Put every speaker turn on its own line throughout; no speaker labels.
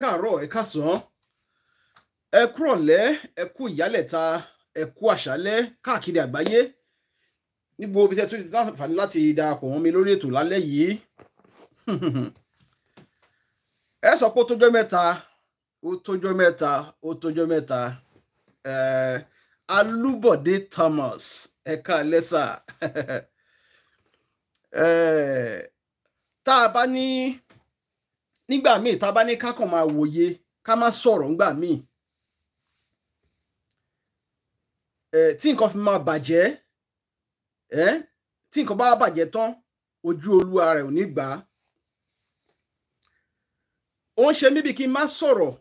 káàárọ̀ ẹ káàsán ẹ kúrọ̀lẹ́ ẹ kú ìyálẹ̀ta ẹ kú àṣálẹ́ káàkiri àgbáyé níbo ibi tí ẹ tún ti láǹfààní láti darapọ̀ mọ́ mi lórí ètò lálẹ́ yìí ẹ sọ pé ó tójọ́ mẹ́ta ó tójọ́ mẹ́ta ó tójọ́ mẹ́ta ẹ Alúbọ̀dé Thomas ẹ ká lẹ́sà tá a bá ní. Ni nígbà míì tá a bá ní ká kàn máa wòye ká má sọ̀rọ̀ ńgbà míì tí nǹkan fi máa bàjẹ́ tí nǹkan bá bàjẹ́ tán ojú olúwa rẹ̀ ò ní gbà á ó ń ṣe mí bí kí n má sọ̀rọ̀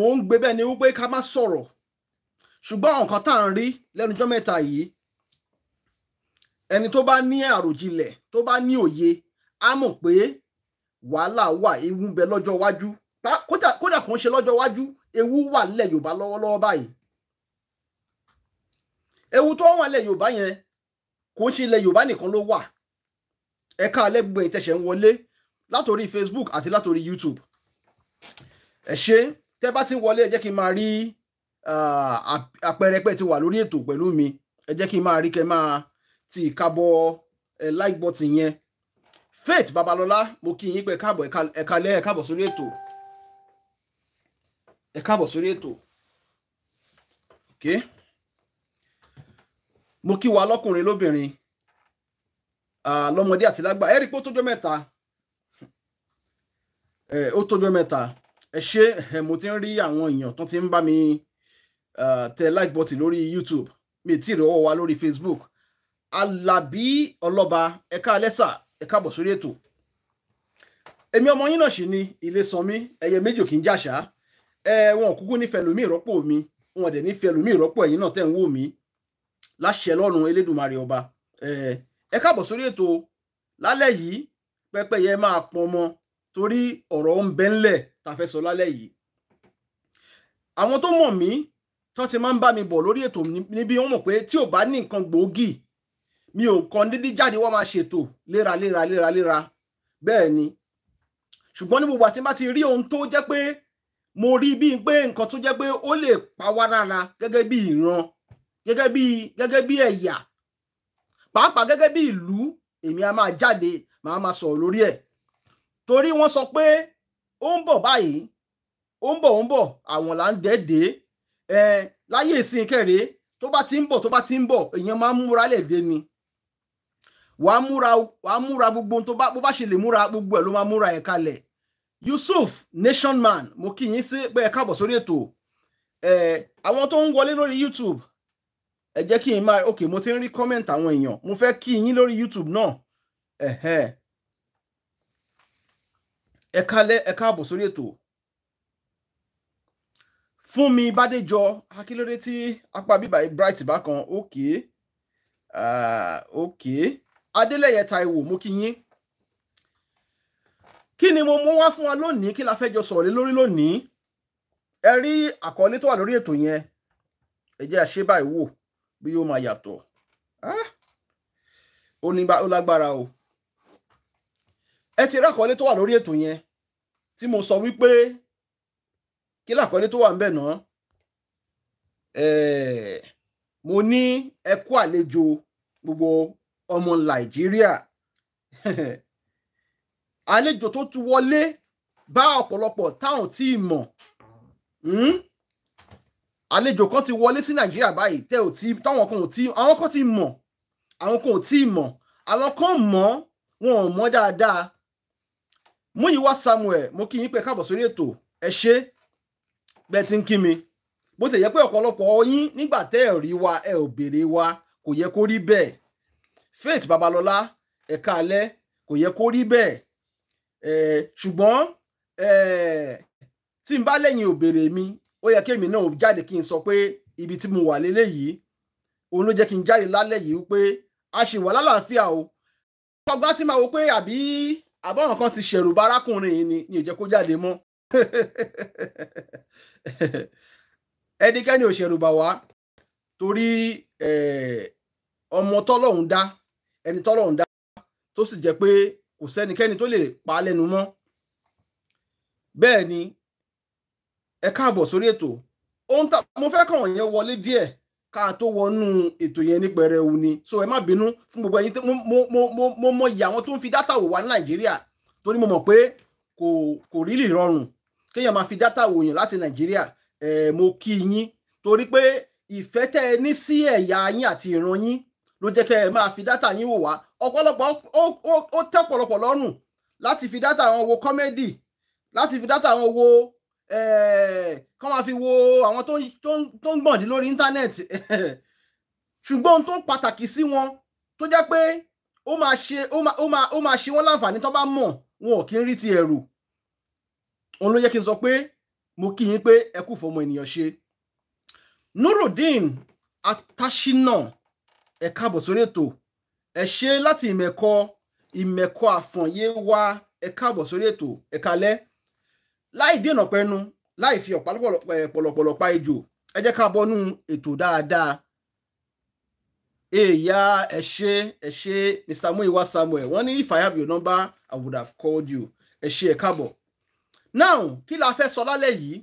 mò ń gbé bẹ́ẹ̀ ni wípé ká má sọ̀rọ̀ ṣùgbọ́n àwọn nǹkan tá à ń rí lẹ́nu ọjọ́ mẹ́ta yìí ẹni tó bá ní àròjinlẹ̀ tó bá ní òye á mọ̀ pé wàhálà wà ewu ń bẹ lọ́jọ́ iwájú kódà kò ń ṣe lọ́jọ́ iwájú ewu wà nílẹ̀ yorùbá lọ́wọ́lọ́wọ́ báyìí ewu tó wà nílẹ̀ yorùbá yẹn kò ń ṣe ilẹ̀ yorùbá nìkan ló wà ẹ̀ka alẹ́ gbogbo ìtẹ̀sẹ̀ ń wọlé látòrí facebook àti látòrí youtube ẹ ṣé tẹ́ bá ti ń wọlé ẹ jẹ́ kí n máa rí àpẹẹrẹ pẹ́ ti wà lórí ètò pẹ̀lú mi ẹ jẹ́ kí n máa rí kẹ́ máa ti ìkàbọ̀ like button yẹn faith babalọlá mo kí yín pé káàbọ̀ ẹ̀kalẹ́ ẹ̀káàbọ̀ sórí ètò ẹ̀káàbọ̀ sórí ètò okay mo kí wa lọ́kùnrin lóbìnrin lọ́mọdé àti lágbà ẹ rí i pé ó tójọ́ mẹ́ta ó tójọ́ mẹ́ta ẹ ṣé mo ti ń rí àwọn èèyàn tó ti ń bá mi tẹ like button lórí YouTube mi ì tí ì rọwọ́ wa lórí Facebook Alábí Ọlọ́ba ẹ̀ka alẹ́sà ẹ káàbọ̀ sórí ètò èmi ọmọ yín náà sì ni Ilésanmí ẹyẹ méjì kì í jàṣà ẹ wọn kúkú nífẹ̀ẹ́ lómi ìrọ́pò mi wọn dẹ̀ nífẹ̀ẹ́ lómi ìrọ́pò ẹ̀yin náà tẹ̀ ń wò mí láṣẹ lọ́run Elédùmarè ọba ẹ káàbọ̀ sórí ètò lálẹ́ yìí pẹ́pẹ́yẹ máa pọn ọmọ torí ọ̀rọ̀ ń bẹ ńlẹ̀ tá fẹ́ sọ lálẹ́ yìí àwọn tó mọ̀ mí tó ti máa ń bá mi bọ̀ lórí ètò níbi wọn mọ̀ pé tí ò bá ní nǹkan gbòógì mi ò kàn dédé jáde wọ́n máa ṣètò léraléra léraléra bẹ́ẹ̀ ni ṣùgbọ́n ní gbogbo àti bá ti rí ohun tó jẹ́ pé mo rí bíi pé nǹkan tó jẹ́ pé ó lè pa wá lára gẹ́gẹ́ bí ìran gẹ́gẹ́ bí gẹ́gẹ́ bí ẹ̀yà pàápàá gẹ́gẹ́ bí ìlú èmi a máa jáde màá máa sọ̀rọ̀ lórí ẹ̀ torí wọ́n sọ pé ó ń bọ̀ báyìí ó ń bọ̀ ó ń bọ̀ àwọn là ń dẹ́ẹ̀dẹ́ ẹ láyé ìsìn kẹrẹ tó bá ti ń bọ̀ tó bá ti ń bọ̀ èèyàn máa ń múra lẹ̀ dé ni wàá múra wàá múra gbogbo tó bá bó bá ṣe lè múra gbogbo ẹ̀ ló máa múra ẹ̀ kalẹ̀ Yusuf nation man mo kí yín sí pé ẹ káàbọ̀ sórí ètò àwọn tó ń wọlé lórí YouTube ẹ jẹ́ kí n máa ok mo ti ń rí comment àwọn èèyàn mo fẹ́ kí yín lórí YouTube náà ẹ̀hẹ́ ẹ kálẹ́ ẹ káàbọ̀ sórí ètò fún mi Bádéjọ akílódé tí apá bíbá bright bákan ok uh, ok adélẹ̀yẹ Taiwo, mú kí yín kí ni mo mú wá fún wa lónìí kí la fẹ́ jọ sọ̀rọ̀ lé lórí lónìí ẹ rí àkọlé tó wà lórí ètò yẹn ẹ jẹ́ àṣẹ báyìí wò bí yóò máa yàtọ̀ ah! ó ní ó lágbára o ẹ ti rí àkọlé tó wà lórí ètò yẹn tí mo sọ wípé kí làkọlé tó wà ń bẹ̀ náà mo ní ẹ kú àlejò gbogbo ọmọ nàìjíríà àlejò tó tún wọlé bá ọ̀pọ̀lọpọ̀ táwọn tí ì mọ̀ hmm? àlejò kan ti wọlé sí nàìjíríà báyìí tẹ́ ò tí táwọn kan ò tí àwọn kan ti mọ̀ àwọn kan ò tí ì mọ̀ àwọn kan mọ̀ wọn ò mọ̀ dáadáa Múyìwá Samuel mo kí yín pé káàbọ̀ sórí ètò ẹ ṣé bẹ́ẹ̀ ti ń kí mi bó ti yẹ pé ọ̀pọ̀lọpọ̀ yín nígbà tẹ́ ẹ̀ rí wa ẹ ò béèrè wa kò yẹ kó rí bẹ́ẹ̀ faith babalọlá ẹ̀ka alẹ́ kò yẹ kó rí bẹ́ẹ̀ ṣùgbọ́n tí n bá lẹ́yìn òbèrè mi ó yẹ kí èmi náà jáde kí n sọ pé ibi tí mo wà lélẹ́yìí òun ló jẹ́ kí n jáde lálẹ́ yìí wípé a ṣì wà lálàáfíà o ọgbọ́n tí máa wo pé àbí àbọ̀wọ̀n kan ti ṣẹ̀rù bárákùnrin yìí ni ni ò jẹ́ kó jáde mọ́ ẹnikẹ́ni ò ṣẹ̀rù bà wá torí ọmọ tọ́lọ́hún dá ẹni tọ́lọ́run dá tó sì jẹ́ pé kò sẹ́nikẹ́ni tó lè pa á lẹ́nu mọ́ bẹ́ẹ̀ ni ẹ káàbọ̀ sórí ètò ohun tá mo fẹ́ kàn yẹn wọlé díẹ̀ ká tó wọnú ètò yẹn ní ni so ẹ má bínú fún gbogbo ẹ̀yin mo mọ iye àwọn tó ń fi dátà wò wá ní nàìjíríà torí mo mọ̀ pé kò kò rí lè rọrùn kéèyàn máa fi dátà wò yàn láti nàìjíríà ẹ mo kí yín torí pé ìfẹ́ tẹ́ ẹ ní sí ẹ̀yà yín àti ìran yín ló jẹ́ kẹ́ ẹ máa fi dátà yín wò wá ọ̀pọ̀lọpọ̀ ó tẹ́ ọ̀pọ̀lọpọ̀ lọ́rùn láti fi dátà wọn wo kọ́mẹ́dì láti fi dátà wọn wo eh, kọ́ máa fi wo àwọn tó ń gbọ̀ndín lórí íńtánẹ́ẹ̀tì ṣùgbọ́n ohun tó pàtàkì sí wọn tó jẹ́ pé ó máa ṣe ó máa ṣe wọ́n láǹfààní tó bá mọ̀ wọn ò kí ń rí ti ẹ̀rù òun ló yẹ kí n sọ pé mo kí yín pé ẹ kú fọmọ ènìyàn ṣe Nurudeen Atashina ẹ káàbọ̀ sórí ètò ẹ ṣe láti ìmẹ̀kọ ìmẹ̀kọ àfọ̀nyé wa ẹ káàbọ̀ sórí ètò ẹ kalẹ́ láì dènà pẹnu láì fi ọ̀pá pọ̀lọ̀pọ̀lọ̀ eh, pa ejò ẹ jẹ́ ká bọ́nú ètò dáadáa èèyà ẹ ṣe ẹ ṣe Mr. Muyiwa Samuel wọ́n ní if I have your number I would have called you ẹ ṣe ẹ káàbọ̀ now kí la fẹ́ sọ lálẹ́ yìí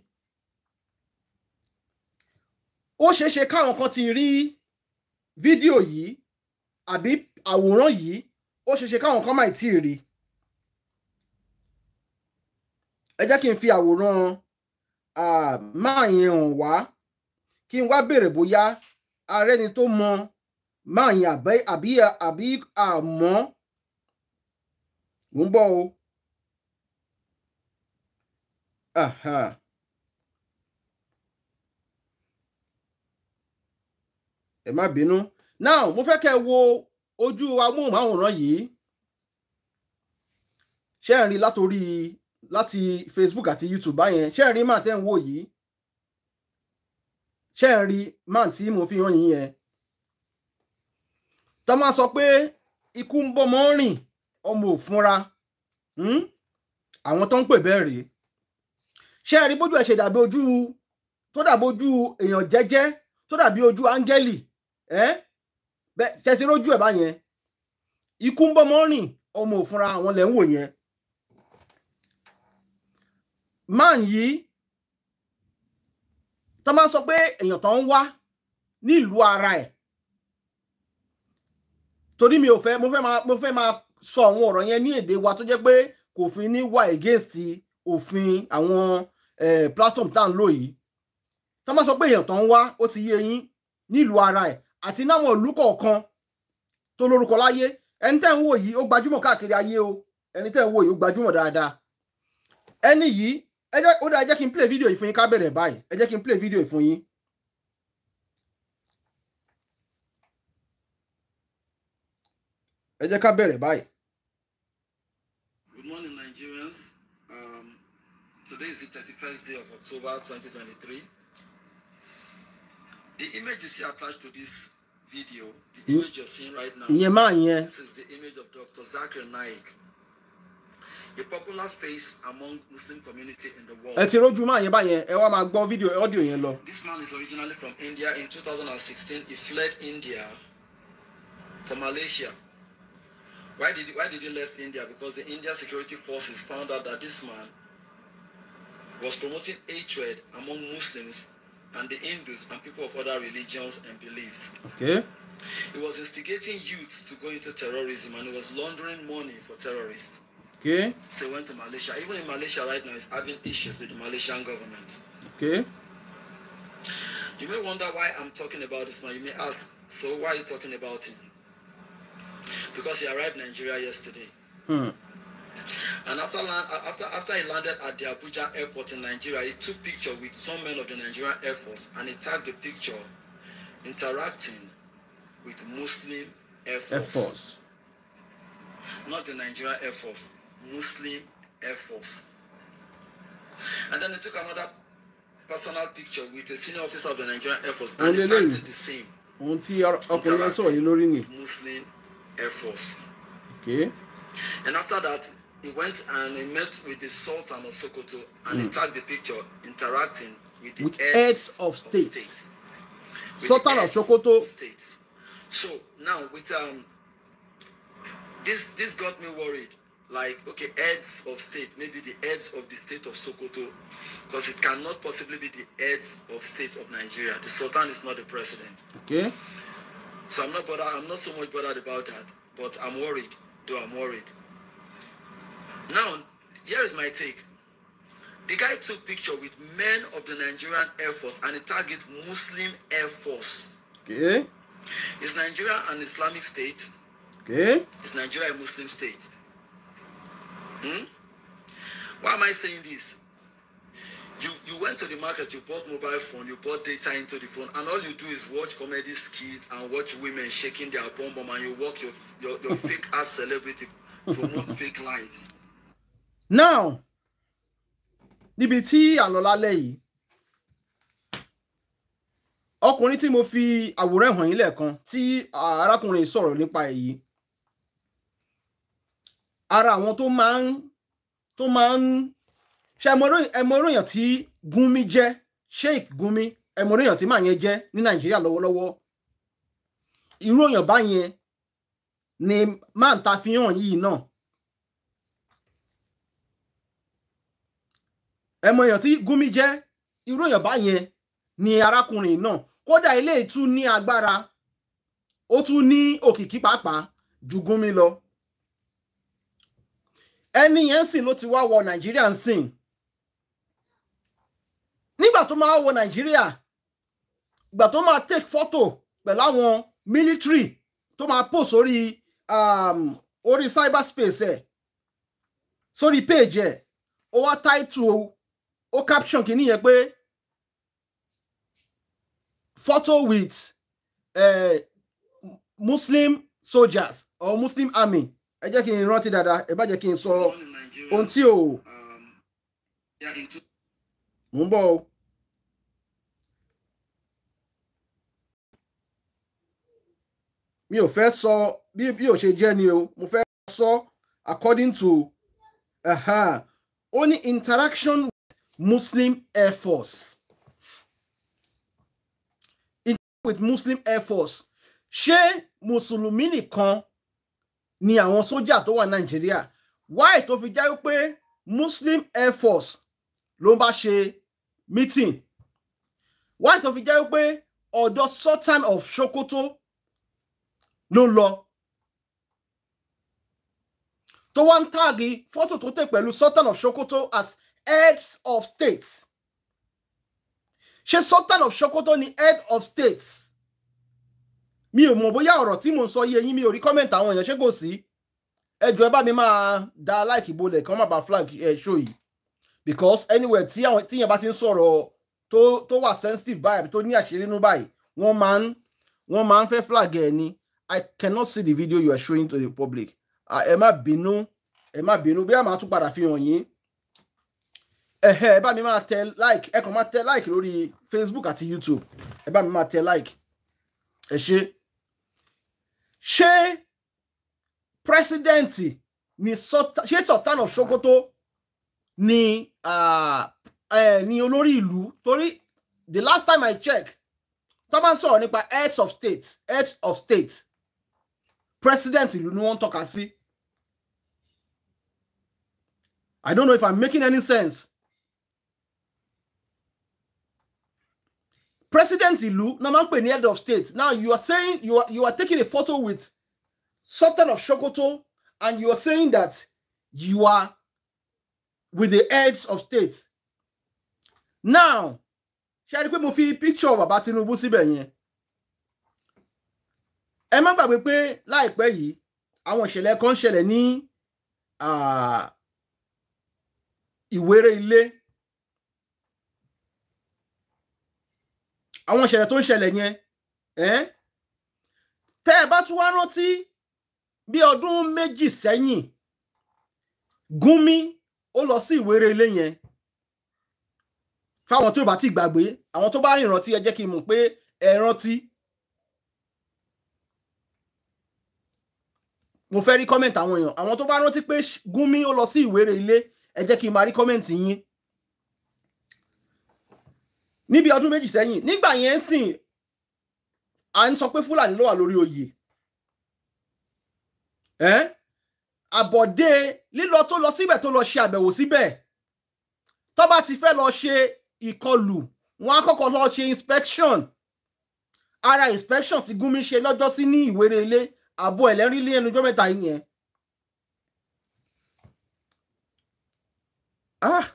ó ṣeé káwọn kan ti rí fídíò yìí àbí àwòrán yìí ó ṣeé ṣe káwọn kan máì tí ì rí ẹ jẹ́ kí n fi àwòrán máa yẹn hàn wá kí n wá béèrè bóyá ààrẹ ni tó mọ máa yẹn àbí àmọ́ ń bọ̀ o. Aha. ẹ má bínú now mo fẹ́ kẹ́ ẹ wo ojú amóhùnmáwòrán yìí ṣé ẹ̀ ń rí látòrí láti Facebook àti YouTube báyẹn ṣé ẹ̀ ń rí máa tẹ́ ń wò yìí ṣé ẹ̀ ń rí máa tí mo fi hàn yín yẹn tá máa sọ pé ikú ń bọ́mọ rìn ọmọ òfunra hmm? àwọn tó ń pè bẹ́ẹ̀ rèé ṣé ẹ rí bójú ẹ̀ ṣe dàbí ojú tó dàbí ojú èèyàn jẹ́jẹ́ tó dàbí ojú áńgẹ́lì tẹ̀sí lójú ẹ̀ báyẹn ikú ń bọ́ mọ́rìn ọmọ òfunra àwọn lẹ́ ń wò yẹn man yìí tó máa ń sọ pé èèyàn tó ń wá nílùú ara ẹ̀ torí mi ò fẹ́ mo fẹ́ máa mo fẹ́ máa sọ àwọn ọ̀rọ̀ yẹn ní èdè wa tó jẹ́ pé kò fi ní wà against òfin àwọn platform tá à ń lò yìí tó máa sọ pé èèyàn tó ń wá ó ti yé yín nílùú ara ẹ̀ àti náwọn ìlú kọ̀ọ̀kan tó lórúkọ láyé ẹni tẹ́ ń wò yìí ó gbajúmọ̀ káàkiri ayé o ẹni tẹ́ ń wò yìí ó gbajúmọ̀ dáadáa ẹni yìí ẹ ó dáa ẹ kí n play video yìí fún yín ká bẹ̀rẹ̀ báyìí ẹ kí n play video yìí fún yín. ẹ ká bẹ̀rẹ̀ báyìí.
Good morning Nigerians um, today is the thirty-first day of October twenty twenty-three. The
image you see attached to this video, the image you're seeing right now, yeah, man, yeah. this is the image of Dr. Zakir Naik, a popular face among Muslim community in the world. Ẹ ti rójú máa yẹn báyẹn, ẹ wá máa gbọ́ fídíò This man is originally from India in 2016. He fled India for Malaysia. Why did why did he left India? Because the India security forces found out that this man was promoting hatred among Muslims and the Hindus and people of other religions and beliefs. Okay. He was instigating youths to go into terrorism and he was laundering money for terrorists. Okay. So he went to Malaysia. Even in Malaysia right now, he's having issues with the Malaysian government. Okay. You may wonder why I'm talking about this man. You may ask, so why are you talking about him? Because he arrived
Nigeria yesterday.
Hmm. And after, after, after he landed at the Abuja airport in Nigeria, he took
picture with some men of the Nigerian Air Force and he tagged the picture interacting with Muslim Air Force. Air Force. Not the Nigerian Air Force, Muslim Air Force. And then he took another personal picture with a senior officer of the Nigerian Air Force and, and he tagged the same. ohun tí ọkùnrin yẹn yìí lórí ni. Muslim Air Force. Okay. And after that, he went and he met with the Sultan of Sokoto and mm. he hmm. took the picture interacting with the with heads, heads of states. Of states. Sultan of Sokoto. States. So now with um this this got me worried. Like okay, heads of state, maybe the heads of the state of Sokoto, because it cannot possibly be the heads of state of Nigeria. The Sultan is not the president. Okay. So I'm not bothered. I'm not so much bothered about that, but I'm worried. Though I'm worried Now, here is my take. The guy took picture with men of the Nigerian Air Force and he target Muslim Air Force. Okay. Is Nigeria an Islamic state? Okay. Is Nigeria a Muslim state? Hmm? Why am I saying this? You you went to the market, you bought mobile phone, you bought data into the phone, and all you do is watch comedy skits and watch women shaking their bum bum, and you walk your your, your fake ass celebrity promote fake lives. now níbi tí à ń lọ lálẹ́ yìí ọkùnrin tí mo fi àwòrán hàn yín lẹ́ẹ̀kan tí arákùnrin sọ̀rọ̀ nípa èyí ara àwọn tó máa ń tó máa ń ṣe ẹmọróyàn tí Gumi jẹ́ Sheikh Gumi ẹmọróyàn tí màá yẹn jẹ́ ní Nàìjíríà lọ́wọ́lọ́wọ́ irú òyàn báyẹn ni máa ń ta fi hàn yìí náà ẹ mọ èèyàn tí Gumi jẹ́ irú èèyàn báyẹn ni arákùnrin náà kódà ilé ìtún ní agbára ó tún ní òkìkí pàápàá ju Gumi lọ ẹni yẹn sìn ló ti wá wọ Nàìjíríà ń sìn nígbà tó máa wọ Nàìjíríà ìgbà tó máa take photo pẹ̀lú àwọn military tó máa post orí um, orí cyberspace ẹ̀ sórí page ẹ̀ ó wá title ó caption kìíní yẹn pé photo with uh, muslim soldiers or muslim army ẹ jẹ́ kí n rántí dáadáa ẹ bá jẹ́ kí n sọ ohun tí ò mú bọ̀ o. mi ò fẹ́ sọ bí bí ò ṣe jẹ́ ni o mo fẹ́ sọ according to ó uh ní -huh. interaction Muslim Air Force. In with Muslim Air Force. Ṣé Mùsùlùmí nìkan ni àwọn sójà tó wà Nàìjíríà? Why tó fi jẹ́ pé Muslim Air Force ló ń bá ṣe meeting? Why tó fi jẹ́ pé ọ̀dọ̀ Sultan of Sokoto ló lọ? Tó wá ń táàgì fọ́tò tó tẹ̀ pẹ̀lú Sultan of Sokoto as heads of states ṣé Sultan of Sokoto ni head of states mi ò mọ̀ bóyá ọ̀rọ̀ tí mò ń sọ yé yín mi ò rí comment àwọn èèyàn ṣé kò sí ẹ jọ̀ọ́ ẹ bá mi máa da like ìbolẹ̀ kan má ba flag ẹ̀ ṣó yìí because anywhere tí àwọn tíyẹn bá ti ń sọ̀rọ̀ tó tó wà sensitive báyìí tó ní àṣírí nú báyìí wọ́n máa ń wọ́n máa ń fẹ́ flag ẹ̀ ni I cannot see the video you are showing to the public ẹ má bínú ẹ má bínú bí a máa tún padà fi hàn yín ẹ̀hẹ́ ẹ bá mi máa tẹ like ẹ kàn máa tẹ like lórí Facebook àti YouTube ẹ bá mi máa tẹ like ẹ ṣe ṣé pírẹsidẹ́ǹtì ni ṣé Sultan of Sokoto ni ni olórí ìlú torí the last time I check tó bá ń sọ̀rọ̀ nípa heads of state heads of state president ìlú ni wọ́n ń tọ́ka sí. I don't know if I'm making any sense. president Ilu, náà máa ń pè head of state now you are saying you are, you are taking a photo with Sultan of Sokoto and you are saying that you are with the heads of state now ṣe rí i pé mo fi picture of bàbá Tinubu síbẹ̀ yẹn ẹ má gbàgbé pé láìpẹ́ yìí àwọn ìṣẹ̀lẹ̀ kan ṣẹlẹ̀ ní ah, ìwéré ilé àwọn ìṣẹ̀lẹ̀ tó ń ṣẹlẹ̀ yẹn tẹ́ ẹ bá tún wá rántí bí ọdún méjì sẹ́yìn Gúnmi ó lọ sí Ìwéré Ilé yẹn fáwọn tí ò bá ti gbàgbé àwọn tó bá rìn rántí ẹ jẹ́ kí n mọ̀ pé ẹ rántí. mo fẹ́ rí kọ́mẹ̀ntì àwọn èèyàn àwọn tó bá rántí pé Gúnmi ó lọ sí Ìwéré Ilé ẹ jẹ́ kí n máa rí kọ́mẹ̀ntì yín níbi ọdún méjì sẹ́yìn nígbà yẹn ń sìn à ń sọ pé fúlàní ló wà lórí oyè àbọ̀dé lílọ tó lọ síbẹ̀ tó lọ ṣe àbẹ̀wò síbẹ̀ tó bá ti fẹ́ lọ ṣe ìkọlù wọn á kọ́kọ́ lọ ṣe inspection ara inspection tí Gumi ṣe lọ́jọ́ sí ní ìwéré ilé àbọ̀ ẹ̀lẹ́rìí lé ẹnujọ́ mẹ́ta yẹn. ah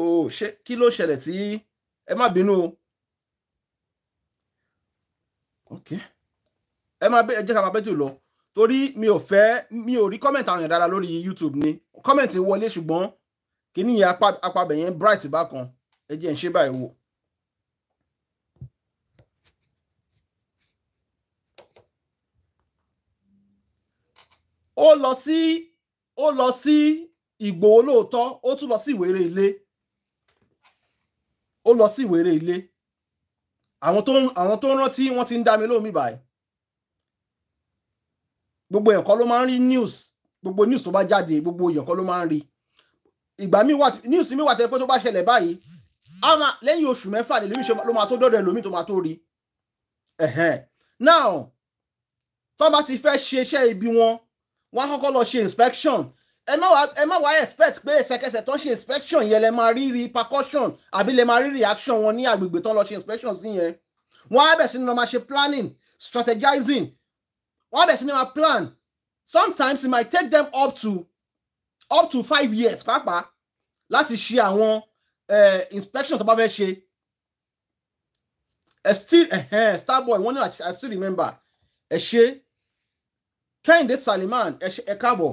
oh ṣe kí ló ṣẹlẹ̀ sí. Si? ẹ má bínú o ok ẹ má ẹ jẹ́ ká máa bẹ́tù lọ torí mi ò fẹ́ mi ò rí kọ́mẹ̀ntì àwọn èèyàn dára lórí YouTube ni kọ́mẹ̀ntì wọlé ṣùgbọ́n kíní yẹn apabẹ̀ yẹn bright bákan ẹ jẹ́ ń ṣe báyìí wò. ó lọ sí ó lọ sí Ìgbòho lóòótọ́ ó tún lọ sí ìwéré ilé ó lọ sí ìwéré ilé àwọn tó àwọn tó rántí wọ́n ti ń dá mi lómi báyìí gbogbo èèyàn kọ́ ló máa ń rí news gbogbo news tó bá jáde gbogbo èèyàn kọ́ ló máa ń rí ìgbà míì wà news míì wà tẹ́lẹ̀ pé tó bá ṣẹlẹ̀ báyìí ama lẹ́yìn oṣù mẹ́fà lè lómi ló máa tó dọ́dọ̀ ẹlòmíì tó máa tó rí now tó bá ti fẹ́ ṣe iṣẹ́ ibi wọn wọ́n á kọ́kọ́ lọ ṣe inspection ẹ má wá expect pé ẹsẹ̀kẹsẹ̀ tó ń ṣe inspection yẹn lè máa rí repercussion àbí lè máa rí reaction wọn ní agbègbè tó ń lọ ṣe inspection sí yẹn wọ́n á bẹ̀ sí ni wọ́n máa ṣe planning strategizing wọ́n á bẹ̀ sí ni wọ́n máa plan sometimes it might take them up to up to five years pàápàá láti ṣe àwọn eh, inspection tó bá fẹ́ ṣe ẹ still uh, starboy wọ́n ní i still remember ẹ ṣe Kẹ́hìndé Saliman ẹ káàbọ̀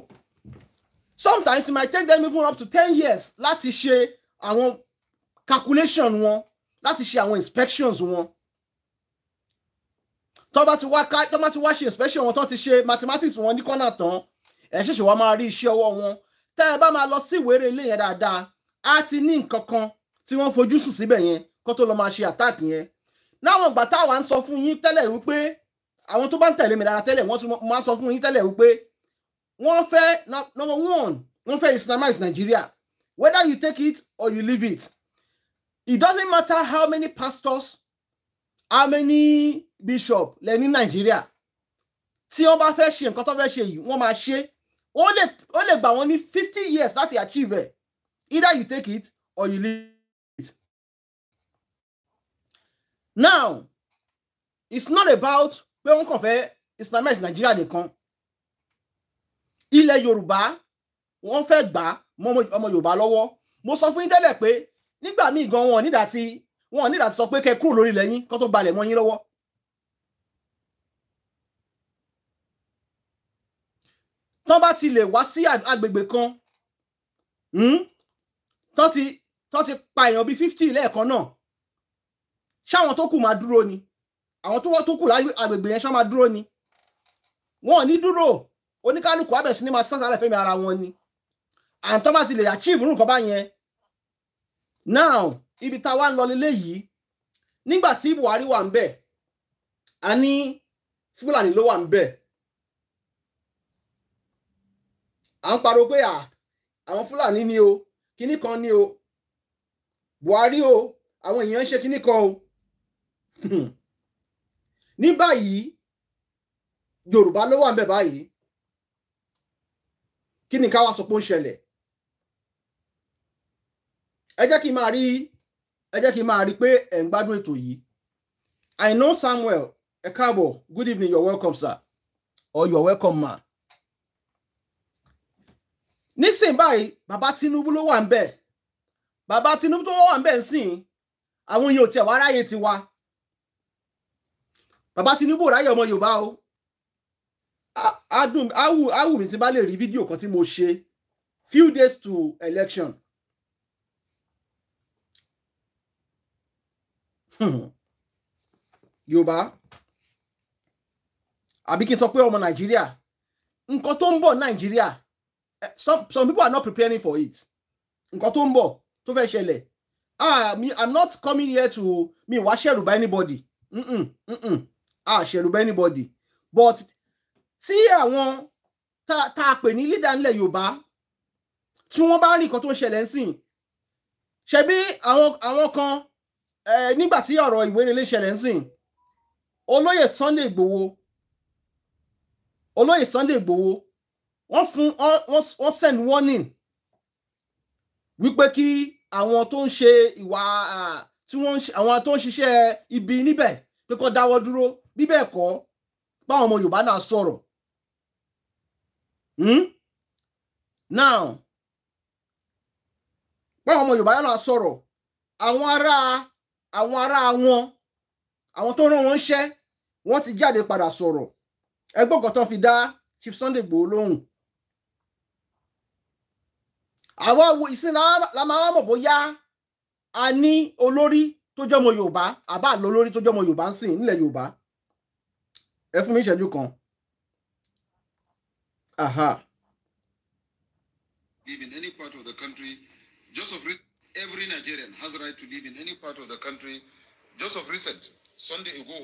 sometimes it might take them even up to ten years láti ṣe àwọn calculation wọn láti ṣe àwọn inspections wọn tó bá ti wá ká tó bá ti wá ṣe inspection wọn tó ti ṣe mathematics wọn ní kọ́nà tán ẹ̀ ṣẹ̀ṣẹ̀ wá máa rí iṣẹ́ ọwọ́ wọn tẹ́ ẹ bá máa lọ sí ìwéré ilé yẹn dáadáa á ti ní nǹkan kan tí wọ́n fojú sùn síbẹ̀ yẹn kó tó lọ máa ṣe attack yẹn láwọn ìgbà táwa ń sọ fún yín tẹ́lẹ̀ wípé àwọn tó bá ń tẹ̀lé mi dára tẹ́lẹ̀ wọ́n tún máa ń sọ fún yín tẹ́lẹ̀ wípé wọ́n fẹ́ number one wọ́n fẹ́ islamize Nigeria whether you take it or you leave it it doesn't matter how many pastors how many bishop lẹ ní Nigeria tí wọ́n bá fẹ́ ṣe nǹkan tó fẹ́ ṣe yìí wọ́n máa ṣe ó lè ó lè gbà wọ́n ní fifty years láti achieve ẹ̀ either you take it or you leave it. now it's not about pé wọ́n kàn fẹ́ islamize Nigeria nìkan ilẹ̀ yorùbá wọ́n fẹ́ gbà ọmọ yorùbá lọ́wọ́ mo sọ fún yín tẹ́lẹ̀ pé nígbà míì gan wọn nídà tí wọn nídà tí sọ pé kẹ́ kúrò lórí ilẹ̀ yín kó tó balẹ̀ mọ́ yín lọ́wọ́. tán bá ti lè wá sí agbègbè kan hmm, tán ti tán ti pa èèyàn bíi fifty lẹ́ẹ̀kan náà ṣáwọn tó kù máa dúró ni àwọn tó kù lágbègbè yẹn ṣá máa dúró ni wọn ò ní dúró oníkálukú abẹ sí ni máa sásàlẹ fẹmi ara wọn ni and tó bá achieve irú nǹkan yẹn now ibi tá a wá ń lọ lélẹ̀ yìí nígbà tí Buhari wà ń bẹ̀ a ní Fúlàní ló wà ń bẹ̀ à ń pariwo pé àwọn Fúlàní ni o kinní kan ni o Buhari o àwọn èèyàn ń ṣe kinní kan o hmm. ní báyìí Yorùbá ló wà ń báyìí kí ni ká wá sọ pé ó ń ṣẹlẹ̀ ẹ jẹ́ kí n máa rí ẹ jẹ́ kí n máa rí pé ẹ̀ ń gbádùn ètò yìí I know Samuel ẹ káàbọ̀ good evening you're welcome sir or you're welcome ma nísìnyí báyìí bàbá Tinubu ló wà ń bẹ̀ bàbá Tinubu tó wà ń bẹ̀ ń sìn àwọn yòó tiẹ̀ wá ráyè tiwa bàbá Tinubu ráyè ọmọ Yorùbá o adùn awù awù mi ti bá lè rí fídíò kan tí mo ṣe few days to election. Hmm. Yorùbá àbí kí n sọ pé ọmọ Nàìjíríà nǹkan tó ń bọ̀ Nàìjíríà eh, some some people are not preparing for it nǹkan tó ń bọ̀ tó fẹ́ ṣẹlẹ̀ ah me i'm not coming here to me wá ṣẹ̀rù by anybody mm-mm, mm-mm, ah ṣẹ̀rù by anybody but tí àwọn tá a pè ní leader nílẹ̀ yorùbá tí wọ́n bá rí nǹkan tó ń ṣẹlẹ̀ ń sìn ṣebí àwọn kan nígbà tí ọ̀rọ̀ ìwé nílé ṣẹlẹ̀ ń olóyè Sunday Igboho olóyè Sunday Igboho wọ́n fún wọ́n send warning wípé kí àwọn tó ń ṣe ìwà tí wọ́n àwọn tó ń ṣiṣẹ́ ibi níbẹ̀ pé kó dáwọ́ dúró bíbẹ̀ kọ́ báwọn ọmọ Yorùbá náà sọ̀rọ̀ Hmm? Now, báwọn ọmọ Yorùbá náà sọ̀rọ̀ àwọn ará àwọn ará wọn àwọn tó rán wọn ṣẹ́ wọ́n ti jáde padà sọ̀rọ̀ ẹgbọ́n kan tó fi dá Chief Sunday Igboho lóhùn àwa wo ìsìn la máa mọ̀ bóyá a ní olórí tó jọmọ Yorùbá àbá àlọ́ olórí tó jọmọ Yorùbá ń sìn nílẹ̀ Yorùbá ẹ fún mi ìṣẹ́jú kan. Aha.
Live in any part of the country. Just of every Nigerian has right to live in any part of the country. Just of recent, Sunday ago,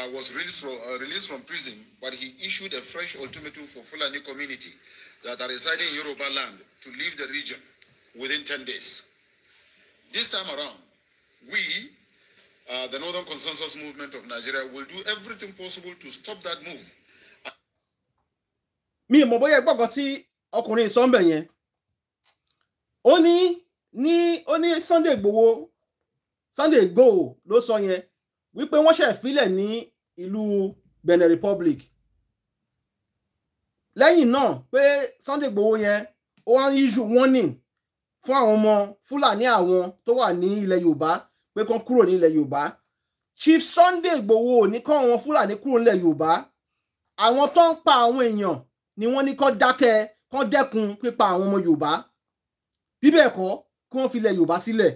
uh, was released from, uh, released from prison, but he issued a fresh ultimatum for Fulani community that are residing in Yoruba land to leave the region within 10 days. This time around, we, uh, the Northern Consensus Movement of Nigeria, will do everything possible to stop that move
mi ì mọ̀ bóyá gbọ́kàn tí ọkùnrin sọ́ńbẹ̀ yẹn ó ní ní ó ní Sunday Igboho Sunday Igboho ló sọ yẹn wípé wọ́n ṣẹ̀ fílẹ̀ ní ìlú Benin Republic lẹ́yìn náà pé Sunday Igboho yẹn ó wá issue warning fún àwọn ọmọ Fúlàní àwọn tó wà ní ilẹ̀ Yorùbá pé kán kúrò ní ilẹ̀ Yorùbá Chief Sunday Igboho ò ní kán àwọn Fúlàní kúrò nílẹ̀ Yorùbá àwọn tó ń pa àwọn èèyàn ni wọ́n ní kó dákẹ́ kó dẹ́kun pípa àwọn ọmọ Yorùbá bí bẹ́ẹ̀ kọ́ kí wọ́n fi ilẹ̀ Yorùbá sílẹ̀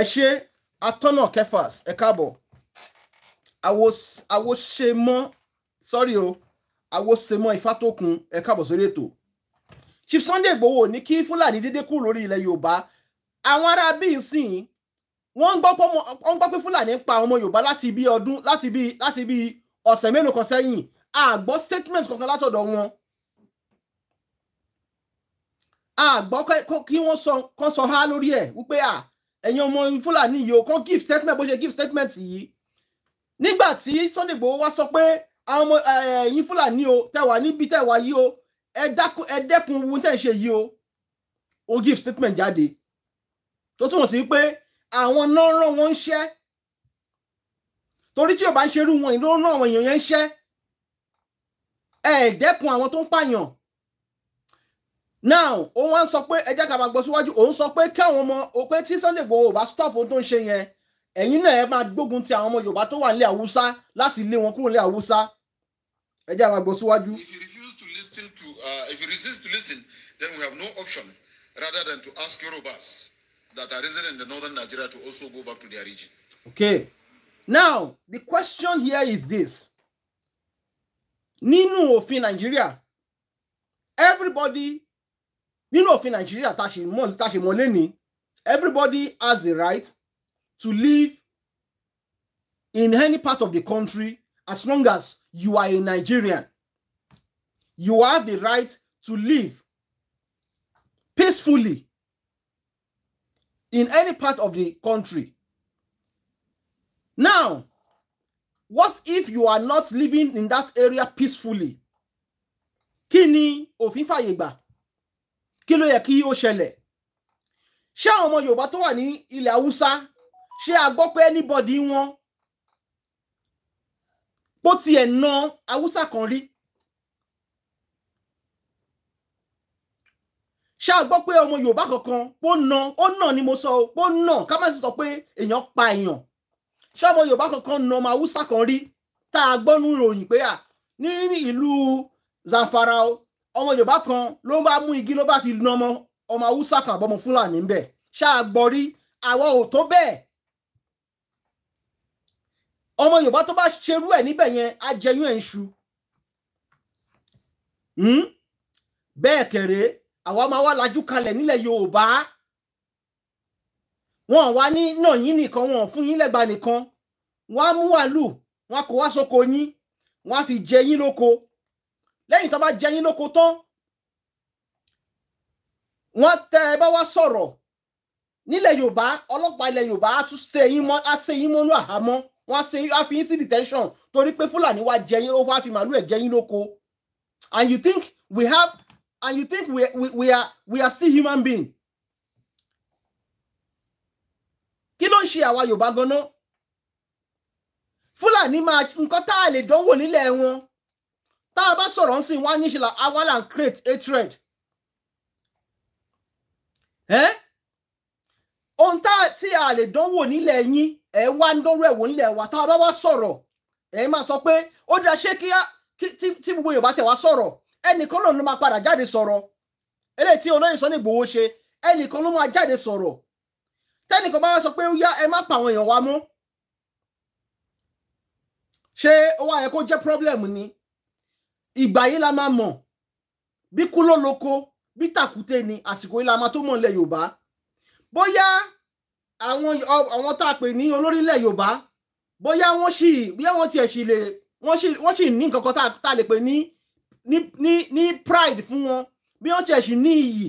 ẹ ṣe atọ́nà kẹfàs ẹ káàbọ̀ àwòṣemọ́ sọ́rí o àwòṣemọ́ ìfátókun ẹ káàbọ̀ sórí ètò Chief Sunday Igboho ní kí Fúlàní dédé kúrò lórí ilẹ̀ Yorùbá àwọn ará bíi sìn wọ́n ń gbọ́ pé Fúlàní ń pa ọmọ Yorùbá láti bí ọdún láti bí láti bí ọ̀sẹ̀ mélòó kan sẹ́yìn àgbọ́ statement kankan látọ̀dọ̀ wọn àgbọ́ kí wọ́n sọ kán sọ há lórí ẹ̀ wípé à ẹ̀yin ọmọ fúlàní yìí o kán give statement bó ṣe give statement yìí nígbà tí Sunday Igboho wá sọ pé àwọn ọmọ ẹ̀yin fúlàní o tẹ̀wá níbi tẹ̀wá yìí o ẹ dẹ́kun ohun tẹ̀ ń ṣe yìí o ó give statement jáde tó túmọ̀ sí pé àwọn náà rán wọn ń ṣẹ́ torí tí ò bá ń ṣerú wọn ìlú rán àwọn èèyàn yẹn ń ṣẹ́ ẹ àwọn tó ń pààyàn now ó wá sọ pé ẹ jẹ́ gbọ́ síwájú òun sọ pé káwọn ọmọ o pé tí Sunday Igboho ò stop ohun tó ń ṣe yẹn ẹ̀yin náà ẹ máa gbógun ti àwọn ọmọ Yorùbá tó wà nílẹ̀ Haúsá láti lé wọn kúrò nílẹ̀ Haúsá ẹ jẹ́ gbọ́ síwájú. if
you refuse to listen to uh, if you resist to listen then we have no option rather than to ask Yorubas that are resident in the northern Nigeria to also go back to their region.
okay now the question here is this nínú òfin nàìjíríà everybody nínú òfin nàìjíríà tá a ṣe mọ̀ lẹ́ni everybody has the right to live in any part of the country as long as you are a Nigerian. You have the right to live peacefully in any part of the country. Now, what if you are not living in that area peacefully kí ni òfin fàyè gbà kí ló yẹ kí ó ṣẹlẹ̀ ṣé àwọn ọmọ Yorùbá tó wà ní ilẹ̀ Haúsá ṣé a pé anybody wọn bó tiẹ̀ na Haúsá kan rí ṣá gbọ́ pé ọmọ Yorùbá kankan ó nà ó nà ni mo sọ ó nà ká má sì sọ pé èèyàn pa èèyàn ṣọmọ yorùbá kankan na ọmọ haúsá kan rí tá a gbọ́ nú ròyìn pé à ní ìlú zamfara o ọmọ yorùbá kan ló bá mú igi ló bá fi na ọmọ ọmọ haúsá kan àbọ̀mọ fúlàní ń bẹ̀ ṣáà gbọ́ rí àwa ò tó bẹ́ẹ̀ ọmọ yorùbá tó bá ṣerú ẹ̀ níbẹ̀ yẹn á jẹyún ẹ̀ ń ṣu hmm? bẹ́ẹ̀ kẹ̀rẹ́ àwa máa wá lajú kalẹ̀ nílẹ̀ yorùbá wọn wá ní náà yín nìkan wọn fún yín lẹ́gba nìkan wọn á mú wàlúù wọn á kó wá sóko yín wọn á fi jẹ yín lóko lẹ́yìn tó bá jẹ yín lóko tán wọn tẹ ẹ bá wá sọ̀rọ̀ nílẹ̀ yorùbá ọlọ́pàá ilẹ̀ yorùbá á tún ṣe yín mọ́ á ṣe yín mọ́nú àhámọ́ wọn á ṣe á fi yín sí detention torí pé fúlàní wá jẹ yín ó wá fi màálù ẹ̀ jẹ yín lóko and you think we have and you think we, we, we are we are still human beings. kí ló ń ṣe àwa yorùbá ganan fúlàní máa nǹkan tá a nílẹ̀ wọn tá a bá sọ̀rọ̀ ń sìn wá ní ṣìlá awala and create hatred ohun tá tí a lè dánwò nílẹ̀ yín ẹ̀ wá ń dánwò ẹ̀wò wa tá a wá sọ pé ó dá ṣé kí tí gbogbo yorùbá tẹ̀ wá sọ̀rọ̀ ẹnìkan náà ló máa jáde sọ̀rọ̀ eléyìí tí olóyè sọ ní ṣe ẹnìkan jáde sọ̀rọ̀ tẹ́nìkan bá wá sọ pé ó yá ẹ má pa àwọn èèyàn wa mọ́ ṣé ó wá jẹ́ problem ni ìgbà yìí la máa mọ̀ bí kú ló loko bí tàkúté ni àsìkò yìí la máa tó mọ̀ ilẹ̀ Yorùbá bóyá àwọn àwọn tá a pè ní olórí ilẹ̀ Yorùbá bóyá wọ́n sì bóyá wọ́n tiẹ̀ sì lè wọ́n sì ní nǹkan kan tá a lè pè ní ní ní pride fún wọn bí wọ́n tiẹ̀ sì ní iyì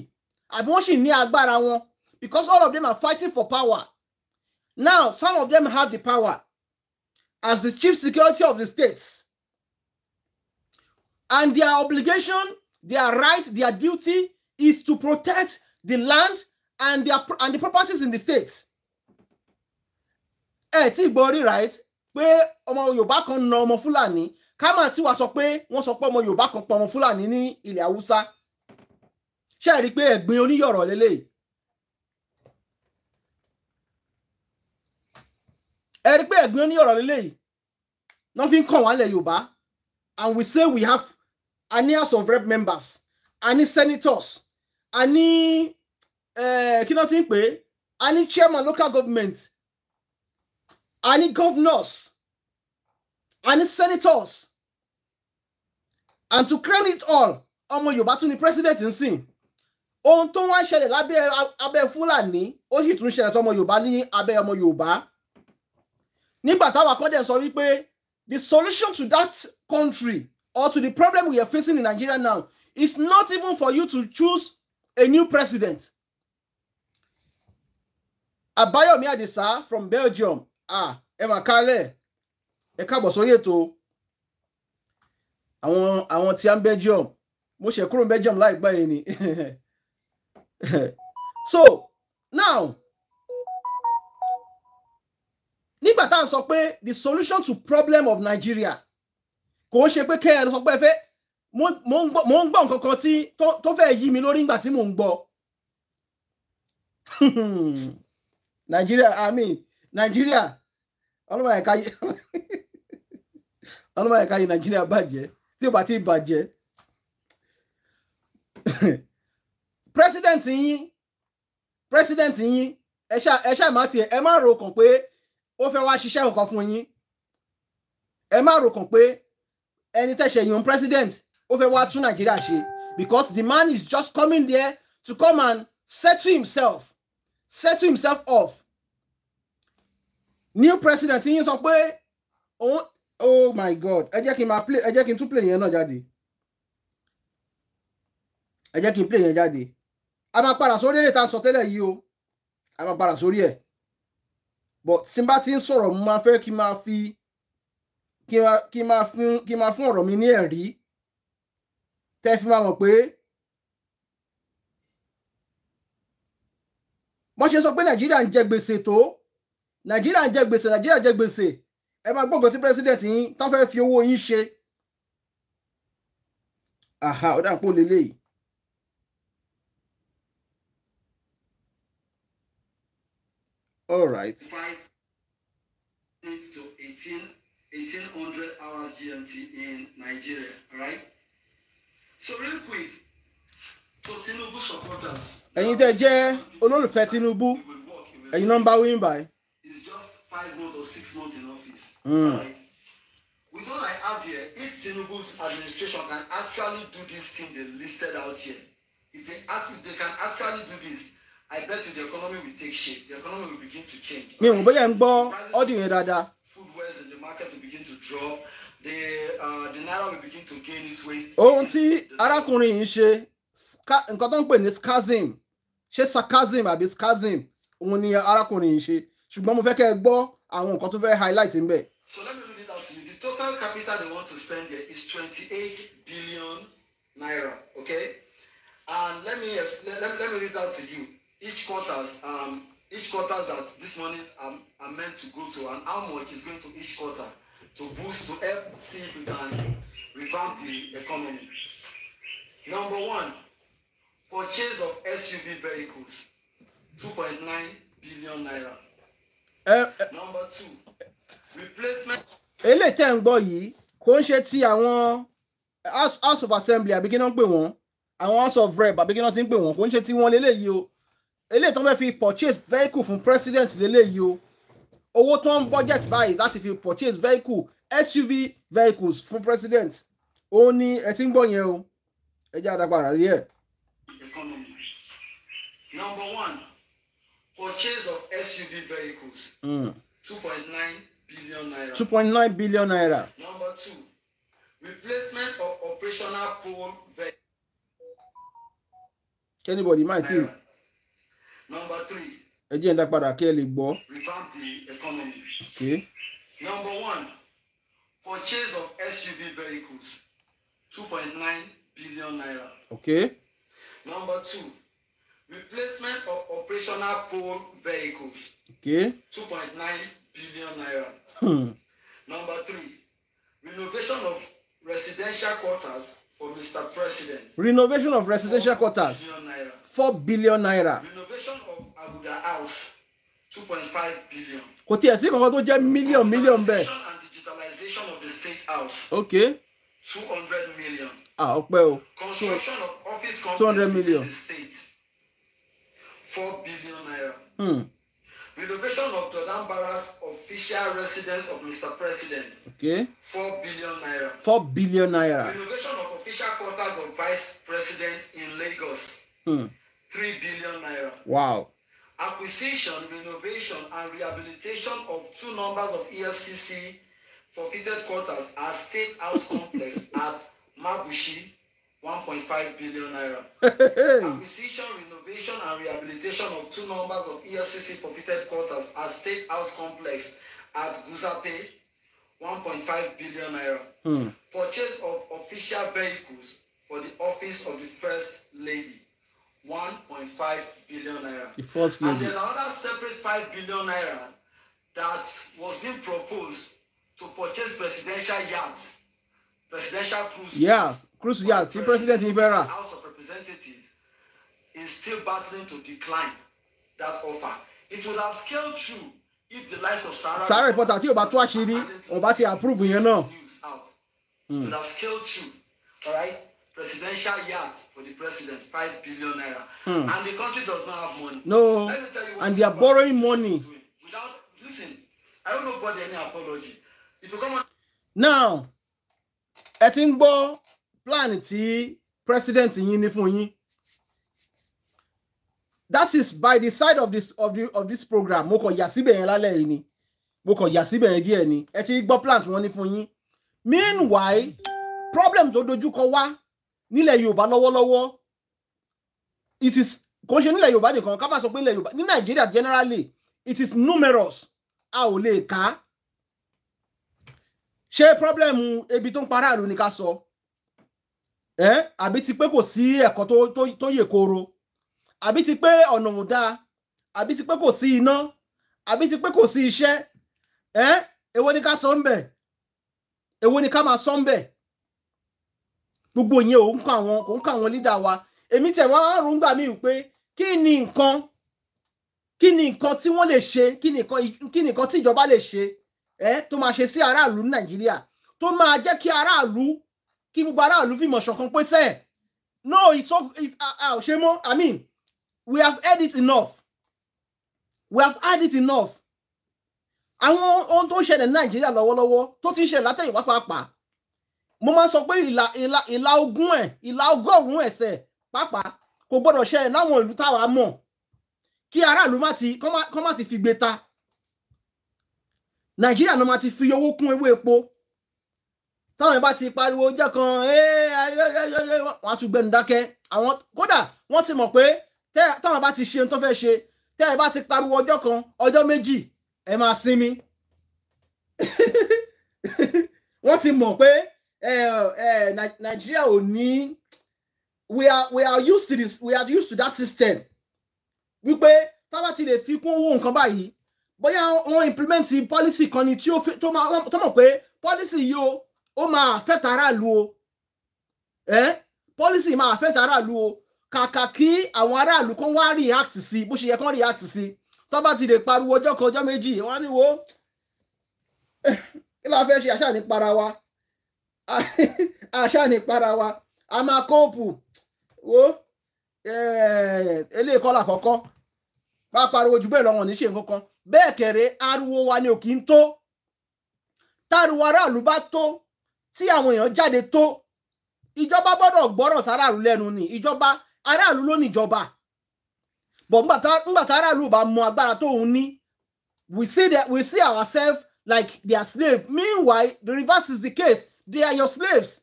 àbí wọ́n sì ní agbára wọn because all of them are fighting for power. Now, some of them have the power as the chief security of the states. And their obligation, their right, their duty is to protect the land and their and the properties in the state. ẹ tí gbọ́ right pé ọmọ Yorùbá kan na ọmọ Fúlàní kámà tí wàá sọ pé wọ́n sọ pé ọmọ Yorùbá kan pa ọmọ Fúlàní ní ilẹ̀ Haúsá ṣe é rí i oni ẹ̀gbin oníyọ̀rọ̀ ẹ rí pé ẹ̀gbin ní ọ̀rọ̀ líle yìí wọ́n fi ń kàn wá lẹ̀ Yorùbá and we say we have a of rep members a senators a ní eh, kí náà ti ń pè é a chairman local government a governors a senators and to credit all ọmọ Yorùbá tún ni president ń sìn ohun tó wá ṣẹlẹ̀ lábẹ́ abẹ́ Fúlàní ó sì tún ṣẹlẹ̀ sọmọ Yorùbá ní abẹ́ ọmọ Yorùbá nígbà táwa kan dẹ̀ sọ wípé the solution to that country or to the problem we are facing in Nigeria now is not even for you to choose a new president. Abayomi Adisa from Belgium ah ẹ mà kálẹ̀ ẹ káàbọ̀ sórí ètò àwọn àwọn tí a ń Belgium mo ṣe kúrò Belgium láìpẹ́ yìí ni so now nígbà tá à ń sọ pé the solution to problem of Nigeria kò ń ṣe pé kẹ́ ẹ sọ pé ẹ fẹ́ mo ń gbọ́ nǹkan kan tó fẹ́ yí mi lórí nígbà tí mò ń gbọ́ Nigeria I mean Nigeria ọlọ́mọ ẹ̀ka yìí ọlọ́mọ ẹ̀ka yìí Nigeria bàjẹ́ tí ó bá bàjẹ́ president yín president yín ẹ ṣáà má tiẹ̀ ẹ má ro kàn pé ó fẹ́ wá ṣiṣẹ́ nǹkan fún yín ẹ má rò kàn pé ẹni tẹ̀sẹ̀ yun president ó fẹ́ wá tún nàìjíríà ṣe because the man is just coming there to come and settle himself settle himself off new president yín sọ pé òun oh my god ẹ jẹ́ kí n play ẹ jẹ́ kí n play yẹn náà jáde ẹ jẹ́ kí n play yẹn jáde a máa padà sórí èrè tá a sọ tẹ́lẹ̀ yìí o a máa padà sórí ẹ̀ but tí n bá ti ń sọ̀rọ̀ mo máa fẹ́ kí n máa fi kí n máa fún kí n máa fún ọ̀rọ̀ mi ní ẹ̀rí tẹ́ fi máa mọ̀ pé wọ́n ṣe sọ pé nàìjíríà ń jẹ gbèsè tó nàìjíríà ń jẹ gbèsè nàìjíríà ń jẹ gbèsè ẹ máa gbọ́gbọ́ tí president yín tán fẹ́ fi owó yín ṣe aha ọ̀dà pò lélẹ́yìí. All right. Five, eight to 18, 1800 hours GMT in Nigeria. All right. So real quick, to Tinubu supporters. Ẹ̀yin tẹ́ jẹ́ olólùfẹ́ Tinubu. Ẹ̀yin number wí by. It's just five months or six months in office. Mm. All right. With all I have here, if Tinubu's administration can actually do this thing they listed out here, if they, if they can actually do this, I bet you the economy will take shape. The economy will begin to change. Mi ò bóyá ń gbọ́ ọ́dún yẹn dáadáa. Foodwares in the market will begin to drop. The, uh, the naira will begin to gain its weight. Ohun tí arákùnrin yìí ṣe nǹkan tó ń pè ní scasm ṣé sarcasm àbí scasm òun ni arákùnrin yìí ṣe ṣùgbọ́n mo fẹ́ kẹ́ ẹ gbọ́ àwọn nǹkan tó fẹ́ highlight ń bẹ̀. So let me read it out to you. The total capital they want to spend there is twenty-eight billion naira, okay? And let me, let, let me read it out to you each quarters um, each quarters that this money are, um, are meant to go to and how much is going to each quarter to boost to help see if we can revamp the economy. Number one, purchase of SUV vehicles, two point nine billion naira. Uh, uh, Number two, replacement. Ele tẹ́ ń gbọ́ yìí kò ń ṣe ti àwọn house of assembly àbí kí náà ń pè wọ́n àwọn house of rep àbí kí náà ti ń pè wọ́n kò ń ṣe ti wọn léléyìí o eléyìí tó ń fẹ́ fi purchase vehicle fún president lélẹ́yìí o owó tó ń budget báyìí láti fi purchase vehicle SUV vehicles fún president ó ní ẹ ti ń gbọ́ yẹn o ẹ jẹ́ àdàpàdà rí ẹ̀. economy number one purchase of SUV vehicles hmm. two point nine billion naira. two point nine billion naira.
number two replacement of operational pool vehicles.
anybody might think. Number three. Ẹ jẹ́ ìdá padà kí ẹ lè gbọ́. Revamp the economy. Okay. Number one, purchase of SUV vehicles, two point nine billion naira. Okay. Number two,
replacement of operational pole vehicles. Okay. Two point nine billion naira. Hmm. Number three, renovation of
residential quarters for Mr. President. Renovation of residential quarters. Billion naira four billion naira.
renovation of abuja house
two point five billion. kò tiẹ̀ sí kankan tó jẹ́ million mílíọ̀n bẹ́ẹ̀. modernization and digitalization of the state house. okay. two hundred million. ah ọpẹ́ o. construction of office complex in the state four billion naira. Hmm. renovation of Jordan Barra's official residence of Mr. President. Okay. Four billion naira. Four billion naira. Renovation of official quarters of Vice President in Lagos. Hmm three billion naira. Wow. Acquisition, renovation, and rehabilitation of two numbers of EFCC forfeited quarters at State House Complex at Mabushi, 1.5 billion naira. Acquisition, renovation, and rehabilitation of two numbers of EFCC forfeited quarters at State House Complex at Gusape, 1.5
billion naira. Hmm. Purchase of official vehicles for the office of the
First Lady, 1.5 billion naira. The first lady. And there's
another separate 5 billion naira that was being proposed to purchase presidential yachts, presidential cruise. Yeah, cruise yachts. The president Ibera. House of Representatives is still battling to decline that offer. It would have scaled through if the likes of Sarah. Sarah reporter tí ó bá tú àṣírí, ó bá ti approve you know. It would have scaled through, all right? presidential yachts for the president five billion naira. Mm. and the country does not have money. no Let me tell you and they are borrowing money. without listen i don't know body any apology if you come on. now ẹ ti ń gbọ́ president yín ní that is by the side of this of the of this program mo kàn yà síbẹ̀ yẹn lálẹ́ yìí ni mo kàn yà síbẹ̀ yẹn díẹ̀ ni ẹ meanwhile problem tó dojúkọ wá nílẹ̀ yorùbá lọ́wọ́lọ́wọ́ it is kò ń ṣe nílẹ̀ yorùbá nìkan ká bá sọ pé nílẹ̀ yorùbá ní nàìjíríà generally it is numerous a ò lè kà á ṣé pírọ́blẹ́mù ebi tó ń pa aráàlú ni ká sọ ẹ́ àbí ti pé kò sí ẹ̀kọ́ tó yè kooro àbí ti pé ọ̀nà ò dáa àbí ti pé kò sí iná àbí ti pé kò sí iṣẹ́ ẹ́ èwo ni ká sọ ń bẹ̀ èwo ni ká máa sọ ń bẹ̀ gbogbo yẹn ò ń kọ àwọn kò ń kọ àwọn leader wa èmi tẹ̀ wá ròǹgbà mi pé kí ni nǹkan kí ni nǹkan tí wọ́n lè ṣe kí ni nǹkan tí ìjọba lè ṣe ẹ tó máa ṣe sí aráàlú ní nàìjíríà tó máa jẹ́ kí aráàlú kí gbogbo aráàlú fìmọ̀ ṣọ̀kan pé sẹ́ẹ̀ no ìṣó ṣe mọ́ i mean we have had it enough we have had it enough àwọn ohun tó ń ṣẹlẹ̀ ní nàìjíríà lọ́wọ́lọ́wọ́ tó ti ń ṣẹlẹ̀ látẹ̀yìnwá pàápàá mo máa ń sọ pé ìlà ìlà ìlà ogún ẹ̀ ìlà ọgọ́rùn-ún ẹ̀sẹ̀ pàápàá kò gbọ́dọ̀ ṣẹlẹ̀ láwọn ìlú táwa mọ̀ kí aráàlú má ti kọ́ má ti fi gbé ta nàìjíríà náà má ti fi owó kún ewé epo táwọn ìbá ti pariwo jẹ́ kan wọ́n á tún gbẹnu dákẹ́ àwọn kódà wọ́n ti mọ̀ pé táwọn bá ti ṣe ohun tó fẹ́ ṣe tẹ́ ẹ bá ti pariwo ọjọ́ kan ọjọ́ méjì ẹ máa sinmi wọ́n ti mọ̀ pé Eh, eh, Nigeria ò ní we are we are used to this we are used to that system wípé tábà ti lè fi kún owó nǹkan báyìí bóyá wọn implement policy kan ni tí ó tó policy Yo, o ó máa affect aráàlú eh? policy máa affect aráàlú o kàkà kí àwọn aráàlú kan wá react sí bó ṣe yẹ kán react sí tó bá ti lè pariwo ọjọ́ kan wo kí ló fẹ́ ṣe àṣà ní àṣà ní wa a máa kóòpù wo eh, eléyìí kọ́ làkọ́kọ́ bá pariwo bẹ́ẹ̀ lọ́wọ́n ní ṣe nǹkan kan bẹ́ẹ̀ kẹ̀rẹ́ ariwo wa ni ò kì í tó táriwo aráàlú bá tó tí àwọn èèyàn jáde tó ìjọba gbọ́dọ̀ gbọ́rọ̀ sáráàlú lẹ́nu ni ìjọba aráàlú ló níjọba bọ̀ ńgbà tá aráàlú bá mọ agbára tóun ní we see that we see ourselves like their slave meanwhile the reverse is the case they are your slaves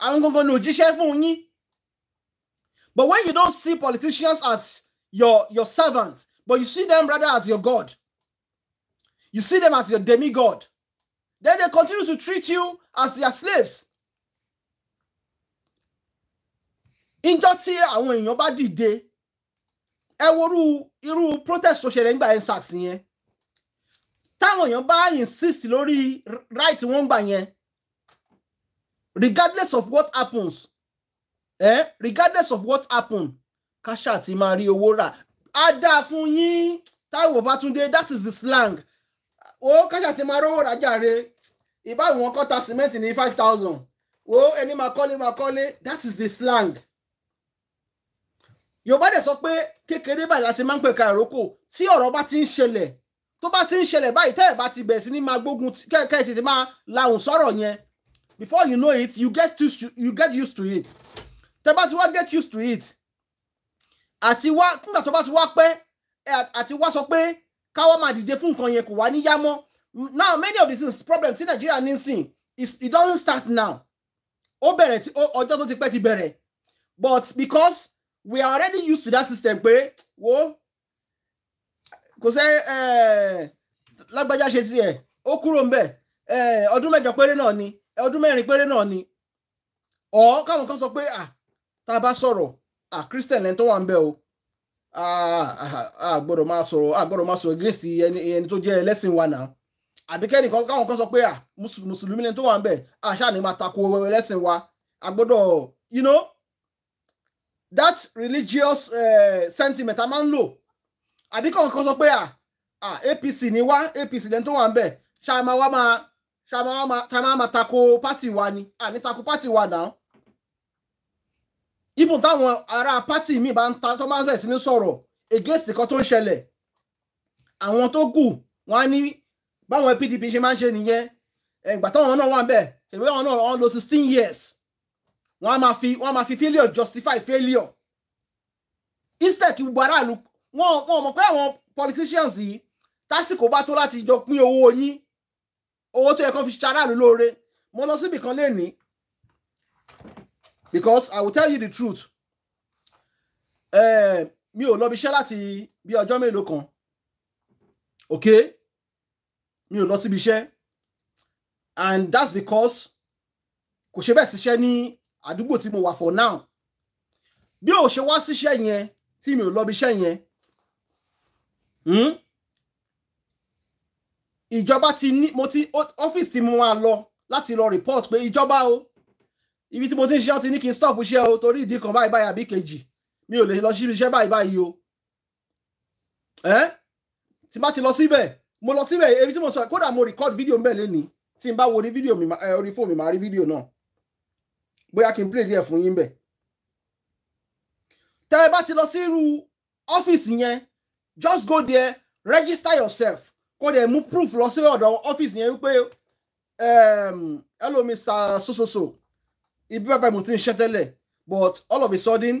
àwọn gangan ni òjíṣẹ́ fún yín but when you don't see politicians as your your servants but you see them rather as your god you see them as your demi god, then they continue to treat you as their slaves. Ìjọ́ tí àwọn èèyàn bá dìde ẹ worú irú protest tó ṣẹlẹ̀ nígbà ẹ̀ ń sàtìyẹn táwọn èèyàn bá insist lórí right wọn gbà yẹn regardless of what happens eh? regardless of what happen káṣá ti máa rí owó rà á dáa fún yín Táíwò that is the slang Oh, káṣá ti máa rówó rà jàre ìbáwò wọn kọ́ta sìmẹ́ǹtì ní five thousand oh, ẹni ma kọ́lé ma kọ́lé that is the slang Yorùbá dẹ̀ sọ pé kékeré báyìí láti máa ń pè ká ìrókò tí ọ̀rọ̀ bá ti ń ṣẹlẹ̀ tó bá ti ń ṣẹlẹ̀ báyìí tẹ́ ẹ̀ bá ti bẹ̀ sí ní máa gbógun kẹ́ẹ̀ tètè máa lahùn sọ̀rọ̀ yẹn before you know it you get used to you get used to it tẹ bá ti get used to it àti wá nígbà tó bá ti wá pẹ́ àti wá sọ pé káwọ́ máa dìde fún nǹkan yẹn kò wá níyá mọ́ now many of the things problem ti Nigeria ní sìn it doesn't start now ó bẹ̀rẹ̀ tí ọjọ́ tó ti pẹ́ ti bẹ̀rẹ̀ but because we are already used to that system pé wo kò sẹ́ eh, lágbájá ṣe tiẹ̀ ó kúrò ń bẹ̀ eh, ọdún mẹ́jọ péré náà ni ọdún mẹ́rin péré náà ni ọ̀ káwọn kan sọ pé à tá a bá sọ̀rọ̀ à christian lẹ́ni tó wà ń bẹ̀ o a gbọ́dọ̀ máa sọ̀rọ̀ a gbọ́dọ̀ máa sọ̀rọ̀ against ẹni tó jẹ́ ẹlẹ́sìn wa náà àbí kẹ́nìkan káwọn kan sọ pé à mùsùlùmí lẹ́ni tó wà ń bẹ̀ à ṣáà ní máa tako ẹlẹ́sìn wa a gbọ́dọ̀ you know that religious uh, sentiment a máa ń lò àbí káwọn kan sọ pé à APC ni wá APC lẹ́ni tó wà ń bẹ̀ ṣáà máa wá máa ṣàmáà máa tako pátì wa ni àní tako pátì wa náà even táwọn ará pátì mi bá ń ta tó máa ń bẹ̀rẹ̀ sí ní sọ̀rọ̀ against nǹkan tó ń ṣẹlẹ̀ àwọn tó kù wọn á ní báwọn PDP ṣe máa ń ṣe nìyẹn ẹgbà táwọn náà wà ń bẹ̀ ṣèlú àwọn náà wọn lò sixteen years wọn á máa fi wọn á máa fi failure justify failure instead kí gbogbo aráàlú wọn wọn mọ̀ pé àwọn politicians yìí tásìkò bá tó láti jọ pín owó yín owó tó yẹ kán fi ṣaráàlú lóore mo lọ síbì kan lénìí because i will tell you the truth uh, mi ò lọ bí iṣẹ́ láti bí ọjọ́ mélòó kan ok mi ò lọ síbi iṣẹ́ and that's because kò ṣe bẹ́ẹ̀ ṣiṣẹ́ ní àdúgbò tí mo wà for now bí o ṣe wá síṣẹ́ yẹn tí mi ò lọ bí iṣẹ́ yẹn hmm? ìjọba ti ní mo ti ọ́fíìsì tí mo máa lọ láti lọ report pé ìjọba o ibi tí mo ti ń ṣiṣẹ́ ti ní kí n stop iṣẹ́ o torí ìdí kan báyìí báyìí àbí kejì mi ò lè lọ síbi iṣẹ́ báyìí báyìí o ẹ́ tí n bá ti lọ síbẹ̀ mo lọ síbẹ̀ ebi tí mo sọ kódà mo record video ń bẹ̀ lẹ́ni tí n bá wo orí fídíò mi eh, orí fóònù mi máa rí fídíò náà bóyá kí n play díẹ̀ fún yín bẹ̀ tẹ́ ẹ bá ti lọ sí irú ọ́fíìsì yẹn just go there register yourself kó dẹ̀ mú proof lọ sí ọ̀dọ̀ ọ́fíìsì yẹn wípé ẹlòmí um, sa sososo ibi bàbá mo ti ń ṣẹ́ tẹ́lẹ̀ but all of a sudden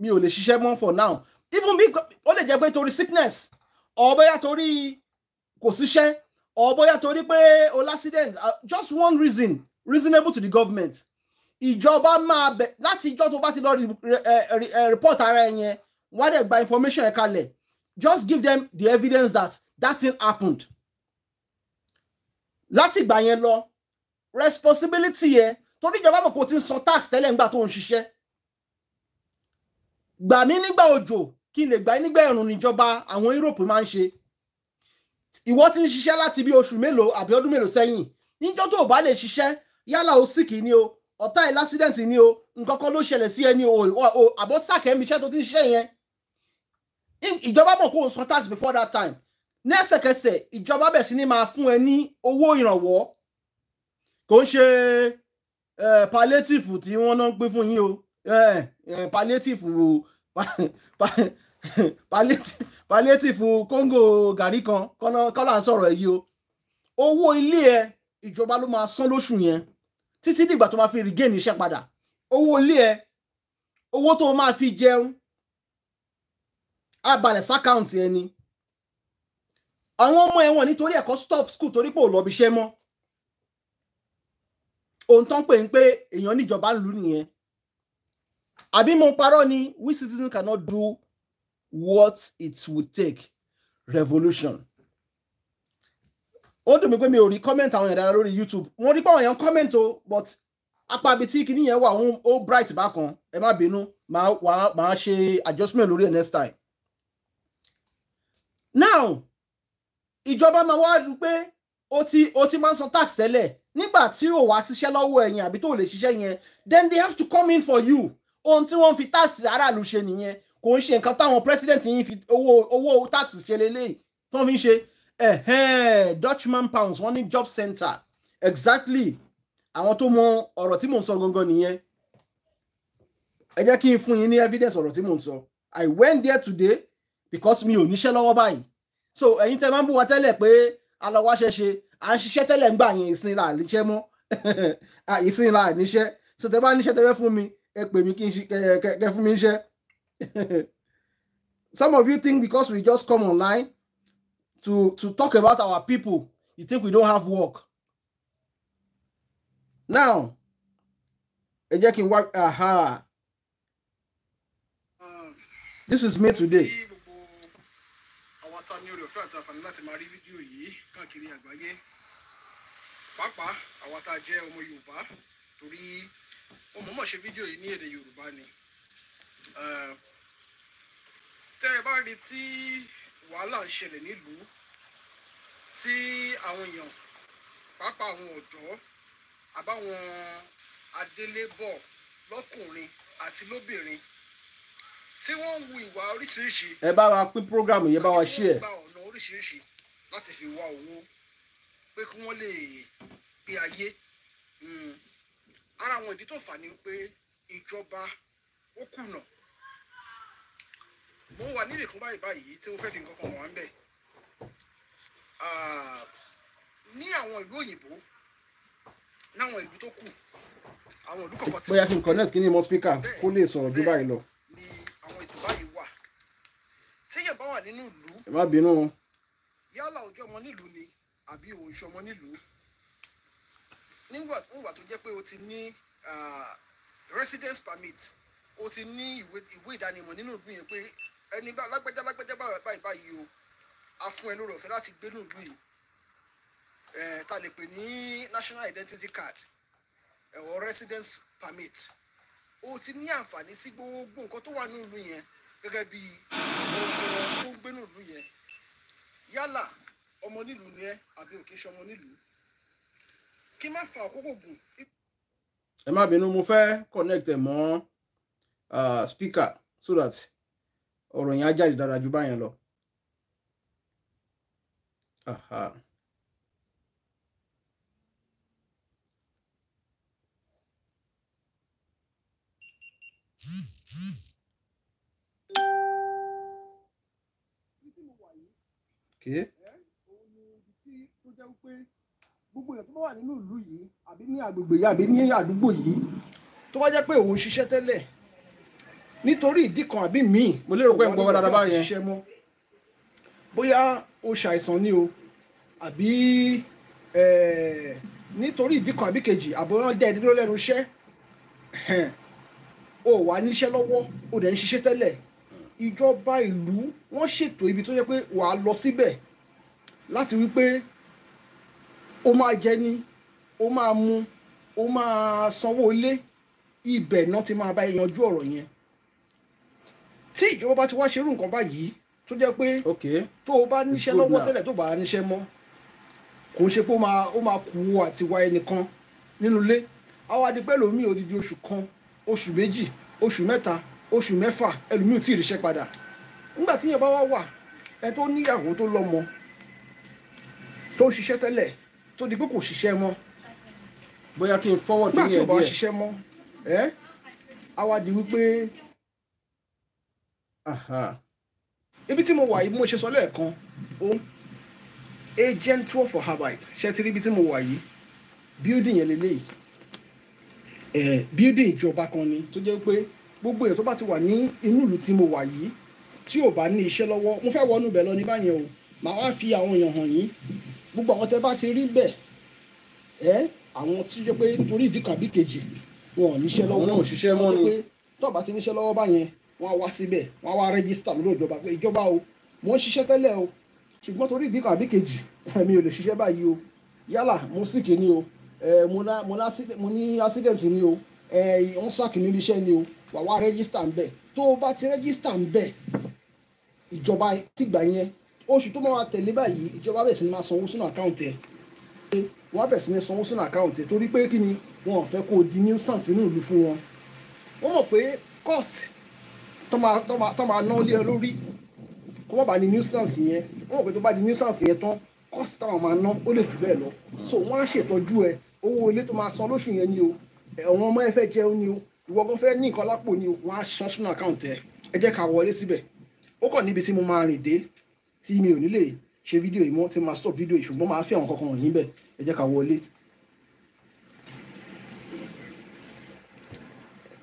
mi ò lè ṣiṣẹ́ mọ́ for now even bí ó lè jẹ́ pé torí sickness or bóyá torí kò síṣẹ́ or torí pé o l'accident uh, just one reason reasonable to the government ìjọba máa bẹ̀ láti ìjọ tó bá ti lọ eh, eh, report ara ẹ yẹn wọ́n á dẹ̀ gba information ẹ̀ kalẹ̀ just give them the evidence that that thing happened láti ìgbà yẹn lọ responsibility yẹn torí ìjọba àpapọ̀ ti ń san tax tẹ́lẹ̀ nígbà tó ń ṣiṣẹ́ gbà mí nígbà òjò kí n lè gbà nígbà ẹ̀rùn níjọba àwọn Europe máa ń ṣe ìwọ ti ń ṣiṣẹ́ láti bí oṣù mélòó àbí ọdún mélòó sẹ́yìn níjọ́ tó o bá lè ṣiṣẹ́ yálà o síkì ni o ọ̀tá ẹ̀ lásídẹ̀ǹtì ni o nǹkan kan ló ṣẹlẹ̀ sí ẹni o àbọ̀ sàkẹ́mi iṣẹ́ tó ti ń ṣiṣẹ́ yẹn ìjọba mọ̀ kó o san tax before that time lẹ́sẹ̀kẹsẹ̀ ìjọba bẹ̀ sí ni máa fún ẹ ní owó ìrànwọ́ kò ń ṣe palliative tí wọ́n náà ń pín fún yín o palliative palliative Congo gàrí kan kọ́lá ń sọ̀rọ̀ èyí o owó ilé ẹ ìjọba ló máa san lóṣù yẹn títí dìgbà tó máa fi regain iṣẹ́ padà owó ilé ẹ owó tó máa fi jẹun abalẹ̀ sákàǹtì ẹni àwọn ọmọ ẹ̀wọ̀n nítorí ẹ̀kọ́ stop school torí pé ò lọ́bi iṣẹ́ mọ́ ohun tán pè ń pé èèyàn níjọba ń lù nìyẹn àbí mo parọ́ ni we citizens cannot do what it would take revolution ó dùn mí pé mi ò rí comment àwọn èèyàn lórí YouTube wọ́n rí pé àwọn èèyàn comment o but apá ibi tí kinní yẹn wà ó bright bákan ẹ má bínú màá ṣe adjustment lórí ẹ̀ next time now ìjọba máa wá rí pé o ti o ti máa ń san tax tẹ́lẹ̀ nígbà tí o wá ṣiṣẹ́ lọ́wọ́ ẹ̀yìn àbí tó lè ṣiṣẹ́ yẹn then they have to come in for you ohun tí wọ́n fi tax aráàlú ṣe nìyẹn kò ń ṣe nǹkan táwọn president yìí fi owó owó tax ṣe lélẹ́yìí tí wọ́n fi ń ṣe Dutchman pounds wọ́n ní job center exactly àwọn tó mọ ọ̀rọ̀ tí mò ń sọ gangan nìyẹn ẹ jẹ́ kí n fún yín ní evidence ọ̀rọ̀ tí mò ń sọ I went there today because mi ò níṣẹ́ lọ́wọ́ báyìí so ẹ̀yin tẹ́ máa ń bú wa tẹ́lẹ̀ pé alọ́wọ́ ṣẹṣe à ń ṣiṣẹ́ tẹ́lẹ̀ ńgbà yẹn ìsinra àníṣẹ́ mọ́ ìsinra àníṣẹ́ so tẹ́ bá níṣẹ́ tẹ́ fẹ́ fún mi ẹ pè mí kí n kẹ fún mi níṣẹ́ some of you think because we just come online to to talk about our people you think we don't have work now ẹ jẹ́ kí n wá aha this is me today ọ̀fẹ́ àti àǹfààní láti máa rí fídíò yìí káàkiri àgbáyé pàápàá àwa tá a jẹ́ ọmọ yorùbá torí mo mọ̀ọ́mọ̀ ṣe fídíò yìí ní èdè yorùbá ni tẹ́ ẹ bá rí tí wàhálà ń ṣẹlẹ̀ nílùú tí àwọn èèyàn pàápàá àwọn ọ̀dọ́ àbáwọn adélébọ̀ lọ́kùnrin àti lóbìnrin tí wọ́n ń wu ìwà oríṣiríṣi. ẹ bá wa pín program yẹn bá wa ṣí ẹ lóríṣiríṣi láti fi wá owó pé kí wọ́n lè gbé ayé hmm. ara àwọn ìdí tó fà ni pé ìjọba ó kùnà mo wà níbi kan báyìí báyìí tí mo fẹ́ fi nǹkan kan wà ń bẹ̀ ní àwọn ìlú òyìnbó láwọn ìlú tó kù àwọn ìlú kọ̀ọ̀kan tí. bóyá kí n connect kí ni mo speaker kó lè sọ̀rọ̀ ju báyìí lọ. ni àwọn ètò báyìí wà tíyẹ̀ bá wà nínú ìlú. ẹ má bínú yálà ojú ọmọ nílùú ni àbí òun iṣẹ́ ọmọ nílùú nígbà tó jẹ́ pé o ti ní residence permit o ti ní ìwé ìdánimọ̀ nínú ìlú yẹn pé ẹni lágbájá lágbájá báyìí báyìí o a fún ẹ lórí ọ̀fẹ́ láti gbé ní ìlú yìí ta lè pè ní national identity card or residence permit o ti ní àǹfààní sí gbogbo nǹkan tó wà ní ìlú yẹn gẹ́gẹ́ bí ọkọ̀ tó ń gbé ní ìlú yẹn yálà ọmọ nílùú ni ẹ àbí òkè ṣe nílùú kí má fa àkókò gùn. ẹ má bínú mo fẹ́ connect ẹ̀ mọ́ speaker so that ọ̀rọ̀ yẹn á jáde dára ju báyẹn lọ. Mm-hmm. Okay. Òun ni ibi tí ó jẹ́ wípé gbogbo èèyàn tó bá wà nínú ìlú yìí àbí ní agbègbè yìí àbí ní àdúgbò yìí tó bá jẹ́ pé òun ṣiṣẹ́ tẹ́lẹ̀ nítorí ìdí kan àbí míì mo lérò pé ń gbọ́ dáadáa bá yẹn ṣiṣẹ́ mọ́ bóyá o ṣàìsàn ni o àbí nítorí ìdí kan àbí kejì àbọ̀yán dẹ́ ẹni ló lẹ́nu iṣẹ́ o wà níṣẹ́ lọ́wọ́ o dẹ̀ ń ṣiṣẹ́ tẹ́lẹ̀ ìjọba ìlú wọ́n ṣètò ibi tó yẹ pé wàá lọ síbẹ̀ láti wípé o máa jẹ ni o máa mu o máa sanwó ilé ibẹ̀ náà ti máa bá ẹ yanjú ọ̀rọ̀ yẹn tí ìjọba bá ti wá ṣerú nǹkan báyìí tó jẹ́ pé tó o bá níṣẹ́ lọ́wọ́ tẹ́lẹ̀ tó bá níṣẹ́ mọ́ kò ń ṣe pé ó máa kú àti wá ẹnìkan nínú ilé àwọn adigbẹ́lòmíì odidi oṣù kan oṣù méjì oṣù mẹ́ta oṣù mẹ́fà ẹlòmíì tí ìrìṣẹ́ padà nígbà tí yẹn bá wá wà ẹ tó níyàwó tó lọ́mọ tó ń ṣiṣẹ́ tẹ́lẹ̀ tó di pé kò ṣiṣẹ́ mọ́ bóyá kí n fọwọ́ tó yẹ díẹ̀ nígbà tí ò bá ṣiṣẹ́ mọ́ ẹ́ á wípé ibi tí mo wà yìí mo ṣe sọ lẹ́ẹ̀kan o agent tour for herbite ṣe ti rí ibi tí mo wà yìí building yẹn lélẹ́yìí building ìjọba kan ni tó jẹ́ pé gbogbo èèyàn tó bá ti wà ní inú ìlú tí mo wà yìí tí ò bá ní iṣẹ́ lọ́wọ́ mo fẹ́ wọnú bẹ̀ lọ ní báyẹn o màá wá fi àwọn èèyàn hàn yín gbogbo àwọn tẹ bá ti rí bẹ̀ ẹ́ àwọn tí yẹ pé nítorí ìdí kan bí kejì wọn ò níṣẹ́ lọ́wọ́ wọn ò ṣiṣẹ́ mọ́ ni tó bá ti níṣẹ́ lọ́wọ́ báyẹn wọn á wá síbẹ̀ wọn á wá rẹ́gísítà lọ́dọ̀ ìjọba pé ìjọba o mo ń ṣiṣẹ́ tẹ́lẹ̀ o ṣùgbọ́n torí ìdí kan àbí kejì mi ò lè ṣiṣẹ́ báyìí o yálà mo sìkì ni o mo ní accident ni o wọ́n sàkì mi níṣẹ́ ni o wà wá rẹ́gísítà ń bẹ̀ tó o bá ti rẹ́gísítà ń bẹ̀ ìjọba tìgbà yẹn oṣù tó máa tẹ̀lé báyìí ìjọba bẹ̀ sí ni máa sanwó sínú àkáǹtì ẹ̀ wọ́n á bẹ̀ sí ni sanwó sínú àkáǹtì ẹ̀ torí pé kí ni wọn ò fẹ́ kó o di nuisance sínú ìlú fún wọn wọ́n mọ̀ pé cost tó máa tó máa tó máa ná lé ẹ lórí kó má bàa di nuisance yẹn wọ́n mọ̀ pé tó bá di nuisance yẹn tán cost táwọn máa ná ó lè jù bẹ́ẹ̀ lọ so wọ́n á ṣètọ́jú ẹ owó ilé tó máa san lóṣù yẹn ni o ẹ̀wọ̀n ọmọ ẹ fẹ́ jẹun ni o ìwọ gan fẹ́ ní nǹkan lápò ni wọ́n á san sínú account ẹ ẹ jẹ́ ká wọlé síbẹ̀ ó kàn níbi tí mo máa rìn dé tí mi ò nílè ṣe fídíò yìí mọ́ tí máa stop fídíò yìí ṣùgbọ́n máa fi àwọn kankan wọ̀nyí bẹ̀ ẹ jẹ́ ká wọlé.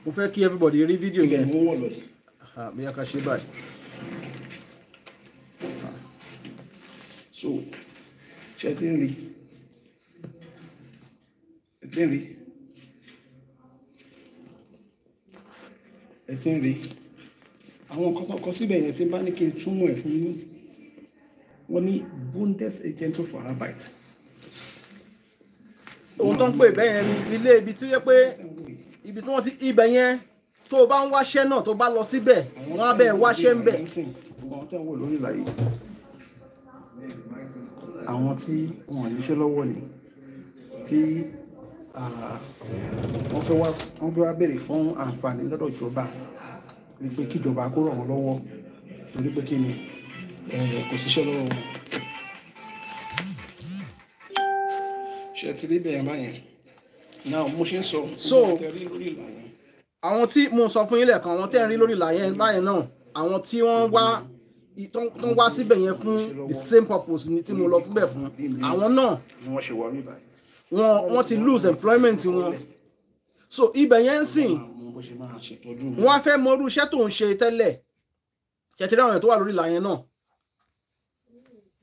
mo fẹ́ kí everybody rí fídíò yẹn mo wọ̀ lọ yìí. mi a ka ṣe báyìí. so ṣe ti ń rí ẹ ti ń rí. ẹ ti ń rí àwọn nǹkan tó kọ síbẹ̀ yẹn tí bá ní kí n túmọ̀ ẹ̀ fún yín wọ́n ní Bundesagent for Arbeit. ohun tó ń pè bẹ́ẹ̀ yẹn ni ilé ibi tí ó yẹ pé ibi tí wọ́n ti ibẹ̀ yẹn tó o bá ń wáṣẹ́ náà tó o bá lọ síbẹ̀ wọ́n á bẹ̀ wáṣẹ́ ń bẹ̀. àwọn tí wọ́n lórí ìlàyé àwọn tí wọ́n níṣẹ́ lọ́wọ́ ni tí Ah, wọ́n fẹ́ wá wọ́n fẹ́ wá béèrè fún àǹfààní lọ́dọ̀ ìjọba wípé kíjọba kó ràn wọ́n lọ́wọ́ torí pé kí ni eh, kò síṣẹ́ lọ́wọ́ wọn. ṣe ti rí bẹ́ẹ̀ báyẹn náà mo ṣe ń sọ so àwọn tí mo sọ fún yín lẹ́ẹ̀kan àwọn tẹ́ ń rí lórí làyẹn báyẹn náà àwọn tí wọ́n wá tó ń wá síbẹ̀ yẹn fún the same purpose ni tí mo lọ fúnbẹ̀ fún àwọn náà. ni wọ́n ṣe wọ wọn wọn ti lose employment wọn so ibẹ̀ yẹn ń sìn wọn á fẹ́ mọrú iṣẹ́ tó ń ṣe tẹ́lẹ̀ ṣètìrí àwọn èèyàn tó wà lórí ìlà yẹn náà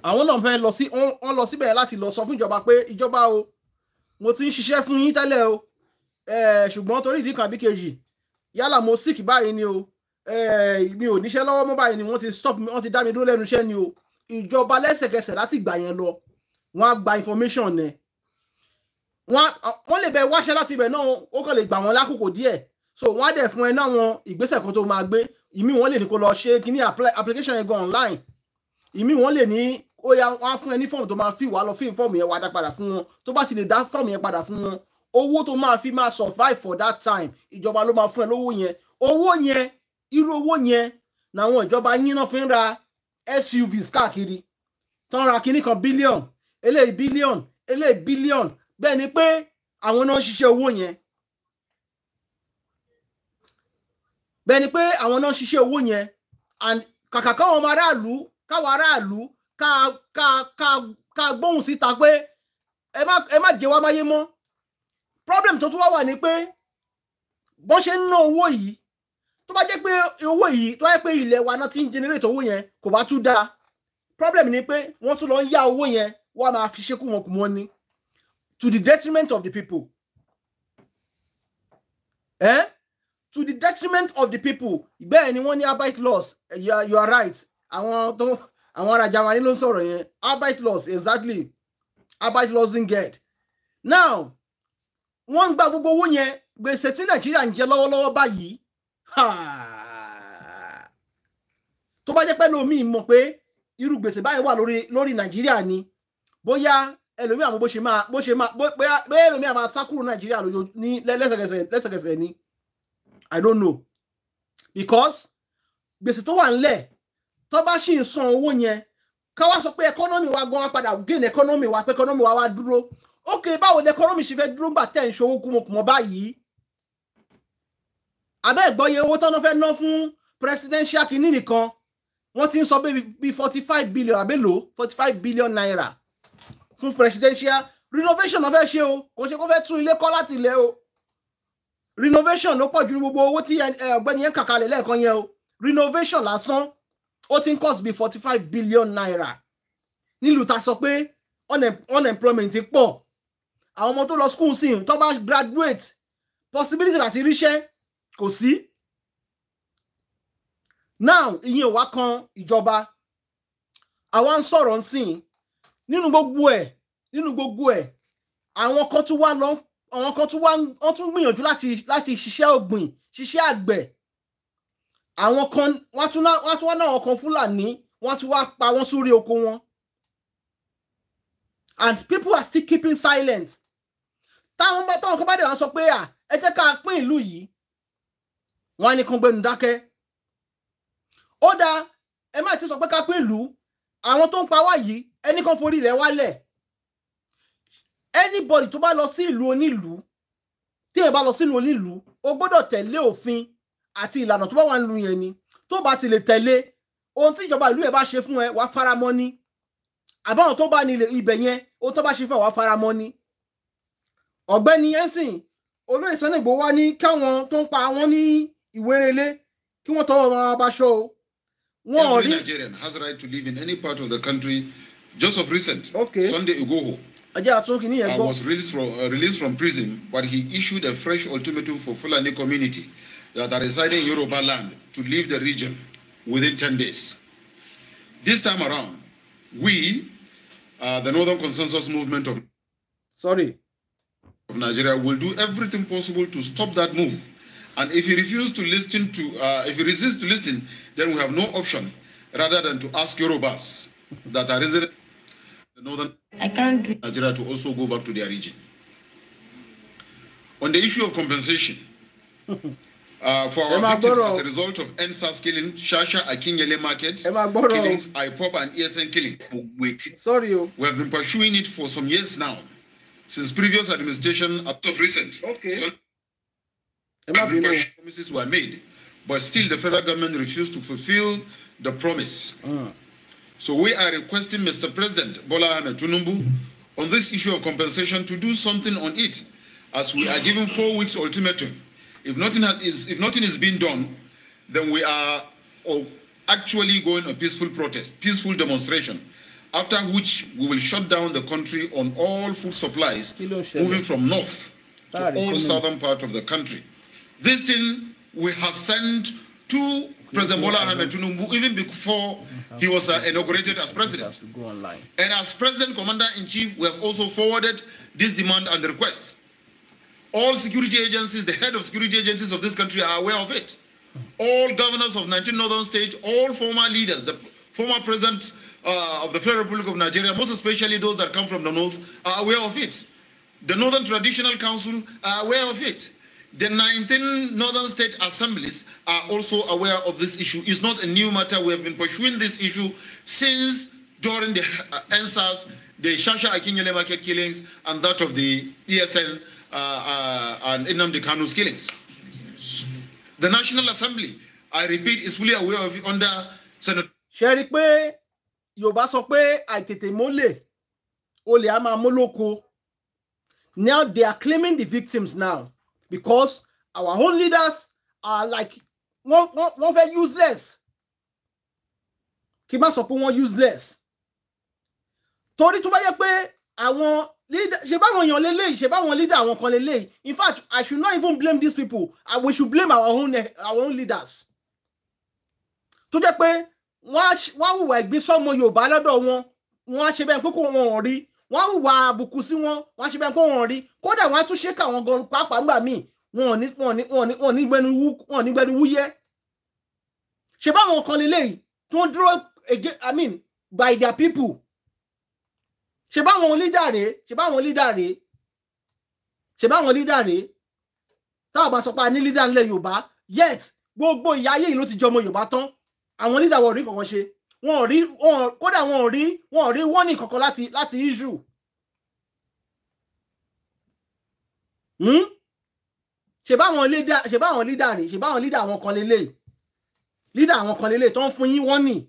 àwọn náà fẹ́ lọ sí wọn lọ síbẹ̀ láti lọ sọ fún ìjọba pé ìjọba o mo ti ń ṣiṣẹ́ fún yín tẹ́lẹ̀ o ṣùgbọ́n torí ìdí kan àbí kejì yálà mo sick báyìí ni o mi ò níṣẹ́ lọ́wọ́ mọ́ báyìí ni wọ́n ti stop mi wọ́n ti dá mi dúró lẹ́nu iṣẹ́ ni o ìjọba lẹ́sẹ̀kẹsẹ̀ láti gbà yẹn lọ wọ́n á gba information yẹn wọ́n lè bẹ wáṣẹ́ láti ibẹ̀ náà ó kàn lè gbà wọ́n lákòókò díẹ̀ so wọ́n á dẹ̀ fún ẹ náà wọn ìgbésẹ̀ kan tó máa gbé ìmí wọ́n lè ní kó lọ ṣe kíní application yẹn gan online ìmí wọ́n lè ní ó yá wọ́n á fún ẹ ní fọ́ọ̀mù tó máa fi wàá lọ fi fọ́ọ̀mù yẹn wàá dá padà fún wọn tó bá ti lè dá fọ́ọ̀mù yẹn padà fún wọn owó tó máa fi máa survive for that time ìjọba ló máa fún ẹ lówó yẹn owó yẹn irú owó yẹn làwọn ìjọba yín náà fi ń ra SUVs káàkiri tán ra kíní kan bílíọ̀n eléyìí bílíọ̀n eléyìí bílíọ̀n bẹ́ẹ̀ ni pé àwọn náà ń ṣiṣẹ́ owó yẹn bẹ́ẹ̀ ni pé àwọn náà ń ṣiṣẹ́ owó yẹn and kàkà káwọn ọmọ aráàlú káwọn aráàlú ká ká ká ká gbóhùn síta pé ẹ má ẹ má jẹ wá máyé mọ́ problem tó tún wá wà ni pé bọ́n ṣe ń ná owó yìí tó bá jẹ́ pé owó yìí tó bá jẹ́ pé ilẹ̀ wa náà ti ń generate owó yẹn kò bá tún dáa problem ni pé wọ́n tún lọ ń yá owó yẹn wọ́n á máa fi ṣekú wọn kù mọ́ ni to the detriment of the people. Eh? To the detriment of the people. Bẹ́ẹ̀ ni wọ́n ní arbeit laws. You are, you are right. Àwọn tó àwọn ará Germany ló ń sọ̀rọ̀ yẹn. Arbeit laws exactly. Arbeit laws in get. Now, wọ́n ń gba gbogbo owó yẹn. Gbèsè tí Nàìjíríà ń jẹ lọ́wọ́lọ́wọ́ báyìí. Tó bá jẹ́ pé lómi mọ̀ pé irú gbèsè báyìí wà lórí lórí Nàìjíríà ni. Bóyá ẹlòmíì àmọ́ bó ṣe máa bó ṣe máa bóyá bóyá ẹlòmíì àmọ́ sákúrò nàìjíríà lójó ní lẹ́sẹ̀kẹsẹ̀ lẹ́sẹ̀kẹsẹ̀ ni i don't know because gbèsè tó wà ńlẹ̀ tó bá ṣì ń san owó yẹn ká wá sọ pé ẹkọ́nọ́mì wa gan padà gain ẹkọ́nọ́mì wa pé ẹkọ́nọ́mì wa wá dúró ok báwo ni ẹkọ́nọ́mì ṣe fẹ́ dúró gbà tẹ̀ ń ṣòwò kùmọ̀kùmọ̀ báyìí abẹ́ ìgbọ́yé owó tọ́nà fẹ́ ná fún presidential kìíní nìkan wọ́n ti ń sọ bíi forty five billion àbẹ́lò forty five billion naira fún presidential renovation náà fẹ́ ṣe o kò ṣe kó fẹ́ tún ilé kọ́ láti ilẹ̀ o renovation ló pọ̀ ju gbogbo owó tí eh, ọ̀gbẹ́ni yẹn kàkalẹ̀ lẹ́ẹ̀kan yẹn o renovation lásán ó ti ń cost bí forty five billion naira nílùú ta sọ pé unemployment pọ̀ àwọn ọmọ tó lọ school sí tó bá graduate possibility láti ríṣẹ́ kò sí now ìyẹn wá kan ìjọba àwa ń sọ̀rọ̀ ń sìn nínú gbogbo ẹ̀ nínú gbogbo ẹ̀ àwọn kan tún wá lọ àwọn kan tún wá wọ́n tún gbìyànjú láti láti ṣiṣẹ́ ọ̀gbìn ṣiṣẹ́ àgbẹ̀ àwọn kan wọ́n tún wá náà àwọn kan fúlàní wọ́n tún wá pa wọ́n sórí oko wọn and people are still keeping silent táwọn táwọn kan bá dẹ̀ wá sọ pé à ẹ jẹ́ ká pín ìlú yìí wọ́n á ní kan gbẹnu dákẹ́ ó dáa ẹ má ti sọ pé ká pín ìlú àwọn tó ń pa wá yìí ẹni kan forí ilẹ̀ wálẹ̀ anybody tó bá lọ sí ìlú onílùú tí èèyàn bá lọ sí onílùú o gbọ́dọ̀ tẹ̀lé òfin àti ìlànà tó bá wà nílùú yẹn ni tó bá ti lè tẹ̀lé ohun tí ìjọba ìlú yẹn bá ṣe fún ẹ wàá fara mọ́ ni àbáwọn tó bá ní ibẹ̀ yẹn ohun tó bá ṣe fún ẹ wàá fara mọ́ ni ọ̀gbẹ́ni ensign olóyè Sunday Igboho wá ní káwọn tó ń pa àwọn ní ìwérelé kí wọ́n tọwọ́ wọn abaṣọ o wọn ò rí. every
nigerian has right to live in any part of the country just of recent. okay sunday igboho. ajá àtúnkì ní yẹn gbọ́. i was released from, uh, released from prison but he issued a fresh ultimatum for fulani community that are residing in yoruba land to leave the region within ten days. this time around we uh, the northern consensus movement of. sorry. of nigeria will do everything possible to stop that move. And if you refuse to listen to, uh, if you resist to listen, then we have no option rather than to ask Yorubas that are resident in the northern I can't do Nigeria to also go back to their region. On the issue of compensation uh, for our victims as a result of NSAS killing, Shasha Akinyele market killings, IPOP and ESN killings. Sorry, oh. we have been pursuing it for some years now, since previous administration up to recent. Okay. So promises were made, but still the federal government refused to fulfill the promise. Ah. So we are requesting Mr. President Bola Ahmed Tunumbu on this issue of compensation to do something on it, as we are given four weeks ultimatum. If nothing is if nothing is being done, then we are oh, actually going a peaceful protest, peaceful demonstration, after which we will shut down the country on all food supplies moving from north to all southern part of the country. This thing we have sent to President Bola Ahmed Tinubu even before he was uh, inaugurated as president. And as president commander in chief, we have also forwarded this demand and request. All security agencies, the head of security agencies of this country are aware of it. All governors of 19 northern states, all former leaders, the former president uh, of the Federal Republic of Nigeria, most especially those that come from the north, are aware of it. The Northern Traditional Council are aware of it. The 19 northern state assemblies are also aware of this issue. It's not a new matter. We have been pursuing this issue since during the uh, answers, the Shasha Akinyele market killings, and that of the ESN uh, uh, and Inamdi Kanu's killings. The National Assembly, I repeat, is fully aware of it under Senator. ṣe rí i pé yorùbá sọ pé
àìtètè mólè olè á now they are claiming the victims now because our own leaders are like one wọ́n wọ́n useless kí n má sọ pé wọ́n useless torí tó bá yẹ pé àwọn leader ṣe báwọn èèyàn lélẹ́yìí ṣe báwọn leader àwọn kan lélẹ́yìí in fact I should not even blame these people we should blame our own our own leaders tó jẹ́ pé wọ́n á wùwà ẹ̀gbin sọ́mọ Yorùbá lọ́dọ̀ wọn wọ́n á ṣe bẹ́ẹ̀ pé kò wọ́n rí wọ́n hùwà àbùkù sí wọn wọ́n ṣe bẹ́ẹ̀ kó wọn rí kódà wọ́n á tún ṣe káwọn gan pàápàá ńgbà míì wọn ò ní wọn ò ní wọn ò ní gbẹnu wúyẹ́ ṣe báwọn kan lélẹ́yìí tí wọ́n dúró again I mean by their people ṣe báwọn lídà rèé ṣe báwọn lídà rèé ṣe báwọn lídà rèé táwọn bá sọ pé a ní lídà ńlẹ̀ Yorùbá yet gbogbo ìyá ayé yìí ló ti jọmọ Yorùbá tán àwọn lídà wọ̀ rí kankan ṣe wọn ò rí kódà wọn ò rí wọn ò rí warning kankan láti láti israel. Hmm? ṣèbáwọn lídà ṣèbáwọn lídà rè ṣèbáwọn lídà àwọn kan lélẹ̀ lídà àwọn kan lélẹ̀ tó ń fún yín warning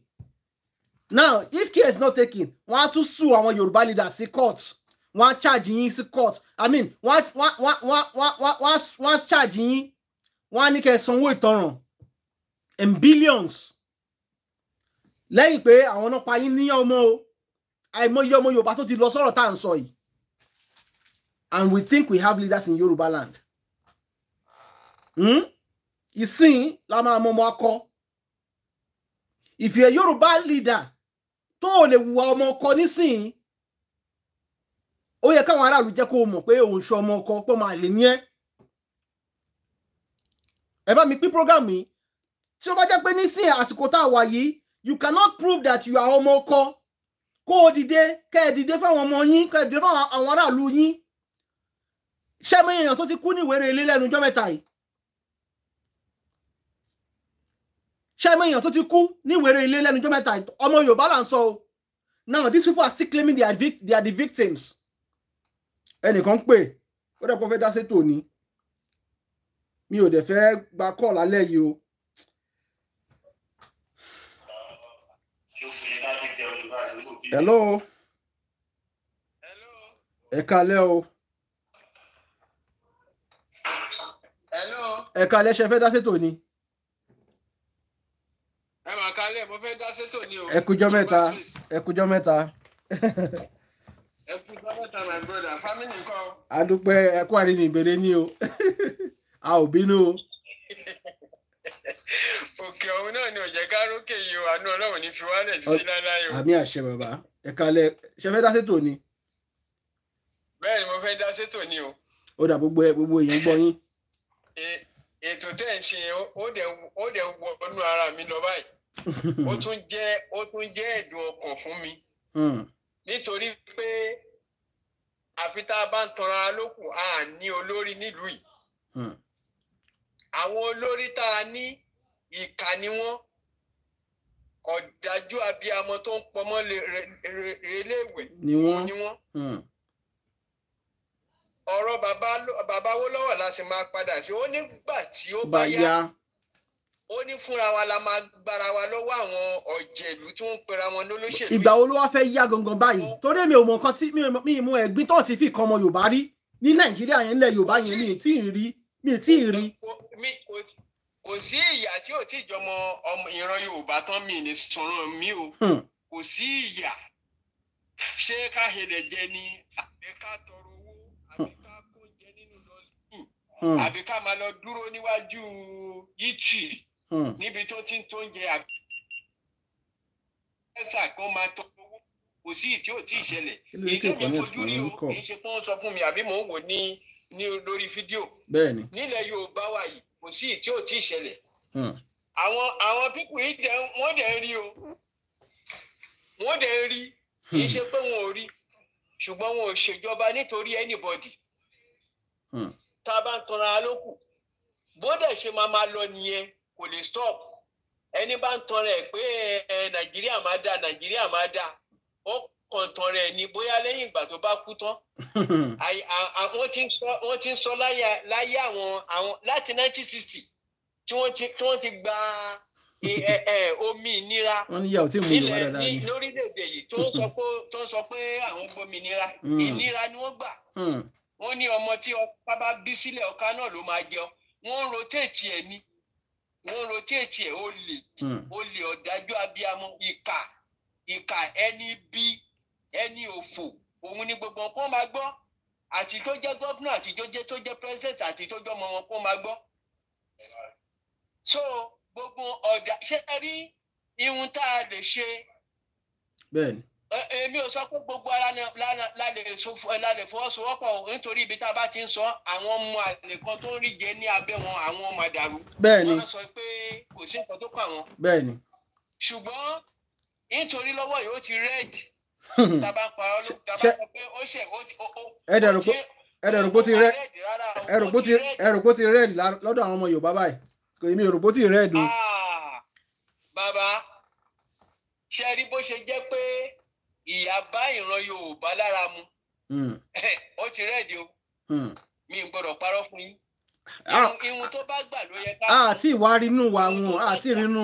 now if care is not taken wọn á tún sue àwọn yorùbá leaders sí court wọn á charge yín sí court i mean wọn á charge yín wọn á ní kẹ́ sanwó ìtanràn in billions lẹ́yìn pé àwọn náà pa yín ní ọmọ o àìmọye ọmọ yorùbá tó ti lọ sọ̀rọ̀ tá à ń sọ yìí and we think we have leaders in yorùbá land hmm? ìsìn la máa mọ ọmọ akọ if you a yorùbá leader tó o lè wùwà ọmọ ọkọ nísìnyí ó yẹ káwọn aráàlú jẹ́ kó o mọ̀ pé òun ṣe ọmọ ọkọ pé máa lè ní ẹ́ ẹ bá mi pín program yìí tí ó bá jẹ́ pé nísìnyí àsìkò tá a wà yìí you cannot prove that you are ọmọ ọkọ kó o dìde kẹ́ ẹ dìde fáwọn ọmọ yín kẹ́ ẹ dìde fáwọn àwọn aráàlú yín ṣẹ́mi èèyàn tó ti kú ní ìwéré ilé lẹ́nu ọjọ́ mẹ́ta yìí ṣẹ́mi èèyàn tó ti kú ní ìwéré ilé lẹ́nu ọjọ́ mẹ́ta yìí ọmọ Yorùbá là ń sọ o now these people are still claiming they are, vic they are the victims ẹnìkan pè ó dẹ̀ pọ́n fẹ́ dá sétò ni mi ò dẹ̀ fẹ́ gba kọ́ọ̀lù alẹ́ yìí o hello. hello. ẹ o. hello. ẹ kalẹ́ ṣe da dá sétò ni.
ẹ mà mo fẹ́ da sétò ni o. ẹ
kújọ́ mẹ́ta meta. kújọ́ mẹ́ta.
ẹ kújọ́ mẹ́ta my brother family nǹkan.
a dúpẹ́ ẹ kú àríyìn ìbéèrè o a ò bínú o
òkè ọ̀hún náà ni ò jẹ́ ká rókè yìí o àánú ọlọ́run ní fi wálẹ̀ sí láláyò. àmì
àṣẹ bàbá ẹ kalẹ̀ ṣe fẹ́ dá sétò ni.
bẹ́ẹ̀ ni mo fẹ́ dá sétò ni o.
ó dà gbogbo gbogbo èèyàn gbọ́ yín.
E, ètò tẹ́ ẹ̀ ń ṣe yẹn ó dẹ̀ wọ inú ara mi lọ báyìí ó tún jẹ́ ó tún jẹ́ ẹ̀dùn ọkàn fún mi hmm.
nítorí pé àfi tá a bá ń tanra lókun a ní olórí nílùú yìí. Hmm àwọn olórí tá a ní ìkà ni wọ́n ọ̀dájú abiyamọ tó ń pọmọ́ reléèwé ni wọ́n hmm. ọ̀rọ̀ bàbá wo lọ́wọ́ la sì máa padà sí ó nígbà tí ó bá yá ó ní fúnra wa la máa gbára wa lọ́wọ́ àwọn ọ̀jẹ̀lú tí wọ́n ń pera wọn lólóṣèlú. ìgbà wo ló wá fẹ́ yá gangan báyìí torí èmi ò mọ nǹkan tí mi mú ẹ̀gbin tó ti fi kan ọmọ Yorùbá rí ní Nàìjíríà yẹn ńlẹ̀ Yorùbá yẹn ní tí ì mi tí ì
kò sí ìyà tí ò tí ì jọmọ
ìran yorùbá tán mi ní sọ̀rọ̀ mi o hmm. kò sí ìyà ṣé ká hẹlẹ jẹ ni àbí ká tọrọ owó àbí
hmm. ká kó jẹ nínú lọ́sùn hmm. àbí ká
máa lọ dúró níwájú yìtì níbi tó ti ń tó ń jẹ àbí ẹ̀sà kan máa tọ́ owó kò sí ìtí ò tí ì ṣẹlẹ̀
èyí tó fojú rí o kì í ṣe
pé sọ fún mi àbí mò ń wò ní ní lórí fídíò nílẹ̀ Yorùbá wa yìí kò sí tí ò tí ì ṣẹlẹ̀ hmm. àwọn àwọn pípù yìí dẹ wọ́n dẹ̀ ń rí o wọ́n dẹ̀ rí kì í hmm. ṣe pé wọn ò rí ṣùgbọ́n wọn ò ṣèjọba nítorí anybody hmm. tá a bá ń tanra lókù bódà ṣe máa máa lọ nìyẹn kò lè stop ẹni bá ń tanra ẹ̀ pé nàìjíríà máa dá nàìjíríà máa dá ó kọ̀ǹtàn rẹ̀ ni bóyá lẹ́yìn ìgbà tó bá kú tán wọ́n ti ń sọ láyé àwọn láti 1960 tí wọ́n ti gba
e, e, e, omi ìnira lórílẹ̀‐èdè yìí tó ń sọ pé àwọn gbomi ìnira hmm. ìnira ni wọ́n gbà hmm. wọ́n ní ọmọ tí ọkà bá
bí sílẹ̀ ọkà náà ló máa jẹun wọ́n ń rotéètì ẹ̀ ni wọ́n ń rotéètì ẹ̀ ó lè ó hmm. lè ọ̀dájú abiyamọ ìkà ìkà ẹni bí ẹni òfò òun ni gbogbo kó máa gbọ́ àti tó jẹ́ gọ́fúnà àti tó jẹ́ tó jẹ́ pírẹ́sẹ̀tì àti tó jọ́ ọmọ wọn kó máa gbọ́. so gbogbo ọ̀dà ṣe é rí ihun tá a lè ṣe. bẹ́ẹ̀ni. èmi ò sọ pé gbogbo ara la lè fọwọ́sowọ́pọ̀ nítorí ibi tá a bá ti ń sọ àwọn ọmọ àlè kan tó ń rí jẹ ní abẹ́ wọn àwọn ọmọ àdàrú. bẹ́ẹ̀ni wọ́n sọ pé kò sí nǹkan tó kàn wọ́n. bẹ́ẹ̀ni. ṣùgbọ́n nítorí lọ́wọ́ yìí ó ti rẹ́ẹ̀dì tàbá ń parọ́ ló tàbá sọ pé ó ṣe ó ti ó ẹ̀rọ̀pọ̀ ti rẹ̀ ẹ̀rọ̀pọ̀ ti rẹ̀ lọ́dọ̀ àwọn ọmọ Yorùbá báyìí kò èmi ẹ̀rọ̀pọ̀ ti rẹ̀ dùn. Ah, bàbá ṣe rí bó ṣe jẹ́ pé ìyá bá ìran Yorùbá lára mu hmm. ó ti rẹ̀dì o hmm. mi ò gbọ́dọ̀ parọ́ fún yín ah. irun tó bá gbà ló yẹ ká. àti ìwà rínú wa wọn àti rínú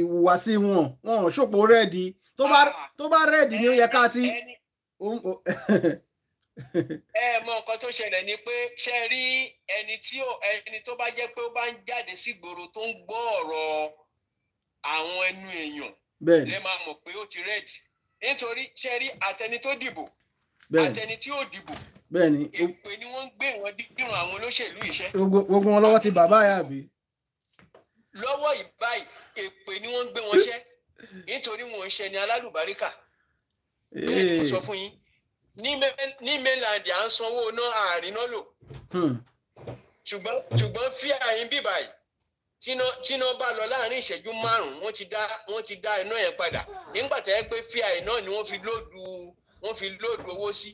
ìhùwàsí wọn wọn ò ṣòpò rẹ́ẹ̀dì tó bá ah, tó bá rẹ́ẹ̀dì ni ó yẹ ká ti. ẹ mọ nǹkan tó ṣẹlẹ̀ ni pé ṣe rí ẹni tí ẹni tó bá jẹ́ pé ó bá ń jáde sígboro tó ń gbọ́ ọ̀rọ̀ àwọn ẹnu èèyàn lè máa mọ̀ pé ó ti rẹ́ẹ̀dì nítorí ṣe rí àtẹni tó dìbò àtẹni tí ò dìbò bẹ́ẹ̀ni èpè ni wọ́n ń gbé wọn dídùn àwọn olóṣèlú iṣẹ́. gbogbo wọn lọ́wọ́ ti bàbá yà bí. lọ́wọ́ ìbáyìí èpè ni wọ́n ń gbé wọn ṣẹ́ nítorí wọn ń ṣe ni alálùbáríkà sọ fún yín ní mainland à ń sanwó náà àárín náà lò hmm. ṣùgbọ́n ṣùgbọ́n fí àyín bíbà yìí tíná bá lọ láàrin ìṣẹ́jú márùn-ún wọ́n ti dá wọ́n ti dá iná yẹn padà nígbà tó yẹ pé fí àyín náà ni wọ́n fi lóòdù wọ́n fi lóòdù owó sí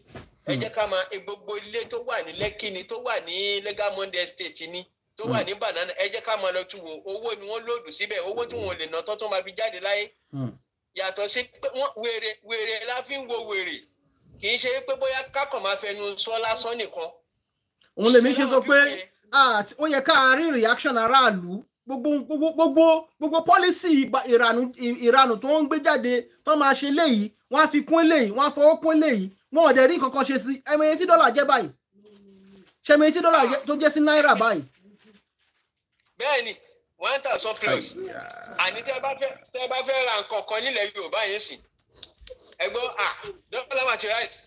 ẹ hmm. jẹ́ ká máa gbogbo ilé tó wà ní Lẹ́kì tó wà ní Legal Monday Estate ni tó wà mm. ní banana ẹ jẹ́ ká máa lọ tún wo owó ni wọ́n lòdù síbẹ̀ owó tí wọn ò lè ná tán tó máa fi jáde láyé mm. yàtọ̀ sí pé wèrè wèrè la fi ń wo wèrè kì í ṣe pé bóyá kákàn máa fẹnu sọ lásán nìkan. òun lèmi ṣe sọ pé ó yẹ ká rí reaction aráàlú gbogbo gbogbo gbogbo pọ́lísì ìranù tó ń gbé jáde tó máa ṣe léyìí wọ́n á fi kún léyìí wọ́n á fọwọ́ kún léyìí wọ́n ò dẹ̀ rí kankan ṣe sí ẹ̀mẹ̀yẹ tí dọ́là jẹ́ báyìí ṣẹ̀mẹ̀yẹ tí dọ́là tó jẹ́ sí náírà báyìí bẹ́ẹ̀ ni wọ́n ń tà surplus àní tẹ́ bá fẹ́ tẹ́ bá fẹ́ ra nǹkan kan nílẹ̀ Yorùbá yẹn sì ẹ gbọ́ à dọ́là màtí rice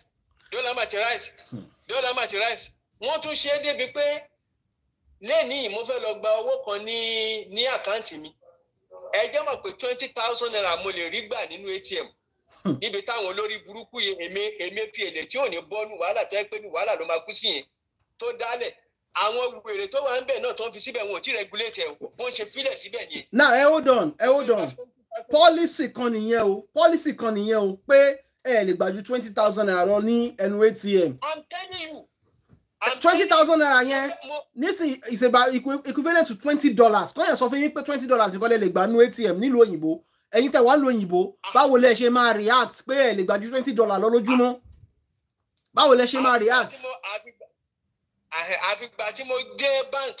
dọ́là màtí rice dọ́là màtí rice wọ́n tún ṣe é débi pé lẹ́nìí mo fẹ́ lọ gba owó kan ní ní àkáǹtì mi ẹ jẹ́ mọ̀ pé twenty thousand naira mo lè rí gbà nínú ATM hmm. níbi táwọn olórí burúkú yẹn èmi èmi fi èlé tí ò ní bọ́ ní wàhálà tẹ́ pé ní wàhálà ló máa kú sí yẹn tó dálẹ̀ àwọn wèrè tó wà ń bẹ̀ náà tó ń fi síbẹ̀ wọn ò tí regulate ẹ̀ wọ́n ṣe fílẹ̀ síbẹ̀ ni. now ẹ hold on ẹ hold on policy kan nìyẹn o policy kan nìyẹn o pé ẹ lè gbà twenty thousand naira lọ ní ẹnu atm.
i'm telling you. twenty
thousand naira yẹn nísìnyí is about equivalent to twenty dollars kọ́yẹ̀ sọ fún yín pé twenty dollars nìkan lè lè gbà nínú atm nílùú òyìnbó ẹ̀yin tẹ̀ wá ń lo òyìnbó báwo lẹ ṣe máa react pé ẹ lè gbà twenty dollars lọ lójúmọ́ báwo lẹ ṣe máa react àfìgbà tí mo dé bank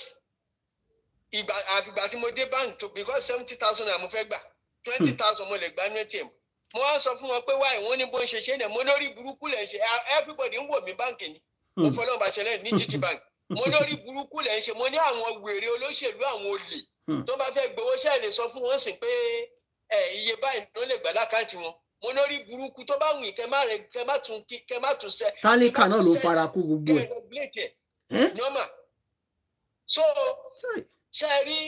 ìgbà àfìgbà tí mo dé bank tó because seventy thousand àmọ́ fẹ́ gbà twenty hmm. thousand mo lè gbà ní ATM mo wá sọ fún wọn pé wáyé wọn ní bó ń ṣe ṣe náà mo lórí burúkú lẹ̀ ń ṣe everybody ń wò mí báǹkì ni mo hmm. fọlọ́run bá ṣẹlẹ̀ ní GT bank mo hmm. lórí burúkú lẹ̀ ń ṣe mo ní àwọn wèrè olóṣèlú àwọn olè tó bá fẹ́ gbowó ṣe lè sọ fún wọn sí pé iye báyìí ló lè gbà lákàntì wọn mo lórí burúkú tó bá wùn kẹ má tún kẹ má tún
sẹ. tálíkà náà ló fara
kú gbogbo ẹ. Hm? ni wọ́n so ṣe rí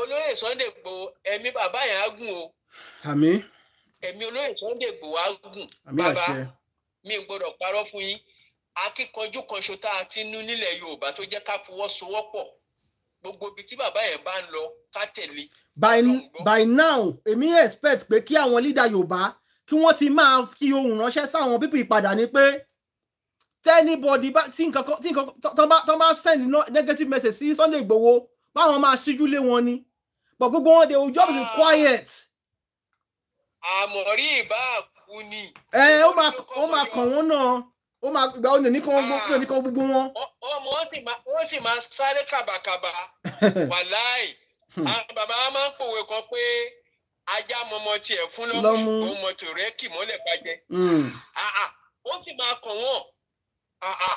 olóyè Sunday Igboho ẹ̀mí bàbá yẹn á gùn o àmín ẹ̀mí olóyè Sunday Igboho á gùn bàbá mi gbọ́dọ̀ parọ́ fún yín akíkanjú kanṣo tá a ti nú nílẹ̀ Yorùbá tó jẹ́ ká fọwọ́sowọ́pọ̀ gbogbo ibi tí bàbá yẹn bá ń lọ ká tẹ̀lé. by by now èmi expect pé kí àwọn leader Yorùbá kí wọ́n ti máa fi ohùn ránṣẹ́ sáwọn pípì ìpadà ni pé tẹ́nibọ̀dì bá tí think. kan tí nǹkan kan tán bá send negative message sí Sunday Igboho báwọn máa ṣíjú lé wọn ni but gbogbo wọn They will just be quiet. àmọ̀rí ba àkú ni. ẹ ó máa ó máa kàn wọ́n náà ó máa ìgbà òní oníkan gbogbo oníkan gbogbo wọn. ọmọ wọn sì máa sáré kàbàkàbà wàláì hmm. àwọn bàbá wa máa ń pòwe kan pé ajá mọmọ tiẹ̀ fún lọ́mú ṣùgbọ́n mọ tòrẹ́kì mọ́lẹ̀ bàjẹ́. ó hmm. sì máa kàn wọ́n. Ah, ah.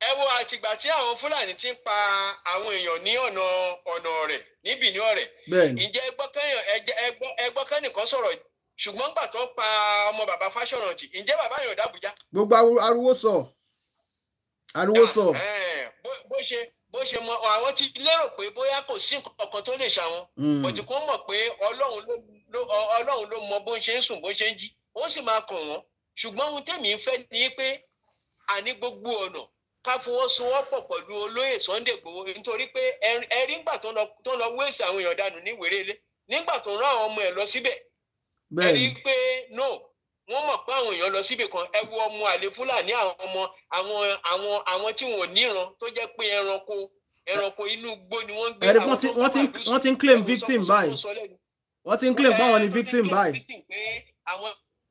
ẹ wo àtìgbà tí àwọn fúlàní ti ń pa àwọn èèyàn ní ọ̀nà ọ̀nà rẹ̀ ní Bìní ọ̀rẹ́ ìjẹ́ ẹgbọ́kàn nìkan sọ̀rọ̀ ṣùgbọ́n gbà tó ń pa ọmọ bàbá Fáṣọ̀rántì ǹjẹ́ bàbá yàn dàbújá. gbogbo ariwo sọ ariwo sọ. Ah, eh, bó ṣe bó ṣe mọ àwọn ti lérò pé bóyá kò sí nǹkan kan tó lè ṣàwọn kò hmm. tí kò mọ̀ pé ọlọ́run ló mọ bó ṣe ń sùn bó ṣe ń jí ó sì máa kàn wọ́n ṣùgbọ́n ohun tèmi ń fẹ́ ni pé àní gbogbo ọ̀nà ká fọwọ́sowọ́pọ̀ pẹ̀lú olóyè Sunday Igboho nítorí pé ẹ̀rí ńgbà tó lọ wéèsì àwọn èèyàn dànù ní wérélé nígbà tó rán àwọn ọmọ ẹ̀ lọ síbẹ̀ ẹ̀rí pé no wọ́n mọ̀ pé àwọn èèyàn lọ síbì kan ẹ wo ọmọ àlè Fúlàní àwọn ọmọ àwọn àwọn àwọn tí wọn ò níran
tó jẹ́ pé ẹranko ẹranko inú igbó ni wọ́n gbé àwọn tó
wọ́n ti ń claim victim báyìí wọ́n ti ń claim báwọn ni victim báyìí.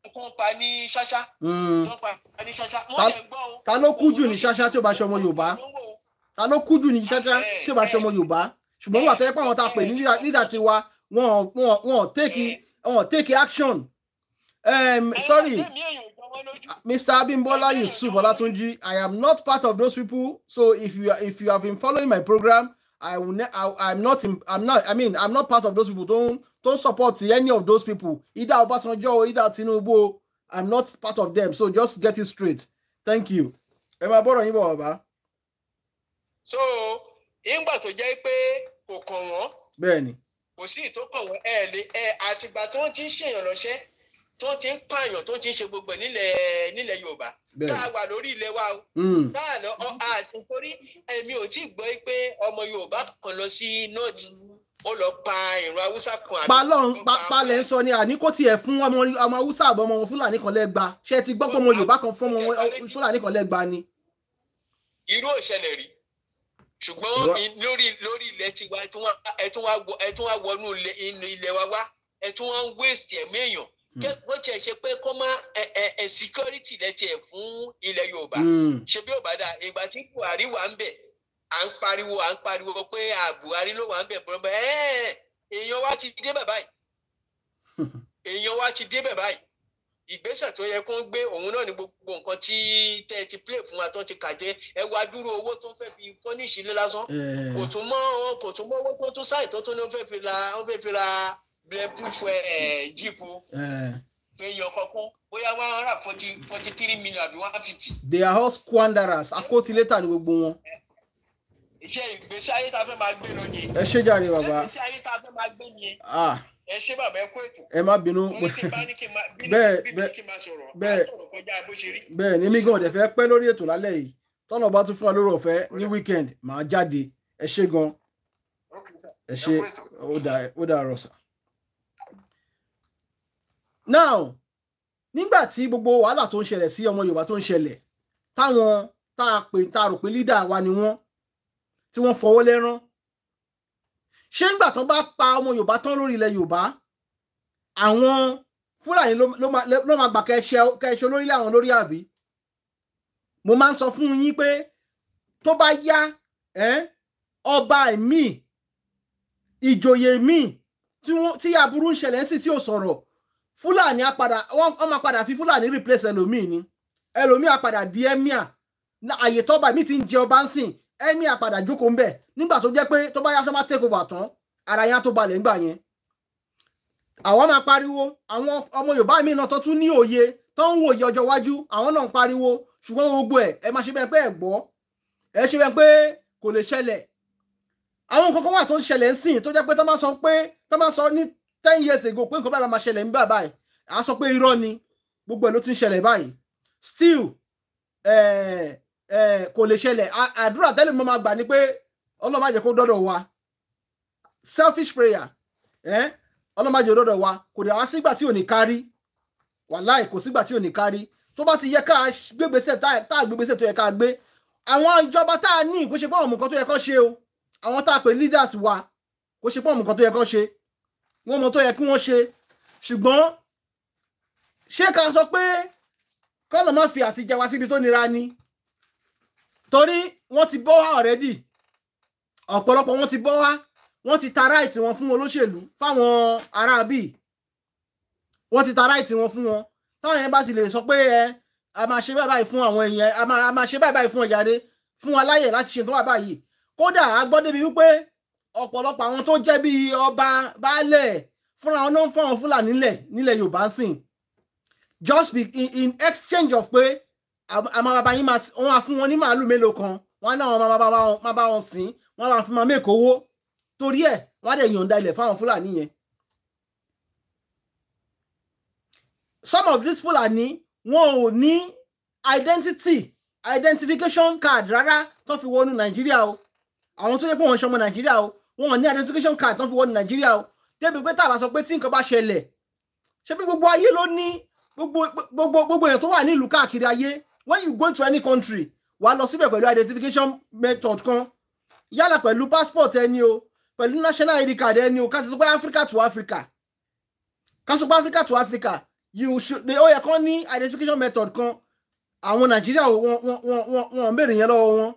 Hmm. wọ́n pa ní
ṣáṣá. wọ́n pa ní ṣáṣá. wọ́n lè gbọ́ o. ta ló kú jù ní ṣáṣá tí ó bá ṣọmọ yorùbá ta ló kú jù ní ṣáṣá tí ó bá ṣọmọ yorùbá ṣùgbọ́n wà tẹ́lẹ̀ pé àwọn tá a pè ní nígbà tí wa wọ́n tẹ́kì wọ́n tẹ́kì action. Um, sorry Mr. Abimbola Yusuf Olatunji, I am not part of those people. So if you if you have been following my program, I will ne- I, am not in, I'm not I mean I'm not part of those people. Don't don't support any of those people. Either Obasanjo or either Tinubu. I'm not part of them. So just get it straight. Thank you. Ẹ máa bọ́rọ̀ yín bọ̀ So ìgbà tó jẹ́ pé kò kàn wọ́n. Bẹ́ẹ̀ni. Kò sí ìtókàn wọ́n ẹ̀ lé ẹ̀ àtìgbà tó ń ti ń ṣèyàn lọ́ṣẹ́ tó ti ń pààyàn tó ti ń ṣe gbogbo nílẹ̀ nílẹ̀ yorùbá tá a wà lórí ilẹ̀ wa o hmm. tá a lọ àti torí
èmi ò tí gbọ́ pé ọmọ yorùbá kan lọ sí north ó lọ pa ìran haúsá kan. palọ́n palẹ̀
ń sọ ni àní kò tiẹ̀ fún ọmọ haúsá àbọ̀ ọmọ fúlàní kan lẹ́gba ṣé ti gbọ́ pé ọmọ yorùbá kan fún ọmọ fúlàní kan lẹ́gba ni. irú òṣèlè rí ṣùgbọ́n lórí lórí ilẹ̀ wa ẹ tún wá wọnú ilẹ̀ wa wá ẹ tún wá ń wéèsì ẹ̀mí èèyàn Hmm. bó tiẹ̀ ṣe pé kó má ẹ̀ security lẹ́tiẹ̀ fún ilẹ̀ Yorùbá hmm. ṣe bí Yorùbá dà ìgbà tí Buhari wà ń bẹ̀ à ń pariwo à ń pariwo pé Buhari ló wà ń bẹ̀ bọ́lọ́bọ́ ẹ̀ èèyàn wa ti débẹ̀ báyìí èèyàn wa ti débẹ̀ báyìí ìgbésẹ̀ tó yẹ kó ń gbé òun náà ní gbogbo nǹkan tí tẹ́ ẹ ti play fún wa tó ti kàjẹ́ ẹ wá dúró owó tó ń fẹ́ fi fọ́nìṣì lé lásán eh. kò tún mọ́ kò tún mọ́ owó tó tún sáì tó tún ní ó fẹ́ fi ra ó fẹ́ fi ra bulletproof eh, jeep o pé iye ọkọ̀ kún bóyá one hundred and forty forty three million àbí one fifty. they are all squanderers akótilétà ni gbogbo wọn.
iṣẹ́ ìgbésí ayé tá a fẹ́ máa gbé ló ni. ẹ ṣé jàre bàbá. ìgbésí ayé tá a fẹ́ máa gbé
ni. Ah. ẹ ṣé bàbá ẹ kó ètò. ẹ má bínú.
bẹ́ẹ̀
bẹ́ẹ̀ bẹ́ẹ̀ ni mí gan ọ̀dẹ̀ fẹ́ pẹ́ lórí ètò lálẹ́ yìí tọ́nà bá tún fún wa lórí ọ̀fẹ́ ní weekend màá jáde ẹ ṣé gan ẹ ṣé ó dà ó dà rọ̀ sà now nígbà tí gbogbo wàhálà tó ń ṣẹlẹ̀ sí ọmọ Yorùbá tó ń ṣẹlẹ̀ táwọn tá a pè tá a rò pé lídà wa ni wọ́n tí wọ́n fọwọ́ lẹ́rán ṣé ńgbà tó bá pa ọmọ Yorùbá tán lórí ilẹ̀ Yorùbá àwọn Fúlàní ló máa gbà kẹṣẹ olórílẹ̀ àwọn lórí àbí mo máa ń sọ fún yín pé tó bá yá ọba mi ìjòyè mi tí aburú ń ṣẹlẹ̀ sí tí ò sọ̀rọ̀ fúlàní apadà wọ́n máa padà fi fúlàní replace ẹlòmíì ni ẹlòmíì apadà di emir àyè tọ́ba mi ti ń jẹ ọba ń sìn emir apadà jókòó ń bẹ̀ nígbà tó jẹ́ pé tó bá yá bá take over tán ara yẹn á tó balẹ̀ ńgbà yẹn àwọn máa pariwo àwọn ọmọ yorùbá mi náà tó tún ní òye tó ń wòye ọjọ́ iwájú àwọn náà ń pariwo ṣùgbọ́n gbogbo ẹ̀ ẹ máa ṣe bẹ́ẹ̀ pé ẹ̀ gbọ́ ẹ ṣe bẹ́ẹ̀ pé kò lè ṣẹlẹ̀ àwọn nǹkan kan wà tó ń ṣẹlẹ̀ ń sìn tó jẹ́ pé tó máa sọ pé tó máa sọ ní ten years ago pé nǹkan báyìí máa ṣẹlẹ̀ ń bàbá a sọ pé irọ́ ni gbogbo ẹ̀ ló ti ń ṣẹlẹ̀ báyìí still kò lè ṣẹlẹ̀ àdúrà tẹ́lẹ̀ mo máa gbà ni pé ọlọ́mọ àjẹ́ kó dọ́dọ̀ wa selfish prayer ọlọ́mọ àjẹ́ dọ́dọ̀ wa kò dẹ̀ wá sígbà tí ò ní kárí wàláì kò sígbà tí ò ní kárí tó bá ti yẹ ká gbégbèsè tá a gbégbèsè tó yẹ ká gbé àwọn ìjọba tá a ní kó ṣe pé àwọn tó yẹ kó ṣe o àwọn tá a pè leaders wa kó ṣe pé àwọn nǹkan tó yẹ kó ṣe wọ́n mọ tó yẹ kí wọ́n ṣe ṣùgbọ́n ṣé ká sọ pé kọ́nà má fi àtijẹ wá síbi tó nira ni torí wọ́n ti bọ́ wá ọ̀rẹ́dì ọ̀pọ̀lọpọ̀ wọ́n ti bọ́ wá wọ́n ti ta ráìtì wọn fún olóṣèlú fáwọn aráabí wọ́n ti ta ráìtì wọn fún wọn táwọn yẹn bá ti lè sọ pé ẹ a máa ṣe báyìí fún àwọn èèyàn a máa ṣe báyìí fún ọ̀jáde fún wa láyè láti ṣe tó wà báyìí kódà a gbọ́ débi wípé ọ̀pọ̀lọpọ̀ àwọn tó jẹ́ bíi ọba baálẹ̀ fúnra wọn ló ń fọ́n fúlàní nílẹ̀ yorùbá sìn just be in, in exchange of pé àwọn bàbá yín máa wọn á fún wọn ní màálù mélòó kan wọn á náà wọn máa bá wọn sìn wọn máa fi máa mẹ́kọ̀ owó torí ẹ̀ wọ́n á dẹ̀ yọ̀ǹda ilẹ̀ fáwọn fúlàní yẹn. some of these fúlàní wọn ò ní identity identification card rárá tó fi wọnú nàìjíríà o àwọn tó yẹ pé wọn ṣọmọ nàìjíríà o wọn ò ní identification card tó fi wọnú nàìjíríà o débi pé tàbá sọ pé tí nǹkan bá ṣẹlẹ̀ ṣé pé gbogbo ayé ló ní gbogbo gbogbo èèyàn tó wà ní ìlú káàkiri ayé when you go to any country wàá lọ síbẹ̀ pẹ̀lú identification method kan yálà pẹ̀lú passport ẹni o pẹ̀lú national id card ẹni o ká sọ pé Africa to Africa ká sọ pé Africa to Africa you should ó yẹ kán ní identification method kan àwọn Nàìjíríà wọn wọn wọn wọn béèrè yẹn lọ́wọ́ wọn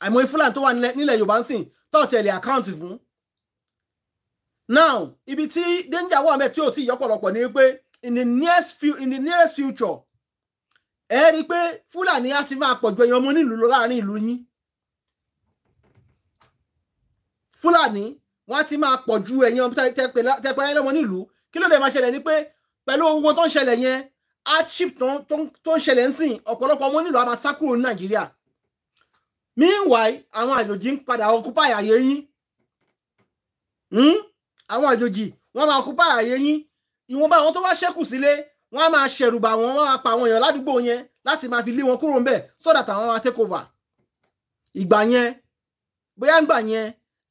àìmọye Fúlàní tó wà nílẹ̀ Yorùbá ń sìn tọ́ọ̀tẹ̀lẹ̀ àkáǹtì fún now ibi tí danger wà mẹ́ẹ̀ tí ò tí ì yọ́pọ̀lọpọ̀ ni pé in the nearest few in the nearest future ẹ rí i pé fúlàní á ti máa pọ̀jù ẹ̀yàn ọmọ nílùú láàrin ìlú yín fúlàní wọn á ti máa pọ̀jù ẹ̀yàn tẹpẹ ẹlẹ́wọ̀n nílùú kí ló dé máa ṣẹlẹ̀ ni pé pẹ̀lú ohun tó ń ṣẹlẹ̀ yẹn hardship tó ń ṣẹlẹ̀ ń sìn ọ̀pọ̀lọpọ̀ ọmọ nílùú á máa sá kúrò ní nàìjíríà meanwhile àwọn àjòjì ń padà occupy àyè yín hmm? àwọn àjòjì wọn máa occupy àyè yín ìwọ̀nba àwọn tó wá ṣẹ́kù sílé wọ́n á máa ṣẹ̀rùbà wọ́n máa pa àwọn èèyàn ládùúgbò yẹn láti máa fi lé wọn kúrò ńbẹ̀ so that àwọn máa take over ìgbà yẹn bóyá ń gbà yẹn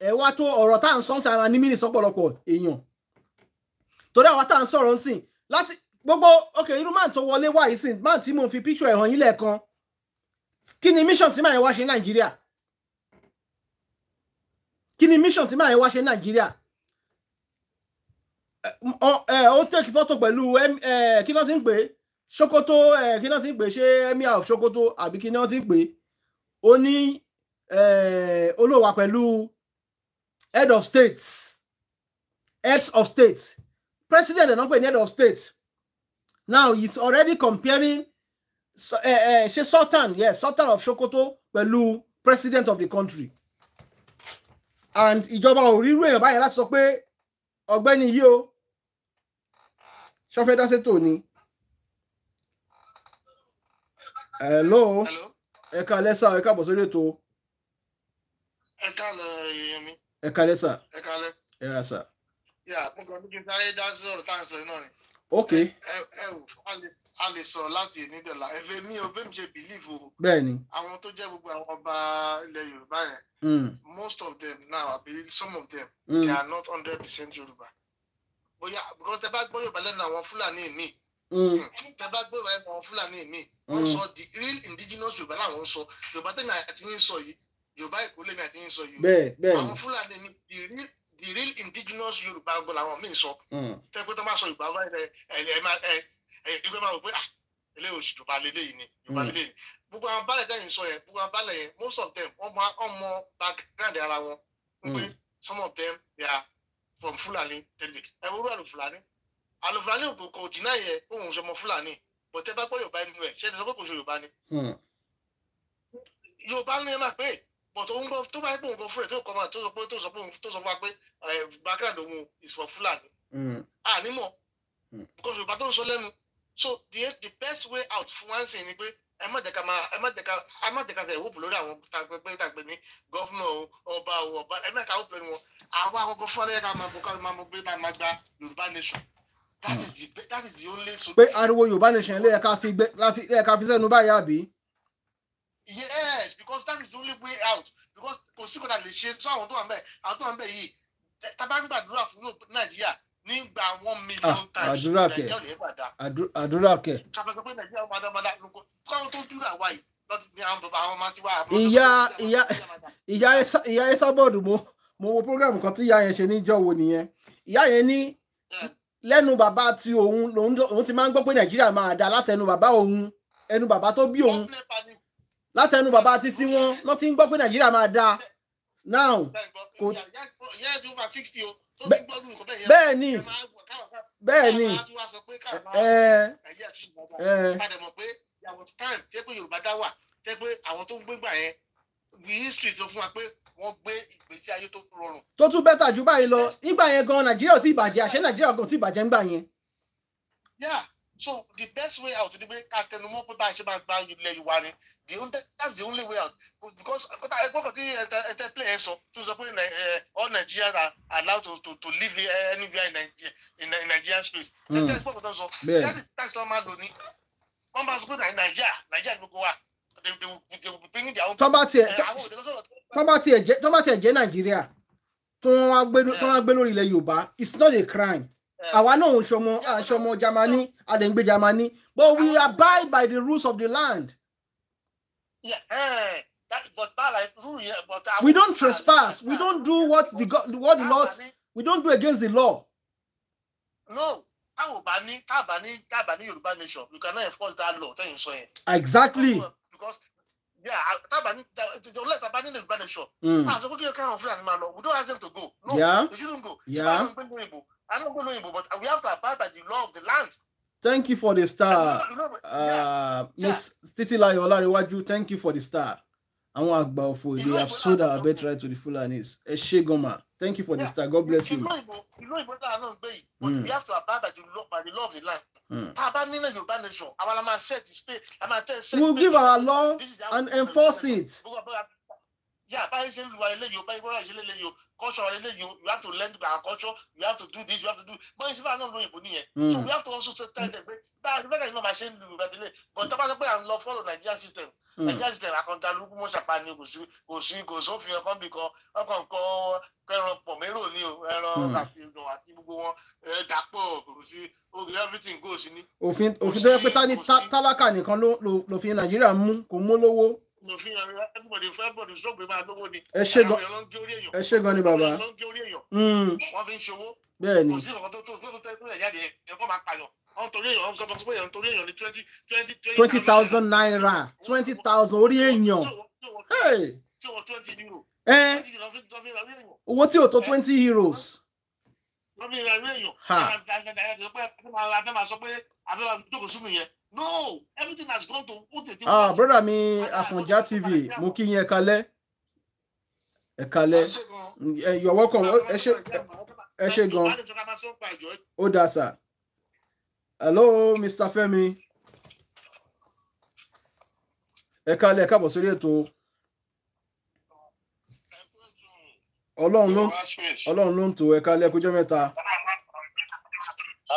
ẹ wá tó ọ̀rọ̀ tá à ń sọ́nsìn àwọn anímìnì sọ́pọ̀lọpọ̀ èèyàn torí àwa tá à ń sọ̀rọ̀ ń sìn láti gbogbo ok irú máà tó wọlé wá yìí sìn máà tí mo fi picture ẹ̀hàn yín lẹ́ẹ̀kan kí ni mission tí máa yẹn wá ṣe ní nàìjíríà ó ń tẹ̀kí fọ́tò pẹ̀lú kí náà ti ń pè é Sokoto kí náà ti ń pè é ṣé emir of Sokoto àbí kí náà ti ń pè é ó ní olówà pẹ̀lú head of state head of state president ẹ̀ náà pè ní head of state now he is already comparing ṣe sultan yes sultan of Sokoto pẹ̀lú president of the country and ìjọba ò rí irú èèyàn báyẹn láti sọ pé ọ̀gbẹ́ni yìí o ṣọfẹ́ dáṣẹ́tò ni. hello ẹ káalẹ́ sà ẹ káàbọ̀ sórí ètò. ẹ káàlẹ́ èèyàn mi. ẹ káalẹ́ sà. ẹ káalẹ́. ẹ ra sà.
yà mo kàn ní kí n sáré dá sí ọ̀rọ̀ tá à ń sọ iná ni. ok. ẹ ẹ wò a lè sọ láti èmi dọ̀là ẹ fẹ́ mi ò fẹ́ mi ṣe bìlíìfù. bẹ́ẹ̀ni. àwọn tó jẹ́ gbogbo àwọn ọba
ilẹ̀ Yorùbá yẹn. Hmm. most of them now I believe some of them. Mm. they are not hundred percent Yorùbá bóyá because tẹ bá gbọ́ Yorùbá lẹ́nu àwọn Fúlàní míì mm. hmm,
tẹ bá gbọ́ Yorùbá lẹ́nu àwọn Fúlàní míì mm. wọ́n sọ the real indigenous Yorùbá làwọn sọ Yorùbá tẹ̀mí àti yín sọ yìí Yorùbá Èkó lèmi àti yín sọ yìí àwọn Fúlàní míì the real the real indigenous Yorùbá gbọ́ làwọn míì sọ mm. tẹ pé tó máa sọ Yorùbá wáyé ẹ ẹ ẹ ẹ ẹ ẹgbẹ́ máa wò pé ah eléyìí oṣù Yorùbá lélẹ́yìí ni Yorùbá lélẹ́yìí gbogbo àwọn baálẹ̀ dẹ́yìn sọ yẹn gbogbo àwọn baálẹ̀ yẹn most of them wọ́n mọ background ara wọn wípé some of them they are from Fulani tẹ́lẹ̀ ẹ wúrú àlùfulani àlùfulani kò jìnnà yẹ òun sọmọ Fulani bọ̀tẹ́ bá gbọ́ Yorùbá inú ẹ̀ ṣé ẹni sọ pé kò go. Yorùbá ni. Hmm. Yorùbá ni ẹ máa pè é bọ̀tọ̀ òun gbọ́ tó bá yẹ pé òun gbọ́ fúlẹ̀ tó kọ́ máa tó sọ pé tó sọ pé tó sọ fún wa pé background òun is for Fulani. ànímọ̀ hmm. hmm. because Yorùbá tó ń sọ lẹ́nu so the, the best way out fún wa ń sìn ni pé ẹ má jẹ́ máa ẹ má jẹ́ ẹ má jẹ́ ká sẹ̀rẹ̀ lórí àwọn tàgbẹ́ tàgbẹ́ ní gọ́fúnà ọba ọba ẹ má ká hóòpù lórí wọn àwọn akọ́kọ́ fún ẹlẹ́yà
ká máa bọ́ ká máa mọ pé máa gba Yorùbá nation that is the that is the only solution. pé ariwo Yorùbá nation lẹ́yà ká fi gbẹ lẹ́yà ká fi sẹ́nu báyìí àbí.
yes because that is the only way out because kò sí kọ́ta lè ṣe tó àwọn tó wà ń bẹ̀ àwọn tó wà ń bẹ̀ yìí tá ń gbàdúrà fún Nàìjíríà nígbà one million times nàìjíríà ò lè padà àdúrà kẹ. sàpèsè pé nàìjíríà
ìyá ìyá ìyá ìyá ẹsàbọọdù mo mo wo programu kan tí ìyá yẹn ṣe níjọ wo nìyẹn ìyá yẹn ní lẹ́nu bàbá ti òun lòun ti máa ń gbọ́ pé nàìjíríà máa dá látẹnu bàbá òun ẹnu bàbá tó bí òun látẹnu bàbá títí wọn lọ́ ti ń gbọ́ pé nàìjíríà máa dá now kò. ìyá ìdúró ma sixty o bẹ́ẹ̀ ni bẹ́ẹ̀ ni
tẹ́gbẹ́ àwọn tó
ń tó tún bẹ́tà jù báyìí lọ nígbà yẹn gan nàìjíríà ò tí ì bàjẹ́ àṣẹ nàìjíríà ò tí ì bàjẹ́ ńgbà yẹn
so the best way out ni pé ká tẹnumọ́ pé bá a ṣe máa gba ilẹ̀ ìwà ni the only that's the only way out because ẹgbọ́kàn tí ẹtẹ play ẹ sọ tó sọ pé eh, all Nigerians are allowed to to to live eh, anywhere in Nigeria in, Nigerian space tẹ́tẹ́ hmm. ẹgbọ́kàn tó sọ jáde tax lọ́ máa lò ní wọ́n máa sọ pé Nàìjíríà Nàìjíríà ni gbogbo wa they they they will be bringing their own. tọ́ba tiẹ̀ eh,
tọ́ba tiẹ̀ jẹ́ tọ́ba tiẹ̀ jẹ́ Nàìjíríà tí wọ́n wá gbé lórí ilẹ̀ Yorùbá it's not a crime àwa náà ń ṣọmọ àṣọmọ Jámánì àdéǹgbé Jámánì but we abide by the rules of the land.
Yeah, eh, that, but, but we don't
trespass. We don't do what the God, what the laws. We don't do against the law.
No, táwọn bá ní tábà ní tábà ní Yorùbá nation you cannot enforce that law tẹ́yìn sọ yẹn.
exactly.
because yeah tábà ní ọlọ́ọ̀ tábà ní Yorùbá nation. náà sọ pé kí ẹ káwọn fúlàní máa lọ we don't ask them to go.
no yeah. they shouldn't go. yeah.
I'm not going to Igbo, but we have to abide by the law of the land.
Thank you for the star. You know, uh, yeah. Miss Titilayo Olariwaju, thank you for the star. I want Àwọn àgbà òfò, they have sold our birthright to the Fulanis. Ẹ ṣé Thank you for yeah. the star. God bless you. Ìlú hmm. we have to abide by the law, of the land. Hmm. We will give our law and enforce it.
Yeah, báyìí ṣe ń lu ayẹlẹ yìí o báyìí bọ́lá ìṣẹlẹ yìí o culture ayẹlẹ yìí o you have to learn our culture you have to do this you have to do bọ́lá ìṣẹlẹ náà lóyìnbó nìyẹn hmm. so we have to also tell them pé báyìí bẹ́ẹ̀ náà máa ṣe ń lu ìbàdílé but tó bá sọ pé à ń lọ follow Nigerian system hmm. Nigerian system àkàntà lukú mọ́ṣàpá ni kò sí kò sí kò sófin ọkàn bí kan ọkàn kan ẹran pọ̀mẹ́rò ni o ẹran hmm.
àti ìdùn àti gbogbo wọn dàpọ̀ kò sí everything goes ni. òfin òfin tó yẹ pé tálákà nìkan ló fi Nàìjíríà mú kò mú lówó ẹ ṣe gan ẹ ṣe gan ni bàbá
wọn fi
twenty thousand naira twenty thousand orí èèyàn. tí wọ́n twenty ẹ owó tí ò tó twenty euros. ha
no everything has gone to ott.
ah brother, me Afọ̀njá TV mo kí yín ẹ kalẹ́ ẹ kalẹ́ welcome ẹ ṣé ẹ ṣé gan ó dáa hello Mr. Femi. E kalẹ́ ẹ káàbọ̀ sórí ètò ọlọ́run ló ọlọ́run ló ń tò ẹ kalẹ́ ẹ kújọ́ mẹ́ta.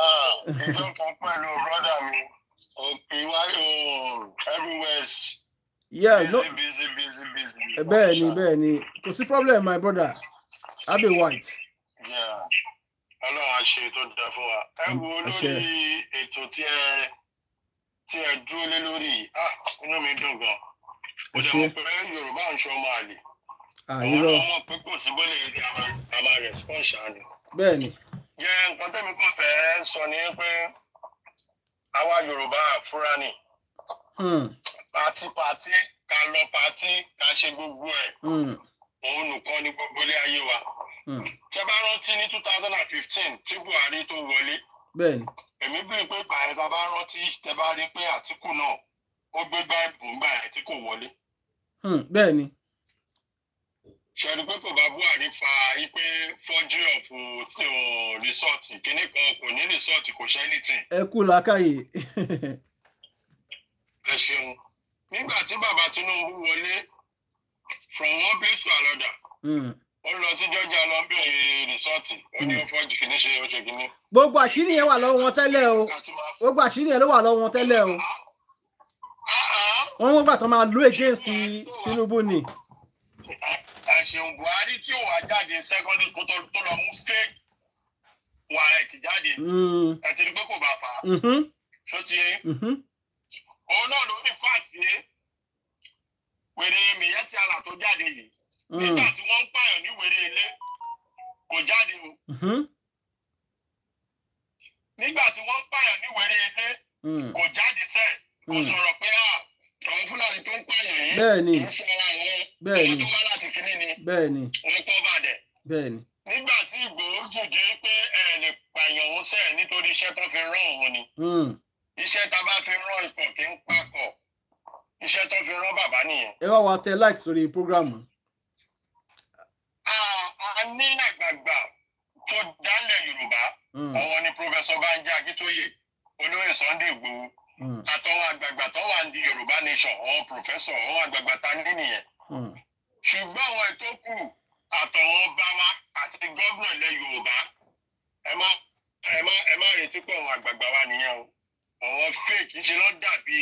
ah ìjọ kan
pẹ̀lú brother mi everywhere's
yeah, busy, no. busy, busy, busy. Eh, bẹ́ẹ̀ ni, bẹ́ẹ̀ ni. Kò the problem, my brother. be White. Yeah.
Hello, àṣẹ tó dáa fún wa. Ẹ wo lórí ètò tí ẹ Ah, you know dùn gan. Mo dẹ̀ mọ̀ pé Yorùbá ń ṣọ́ máa lè. Àyè lọ. Àwọn ọmọ pé kò ni.
Bẹ́ẹ̀ni. Yẹ nǹkan tẹ́mi kò fẹ́ sọ ni pé àwa Yorùbá fúra
ni pati pati ká lọ pati ká ṣe gbogbo ẹ̀ hmm. òun nìkan ni gbogbo ilé ayé wa hmm. ṣe bá rántí ní two thousand and fifteen tí Buhari tó wọlé èmi bí pé bàrẹ̀ bàbá rántí tẹ bá rí pé Àtíkù náà ó gbé gbá ìbò ńgbà ẹ̀ tí kò wọlé.
Hmm. bẹ́ẹ̀ ni
ṣẹ́ni pé kò bá buhari fa ipe fọ́jú ọ̀fù sí o rìsọ́ọ̀tì kínní kan kò ní rìsọ́ọ̀tì kò ṣẹ́ nìtìn.
ẹ kú làákàyè.
ẹ ṣeun nígbà tí bàbá Tinubu wọlé from one place to another hmm. ó lọ sí jọjà lọ bí rìsọ́ọ̀tì ó ní hmm. fọ́jú kìíní ṣe
ó ṣe kìíní. gbogbo àṣírí yẹn wà lọ́wọ́ wọn tẹ́lẹ̀ o gbogbo àṣírí yẹn ló wà lọ́wọ́ wọn tẹ́lẹ̀ o ah, ah, ah. wọ́n wọ́n gbà tó máa lo against Tinubu ni
àṣẹ̀hùn buhari tí ò wá jáde secondary school tó lọ mú fake wàhálà jáde àti mm. ní pé kò bá fà á mm-hmm. ṣó ti yé mm-hmm. òun náà ló ní fáàtì yé wèrè mìíràn ti àlà tó jáde yìí mm. nígbà tí wọ́n ń pààyàn ní wèrè ilé kò jáde o mm-hmm. nígbà tí wọ́n ń pààyàn ní wèrè ilé mm. kò jáde sẹ́ẹ̀ kò sọ̀rọ̀ pé ah àwọn fúlàní tó ń pààyàn yìí bẹ́ẹ̀ni bẹ́ẹ̀ni bẹ́ẹ̀ni bẹ́ẹ̀ni. nígbà tí ìgbòho dìde pé ẹ pààyàn òun sẹ́ẹ̀ nítorí iṣẹ́ tó fi rán òun ni hmm. iṣẹ́ tá a bá fi rán ikọ̀ kì í pakọ̀ iṣẹ́ tó fi rán bàbá nìyẹn.
ẹ wá wa tẹ like sórí programu.
a ní àgbààgbà tó dálẹ̀ Yorùbá àwọn hmm. ni Professor olóyè Sunday Ìgbòho. Hmm. àtàwọn àgbààgbà tó wà ní Yorùbá nation àwọn professor àwọn àgbààgbà tá ní nìyẹn hmm. ṣùgbọ́n àwọn ètò kù àtàwọn ọba wa àti gómìnà ilẹ̀ Yorùbá ẹ má ẹ má ẹ má retí pé àwọn àgbààgbà wa nìyẹn o àwọn fake ń ṣe lọ dàbí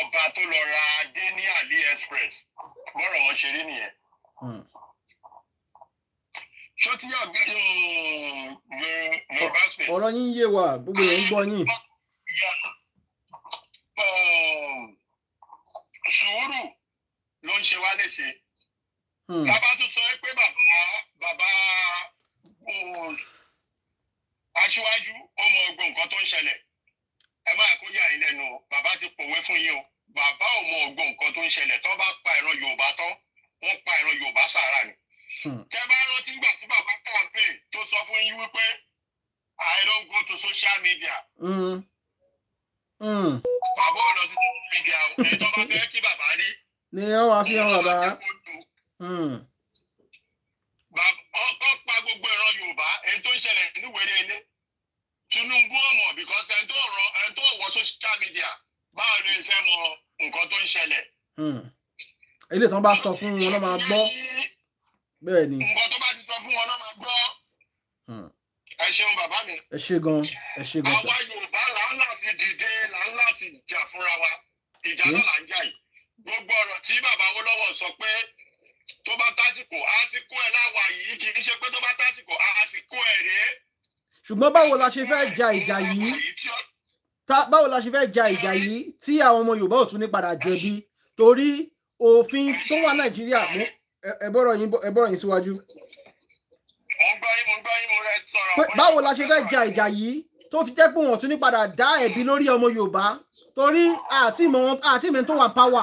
ọba tó lọ ra adé ní AliExpress bọ́rọ̀ wọn ṣe rí nìyẹn hmm. ṣó tí àgbẹ̀ Yorùbá
space. ọ̀rọ̀ yín yé wa gbogbo yẹn ń gbọ́ yín.
Eh, sùúrù ló ń ṣe wá léṣe. Hmm. bàbá tún sọ pé bàbá bàbá eh, aṣíwájú ó mọ ọgbọ́n nǹkan tó ń ṣẹlẹ̀ ẹ máa kó yà yín lẹ́nu bàbá ti pòwe fún yín o bàbá ò mọ ọgbọ́n nǹkan tó ń ṣẹlẹ̀ tó bá pa ìran Yorùbá tán wọ́n pa ìran Yorùbá sàárà ni. Hmm. tẹ bá rántí gbà tí bàbá kàwé tó sọ fún yín wípé I don't go to social media. Mm. Hmm. bàbá ọ̀nà ti fi jà ọ́ ẹ̀tọ́ bá fẹ́ kí bàbá rí. ni ó wàá fi hàn bàbá. ọkọ hmm. pa gbogbo ìran Yorùbá ẹni tó ń ṣẹlẹ̀ níwèrè ilé Tinubu ọmọ because ẹni tó rọ ẹni tó wọ social media báwo ló ń fẹ́ mọ
nǹkan tó ń ṣẹlẹ̀. ilé hmm. tán bá sọ fún wọn ló máa
gbọ́ bẹ́ẹ̀ ni. nǹkan tó bá ti sọ fún wọn ló máa gbọ́ ẹ ṣeun bàbá mi. ẹ ṣe gan ẹ ṣe gan sá. àwa yorùbá là ń láti dìde là ń láti jà fúnra wa ìjà hmm? náà là ń jà yìí gbogbo ọ̀rọ̀ tí bàbá Awólọ́wọ̀ sọ pé tó bá tásìkò àsìkò ẹ̀ láwà yìí kì
í ṣe pé tó bá tásìkò àsìkò ẹ̀ rèé. ṣùgbọ́n báwo la ṣe fẹ́ ja ìjà yìí báwo la ṣe fẹ́ ja ìjà yìí tí àwọn ọmọ yorùbá ò tún ní padà jẹ̀bi torí òfin tó wà nàìjíríà mú ẹ̀bọ̀rọ̀ yín síwájú báwo la ṣe fẹ́ ja ìjà yìí tó fi jẹ́ pé wọ́n tún ní padà dá ẹ̀bi lórí ọmọ Yorùbá torí àti ìmọ̀ tó wà páwà.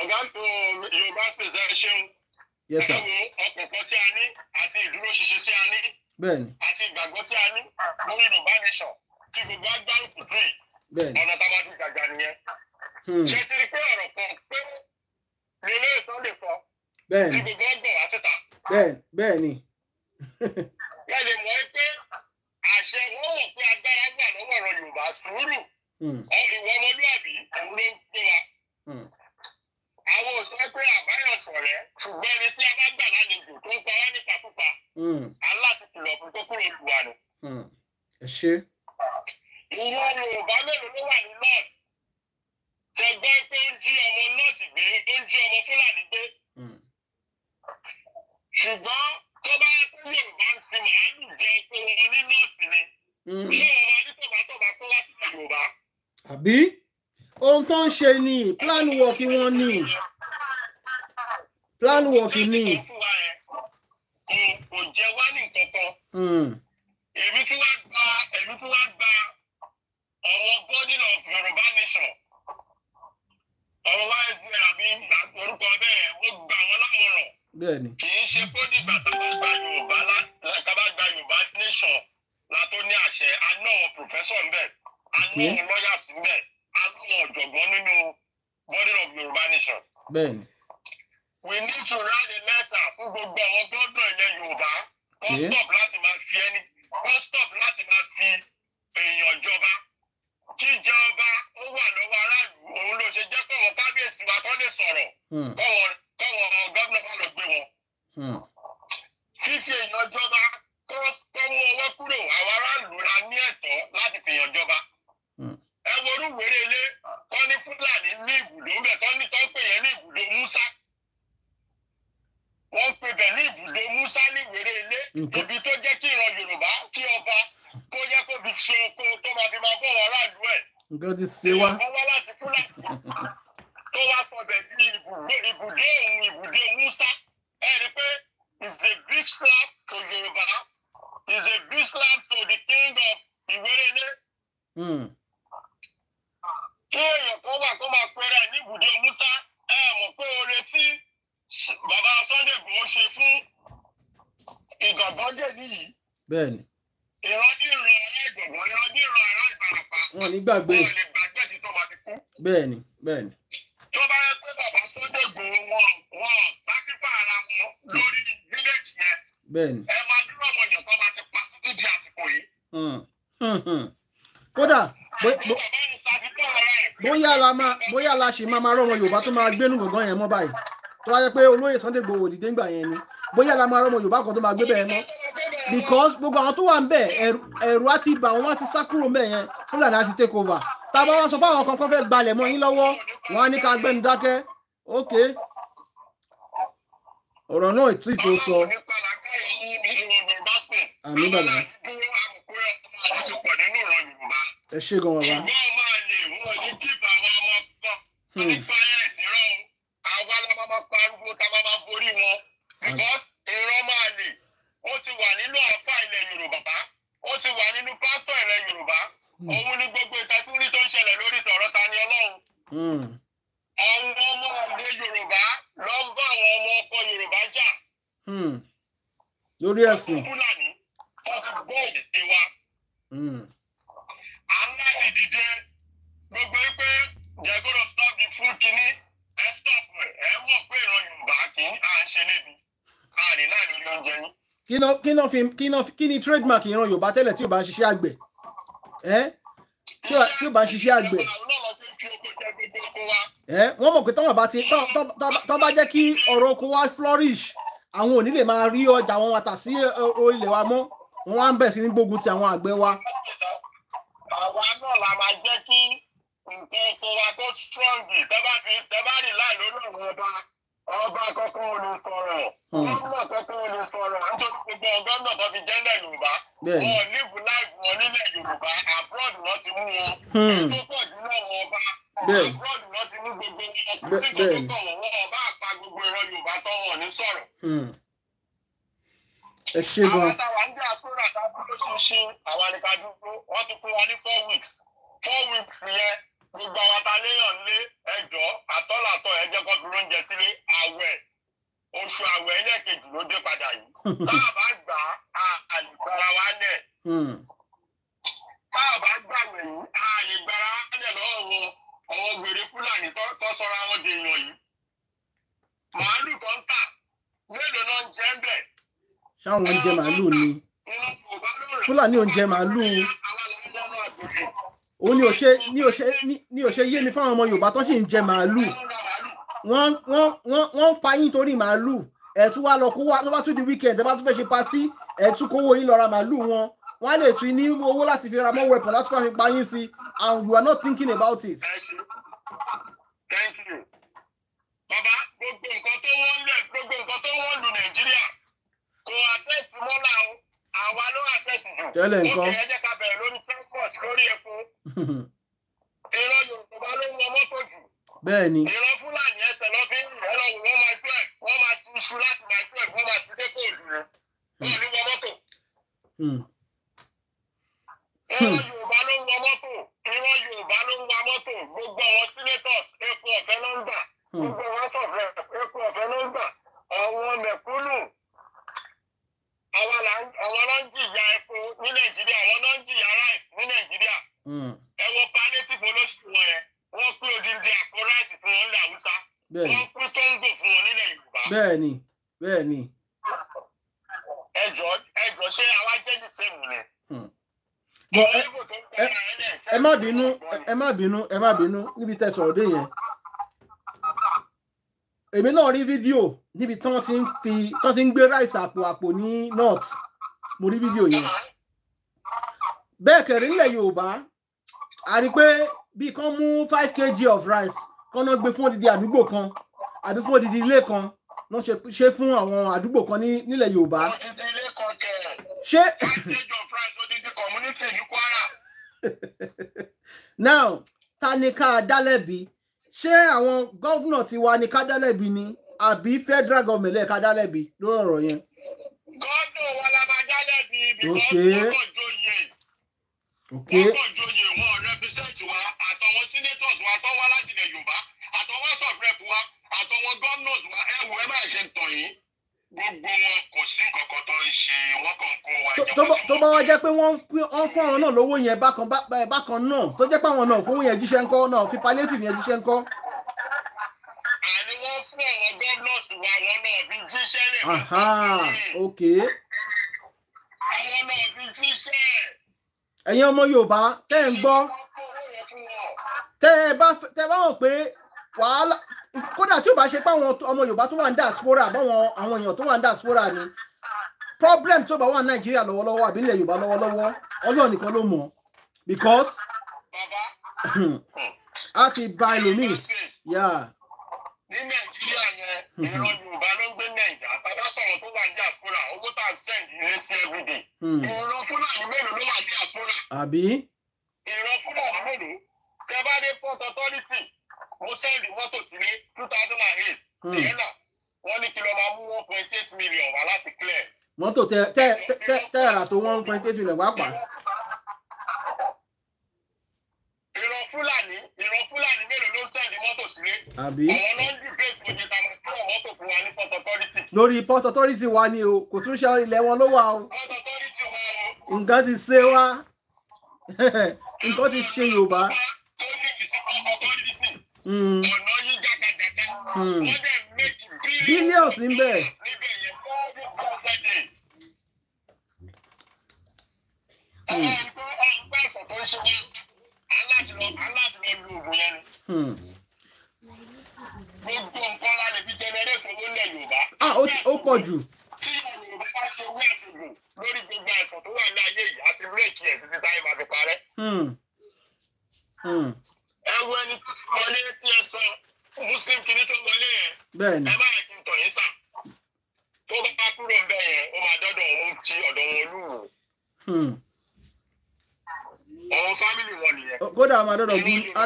ọ̀gá tó eh, Yorùbá ṣèṣe ṣeun ẹ̀rọ ọkọ̀ọ̀kan tí a ní àti ìdúróṣinṣin tí a ní àti ìgbàgbọ́ tí a ní lórí Yorùbá nation tí gbogbo agbárùkù tù
yìí ọ̀nà
tá a nìyẹn. Hmm. ṣe ti rí pé ọ̀rọ̀ kan pé ní ìtọ́ lè sọ bẹ́ẹ̀ ni bẹ́ẹ̀ bẹ́ẹ̀ ni. wọ́n lè mọ̀ pé àṣẹ wọn mọ̀ pé agbára gbà lọ́wọ́ ọ̀rọ̀ Yorùbá sùúrù hmm. ìwọ ọmọlúwàbí òun ló ń wa. Hmm. àwọn òṣèré pé àbáyọ̀ sọ̀rẹ́ ṣùgbọ́n ẹni tí a bá gbà lálejò tó ń parọ́ nípa púpa hmm. aláàtìkìlọ̀ fún tó Yorùbá mélòó ló wà ní lọ́ọ̀dù tẹgbẹ́ pé ó ń jí ọmọ nọ́ọ̀tì gbé ó ń jí ọmọ Fúlàní gbé ṣùgbọ́n tó bá yẹ kó yorùbá ń fi màálù jẹ oko wọn ní nọ́ọ̀sì
ni mm. ṣé wọn máa kó láti ṣe yorùbá. àbí ohun tó ń ṣe ni plan work wọn ni
plan work ni. kò jẹ́ wá ní nǹkan kan mm. èmi tí wàá gba èmi tí wàá gba ọ̀wọ́ bọ́dìnà yorùbá nation ọ̀wọ́ wa ẹgbẹ́ àbí orúkọ bẹ́ẹ̀ ó gbà wọ́n lámọ̀ràn bẹ́ẹ̀ni. kì í ṣe kó dìgbà tá a bá gba yorùbá tá gba yorùbá nation la ní àṣẹ a professor ń bẹ a lawyers ń bẹ a ọ̀jọ̀gbọ́n nínú body of yorùbá nation. bẹ́ẹ̀ni. we need to write a letter fún gbogbo àwọn gbọ́dọ̀ ilẹ̀ yorùbá kọ́ láti.
máa máa rọ ọmọ yorùbá tó máa gbénu gbọ̀ngàn yẹn mọ́ báyìí tó wáyé pé olóyè Sunday Igboho òdìdé ńgbà yẹn ni bóyá la máa rọ ọmọ yorùbá kan tó máa gbé bẹ́ẹ̀ mọ́ because gbogbo àwọn tó wà ń bẹ̀ ẹ̀rù á ti bà wọ́n á ti sá kúrò mẹ́ yẹn fúlàní á ti take over tá a bá wá sọ fáwọn kan kan fẹ́ gbalẹ̀ mọ́ yín lọ́wọ́ wọn á ní ká gbẹ́nu dákẹ́ ok ọ̀rọ̀ náà tí tó sọ. àmì
bàbá
ẹ ṣe gan bàbá nípa yẹn
ìran àwa la máa pariwo ta máa máa borí wọn because ìran máa lè ó ti wà nínú àfa ilẹ̀ Yorùbá ó ti wà nínú pásítọ̀ ilẹ̀ Yorùbá hmm. òun ni gbogbo ìtakùnrin tó ń ṣẹlẹ̀ lórí tọ̀rọ̀ ta ni Ọlọ́run hmm. àwọn ọmọ ilẹ̀ Yorùbá ló ń bá àwọn ọmọ ọkọ Yorùbá jà hmm.
lórí ẹ̀sìn. náà fi kí náà ni trademark ìran Yorùbá tẹ́lẹ̀ tí ò bá ń ṣiṣẹ́ àgbẹ̀ ẹ́ tí ò bá ń ṣiṣẹ́ àgbẹ̀ ẹ́ wọ́n mọ̀ pé tọ́wọ́n bá ti tọ́ bá jẹ́ kí ọ̀rọ̀ oko wa flourish àwọn ò ní lè máa rí ọjà wọn wàtà sí ilẹ̀ wa mọ́ wọ́n á ń bẹ̀ sí ní gbógun ti àwọn àgbẹ̀ wa.
àwa náà la máa jẹ́ kí nǹkan oko wa tó strong tẹ́ bá rí láì lórí ọ̀rọ̀ ọba ọba kankan ò lè sọ̀rọ̀ hmm. gómìnà kankan ò lè sọ̀rọ̀ nítorí gbogbo gómìnà tó fi jẹ́lẹ̀ yorùbá wọn live life wọn nílẹ̀ yorùbá abroad wọn ti mú wọn ètò hmm. pọ̀ jùlọ wọn ọba abroad wọn ti mú gbogbo wọn kò sí gbogbo kan wọn wọn ọba àpá gbogbo ẹ̀rọ yorùbá tó wọn ní sọ̀rọ̀. Hmm. ẹ ṣe gan. àwọn táwa ń dé àtúrà táwọn ló tún ṣe àwọn àlekadúró wọn ti fún wọn ní four weeks four weeks yẹn gbogbo àwọn ta léèyàn lé ẹjọ́ àtọ́làtọ̀ ẹ jẹ́ kó fi oúnjẹ sílé àwẹ̀ oṣù àwẹ̀ ẹlẹ́ẹ̀kejì ló dé padà yìí tá a bá gbà á àlùbára wa lẹ̀ hmm. tá a bá gbàwẹ̀ yìí àlùbára wa lẹ̀ lọ́wọ́ ọwọ́ gbèrè fúlàní tó sọra wọn di èèyàn yìí màálù kan tà
mélòó náà ń jẹ́ bẹ́ẹ̀. ṣáwọn oúnjẹ màálù ni fúlàní oúnjẹ màálù òun ni ò ṣe ni ò ṣe ni ò ṣe yé mi fáwọn ọmọ Yorùbá tó sì ń jẹ màálù wọ́n wọ́n wọ́n wọ́n pa yín torí màálù ẹ̀tún wá lọ kó wá tó bá tún di weekend ẹ bá tún fẹ́ ṣe patí ẹ̀tún kówó yín lọ ra màálù wọn wọ́n á lè tún ní owó láti fi ra mọ́ weapon láti fà fi pa yín sí and you are not thinking about it. thank you bàbá gbogbo
nǹkan tó wọ́n lẹ̀ gbogbo nǹkan tó wọ́n lu Nàìjíríà kò àtẹ̀sí mọ́lá o àwa ló àtẹ̀sí jù. tẹ́lẹ̀ nǹkan. ó ti ẹ̀jẹ̀ ká bẹ̀rẹ̀ lórí transport lórí epo. ìran yorùbá ló ń wọ mọ́tò jù. bẹ́ẹ̀ ni. fúlàní ẹsẹ̀ lọ fi ń rẹ̀ wọ́n máa tú ẹ̀ wọ́n máa tú iṣu láti máa tú ẹ̀ wọ́n máa tú dé kóòlù rẹ̀ wọ́n ní wọ mọ́tò. ìran hmm. hmm. yorùbá ló ń wọ mọ́tò ìran yorùbá ló ń wa mọ́tò gbogbo àwọn sínétọ̀ epo ọ̀fẹ́ ló ń gbà hmm. gbogbo àwọn sọ̀fẹ́ epo ọ̀fẹ́ ló ń gbà àwọn mẹ̀kúnnù àwọn náà ń jìyà epo ní nàìjíríà àwọn náà ń jìyà rice ní nàìjíríà hmm. ẹ wo palliative olóṣù wọn yẹn wọ́n pín odindi àpò rice fún wọn ní haúsá wọ́n pín tóńgò fún wọn nílẹ̀
yorùbá. bẹ́ẹ̀ni bẹ́ẹ̀ni.
ẹjọ ẹjọ ṣé àwa jẹ ní sẹmù ni.
ẹ má bínú ẹ má bínú ẹ má bínú níbi tẹsán ọdún yẹn èmi náà rí fídíò níbi tí wọ́n ti ń fi tí wọ́n ti ń gbé ráìsì àpò àpò ní north mo rí fídíò yẹn bẹ́ẹ̀ kẹrin nílẹ̀ yorùbá a rí pé bí kan mú five kg of rice kan náà gbé fún odidi àdúgbò kan àbí fún odidi ilé kan náà ṣe fún àwọn àdúgbò kan nílẹ̀ yorùbá. ilé kan tẹ̀ ṣé. kg of now ta ni ká dá lẹ́bi ṣé àwọn gọ́fúnà ti wa ni kádálẹ̀bi ni àbí federal government lẹ́ẹ̀ kádálẹ̀bi lórí ọ̀rọ̀ yẹn.
gọ́dọ̀ wọn la máa dálẹ̀bi ibi kan tó wọ́n kọ̀ joyè wọn represent wa àtọwọn senators wa àtọwọn alájìnlẹ̀ yorùbá àtọwọn sọ̀rẹ́pù wa àtọwọn gọ́ọ̀nọ̀s wa ẹ̀ wò ẹ má ṣe ń tọ̀ gbogbo wọn
kò sí nǹkan tó ń ṣe wọn kàn kó wa jẹ. tó bá wá jẹ́ pé wọ́n ń fún àwọn náà lówó yẹn bákan náà tó jẹ́ pé àwọn náà fún yẹn jíṣẹ́ ńkọ́ náà fi palliative yẹn jíṣẹ́ ńkọ́. àní wọ́n fún àwọn gọ́ọ̀nọ̀sì wa àwọn náà fi jíṣẹ́ lè fi jíṣẹ́. àwọn náà fi jíṣẹ́. ẹ̀yin ọmọ Yorùbá tẹ́ ẹ̀ ń gbọ́ tẹ́ ẹ bá mọ̀ pé wàhálà kódà tí ò bá ṣe pé àwọn ọmọ Yorùbá tó wà ní diaspora àbáwọn àwọn èèyàn tó wà ní diaspora ni problem tó bá wà ní Nàìjíríà lọ́wọ́lọ́wọ́ àbí ilẹ̀ Yorùbá lọ́wọ́lọ́wọ́ Ọlọ́run nìkan ló mọ̀ because a ti ba ẹlòmíì ní
nàìjíríà yẹn ìran yorùbá ló ń gbé nàìjà bàbá sọ̀rọ̀ tó wà ní diaspora owó tá a send ní sí everyday hmm. ìran fúlàní mélòó ló wà ní diaspora. sienna hmm. wọ́n ní kí ló máa mú one point eight million wá láti clear.
mọ́tò tẹ tẹ tẹ tẹ ẹ̀rà tó one point eight million wá pa.
ìran fúlàní ìran fúlàní mélòó ló ń tẹ̀lé mọ́tò
sílé. àbí àwọn
náà ń dìbò ètò ìjẹta máa kúrò
mọ́tò fún wa ní port authority. lórí port authority wa ni o kò tún ṣe ilẹ̀ wọn ló wà o. port authority wa o. nǹkan ti ṣe yorùbá. Hmm. ọ̀nà yín jákàjàká. Hmm. wọ́n dẹ̀ Bir ne olsun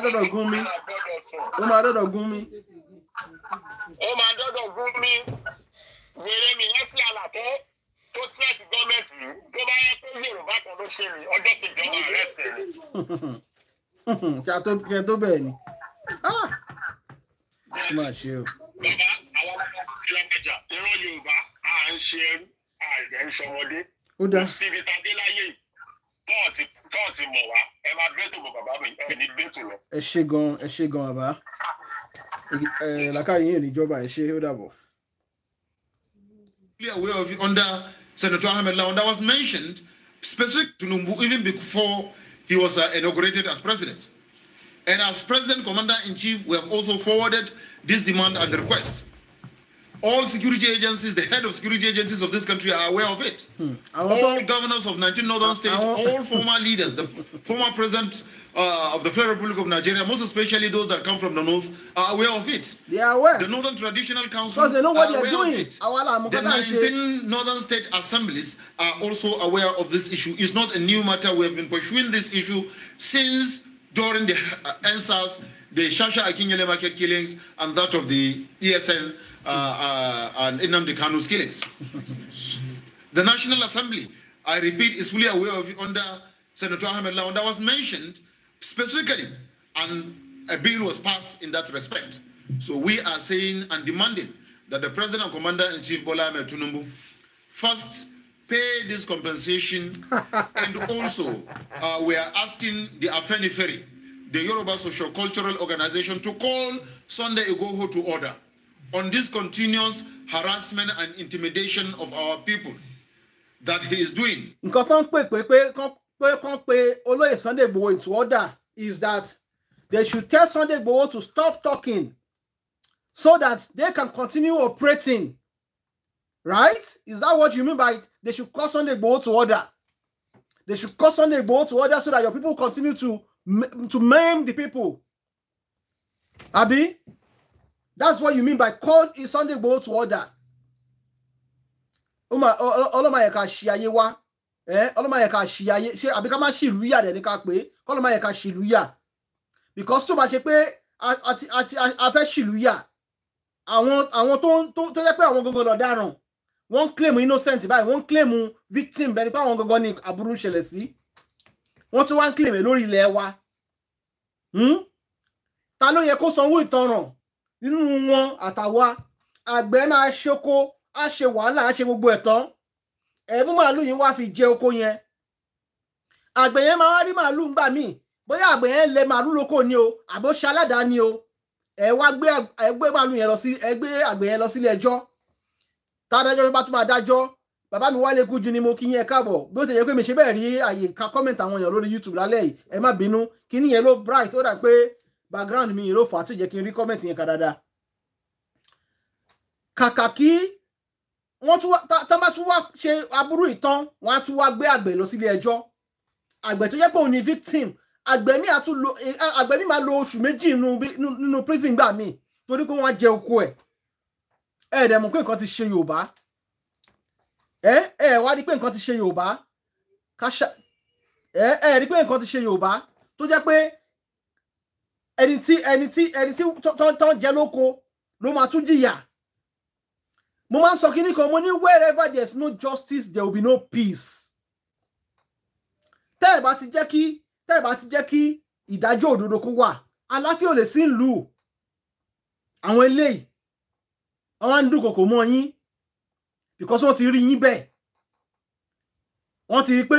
dọ́dọ̀ gún mi ó máa dọ́dọ̀ gún mi.
ó máa dọ́dọ̀ gún mi wèrè mi yẹn sí àlàfo tó tẹ́ẹ̀tì gọ́ọ̀mẹ̀ntì tó bá yẹ pé yorùbá kan ló ṣe mí ọjọ́ kejì ọmọ rẹ̀ tẹ̀lé.
kí a tó kí ẹ tó bẹ́ẹ̀ ni ó ah! máa ṣe o.
bàbá àwọn ọmọ ìlànà ìran yorùbá à ń ṣe ẹrú ó dá síbi tàbí
ṣe gan ẹ ṣe gan àbá làkàyè yìí
níjọba ẹ ṣe ó dàbọ̀.
clear way of under Senator Ahmed Lawan that was mentioned specific to Numbu even before he was uh, inaugurated as president. And as president commander in chief, we have also forwarded this demand and request. All security agencies, the head of security agencies of this country are aware of it. Hmm. All governors of 19 northern states, all former leaders, the former president uh, of the Federal Republic of Nigeria, most especially those that come from the north, are aware of it. They are aware. The Northern Traditional Council because they know what they are doing.
The 19
northern state assemblies are also aware of this issue. It's not a new matter. We have been pursuing this issue since during the uh, answers, the Shasha Akinyele market killings, and that of the ESN uh, Nnamdi uh, uh, Kanu's killings. the National Assembly, I repeat, is fully aware of under Senator Ahmed Lawan that was mentioned specifically, and a bill was passed in that respect. So we are saying and demanding that the President and Commander-in-Chief Bola Ahmed Tinubu first pay this compensation and also uh, we are asking the Afeni Ferry, the Yoruba Social Cultural Organization, to call Sunday Igoho to order. on this continuous harassment and intimidation of our people that he is doing.
nǹkan tó ń pè pé pé pé kán pé olóyè Sunday Igboho into order is that they should tell Sunday Igboho to stop talking so that they can continue operating right is that what you mean by it? they should call Sunday Igboho to order they should call Sunday Igboho to order so that your people continue to to maim the people abi. That's what you mean by call Sunday Igboho to order. Ọlọ́mọ ẹ̀ka ṣì ayé wá. Ọlọ́mọ ẹ̀ka ṣì ayé ṣe àbí ká má ṣì ìlú yà dẹ̀ ní ká pé kọ́lọ́mọ ẹ̀ka ṣì ìlú yà. Because tó bá ṣe pé a fẹ́ ṣì ìlú yà. to tó yẹ pé àwọn gangan lọ dáràn. Wọ́n ń claim innocent by wọ́n claim victim bẹ́ẹ̀ ni pé àwọn gangan ni aburú ń ṣẹlẹ̀ sí. Wọ́n tún wá ń claim lórí ilẹ̀ wa. Hmm? Ta ló yẹ kó sanwó ìtanràn? nínú wọn àtàwa àgbẹ̀ máa ṣoko á ṣe wàhálà á ṣe gbogbo ẹ̀tàn ẹ̀mú màálù yìí wá fi jẹ oko yẹn àgbẹ̀ yẹn máa wá rí màálù ńgbà míì bóyá àgbẹ̀ yẹn lẹ màálù lóko ni o àbó ṣe aládàáni o ẹ wá gbé ẹgbẹ́ màálù yẹn lọ sí ẹgbẹ́ àgbẹ̀ yẹn lọ sílé ẹjọ́ tádájọ́ bí bá tún máa dájọ́ bàbá mi wálé kú ju ni mo kí yín káàbọ̀ bí ó ti yẹ pé mi ṣe bẹ́ẹ̀ rí àyè ká kọ́mẹ̀ntì àwọn èèyàn lórí YouTube lálẹ́ yìí ẹ má bínú kí nìyẹn ló bright ó dà pé background mi ló fà á tó jẹ́ kí n rí comment yẹn ká dáadáa kàkà kí wọ́n tún tá bá tún wá ṣe aburú ìtàn wọ́n á tún wá gbé àgbẹ̀ lọ sílé ẹjọ́ àgbẹ̀ tó jẹ́ pé òun ni victim àgbẹ̀ mi àtún lo eh, àgbẹ̀ mi máa lo oṣù méjì nínú prison gbà mí torí pé wọ́n á jẹ oko ẹ̀ ẹ̀ dẹ̀ mọ̀ pé nǹkan ti ṣe Yorùbá ẹ̀ ẹ̀ wá rí pé nǹkan ti ṣe Yorùbá ẹ̀ ẹ̀ rí pé nǹkan ti ṣe Yorùbá tó jẹ́ pé ẹni tí ẹni tí ẹni tí tọ́ntọ́n jẹ lóko ló máa tún jìyà mo máa ń sọ kí ni kan mo ní wherever there is no justice there will be no peace tẹ́ ẹ̀ bá ti jẹ́ kí tẹ́ ẹ̀ bá ti jẹ́ kí ìdájọ́ òdodo kó wà aláfíà ò lè sí ìlú àwọn eléyìí àwọn á ń dúnkokò mọ́ yín because wọ́n ti rí yín bẹ́ẹ̀ wọ́n ti rí pé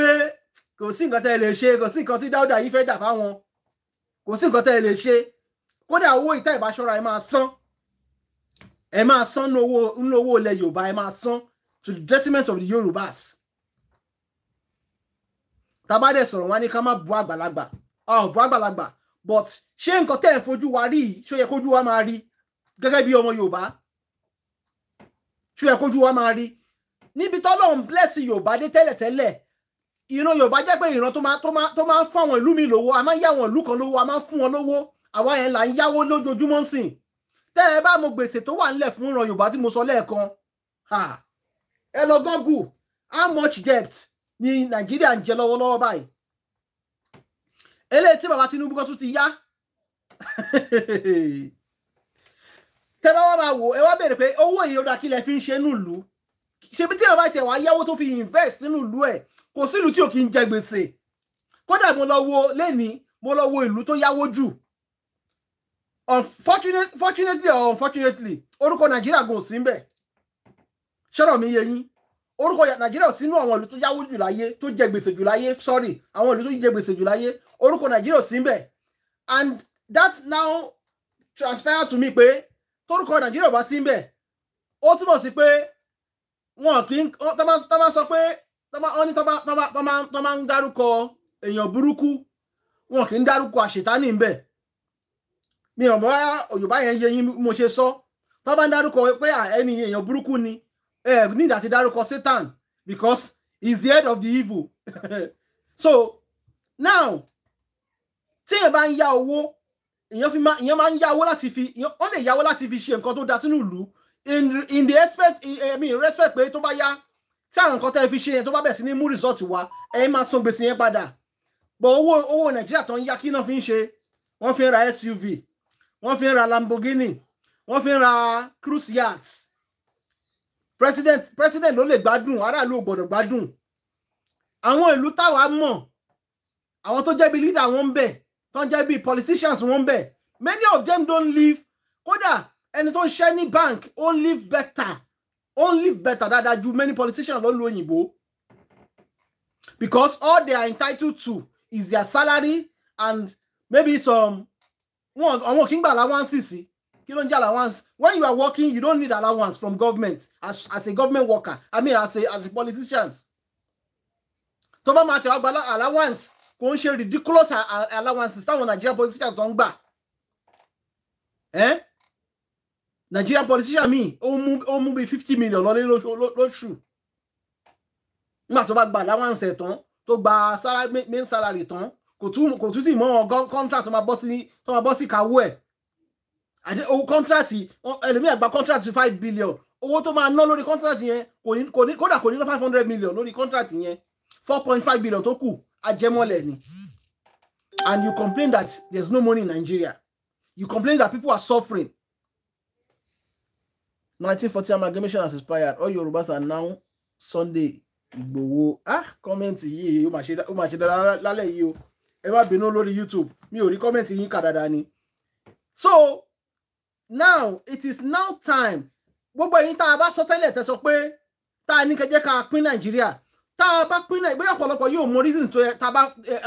kò sí nǹkan tẹ́ ẹ lè ṣe kò sí nǹkan tí dáúdà yìí fẹ́ dà fáwọn kò sí nǹkan tẹ́ ẹ lè ṣe kódà owó ìta ìbáṣọ́ra ẹ máa san ẹ máa san nínú owó ilẹ̀ Yorùbá ẹ máa san to the detriment of the Yorùbás Tabade dẹ̀ sọ̀rọ̀ wá ní ká má bu àgbàlagbà ọ̀ bu àgbàlagbà but ṣé nǹkan tẹ́ ẹ̀ fojú wa rí yìí ṣó yẹ kójú wa máa rí gẹ́gẹ́ bí ọmọ Yorùbá ṣó yẹ kójú wa máa rí níbi tọ́lọ́run bless Yorùbá dé tẹ́lẹ̀tẹ́lẹ̀ ìran yorùbá jẹ́ pé ìran tó máa ń fáwọn ìlú mi lówó a máa ń yá àwọn ìlú kan lówó a máa ń fún wọn lówó àwa yẹn là ń yáwó lójoojúmọ́ ń sìn tẹ́ ẹ bá mo gbèsè tó wà nílẹ̀ fún ìran yorùbá tí mo sọ lẹ́ẹ̀kan ẹ lọ google how much debt ni nàìjíríà ń jẹ lọ́wọ́lọ́wọ́ báyìí eléyìí tí bàbá tinubu kan tún ti yá tẹ́ bá wá máa wò ẹ wá béèrè pé owó yìí ó dà kí lẹ fi ń ṣe nílùú ṣebí tí bàbá tiẹ̀ wá yáwó tó fi invest nínú ìlú ẹ̀ kò sílùú tí ò kí ń jẹ gbèsè kódà mo lọ wo lẹ́nìí mo lọ wo ìlú tó yáwó jù unfortunately or unfortunately orúkọ nàìjíríà gùn sí ń bẹ̀ ṣọ́rọ̀ mi yé yín orúkọ nàìjíríà ò sínú àwọn ìlú tó yáwó jù láyé tó jẹ gbèsè jù láyé sorry àwọn ìlú tó jẹ gbèsè jù láyé orúkọ nàìjíríà ò sí ń bẹ̀ and that now transpire to me pé torúkọ nàìjíríà ò bá sí ń bẹ̀ ó túmọ̀ sí pé wọn kì í tọ́ bá sọ pé tọ́ni tọ́ máa ń dárúkọ èèyàn burúkú wọn kì í dárúkọ àṣetánì ń bẹ̀ mi ò bá òyìnbá yẹn yẹ yín mo ṣe sọ tọ́ ń dárúkọ pé ẹni èèyàn burúkú ni ẹ nígbà tí dárúkọ Satan because he is the head of the evil so now tí èèyàn bá ń yá owó èèyàn fi máa èèyàn máa ń yáwó láti fi ó lè yáwó láti fi ṣe nǹkan tó da sínú ìlú in the respect in, I mean, respect pé tó bá yá tí àwọn nǹkan tẹ́ fi ṣe yẹn tó bá bẹ̀ sí ní mú resort wa ẹ̀yin máa san gbèsè yẹn padà bọ̀ owó owó nàìjíríà tó ń yá kí náà fi ń ṣe wọ́n fi ń ra SUV wọ́n fi ń ra Lamborghini wọ́n fi ń ra cruise yacht president president ló lè gbádùn aráàlú ò gbọ́dọ̀ gbádùn àwọn ìlú táwa mọ̀ àwọn tó jẹ́ bí leader wọn ń bẹ̀ tó ń jẹ́ bí politicians wọn ń bẹ̀ many of them don't live kódà ẹni tó ń ṣẹ́ ní bank ó ń live better ó live better that ju many politicians ló ń lo òyìnbó because all they are entitled to is their salary and maybe some wọn àwọn kì í gba allowance sí kí ló ń jẹ allowance when you are working you don't need allowance from government as as a government worker i mean as a as a politician tó bá máa tẹ̀ wá gba allowance kò ń ṣe ridiculous allowances táwọn Nigerian politicians ń gbà. Eh? Nigerian politician mi ó mú ó fifty million lọ́lé lóṣù nígbà tó bá gba allowance tán tó gba main salary tán kò tún kò tún sì mọ wọn contract tó máa bọ́ sí tó máa bọ́ sí kàwó ẹ̀ àdé owó contract ẹlòmíràn gba contract five billion owó tó máa ná lórí contract yẹn kò ní kò ní kódà kò ní ná five hundred million lórí contract yẹn four point five billion tó kù ajẹmọ́lẹ̀ ni and you complain that there is no money in Nigeria you complain that people are suffering 1940 amalgamation has expired all Yorubas are now Sunday Igboho ah kọ́mẹ́ǹtì yìí you máa you dára lálẹ́ yìí o ẹ má bínú YouTube Me, ò rí kọ́mẹ́ǹtì yín kà so now it is now time gbogbo ẹ̀yin tá a bá sọ tẹ́lẹ̀ tẹ́ sọ pé tá a ní kẹjẹ́ ká pín Nàìjíríà tá a bá pín Nàìjíríà bóyá ọ̀pọ̀lọpọ̀ yóò mọ reason tó yẹ tá a bá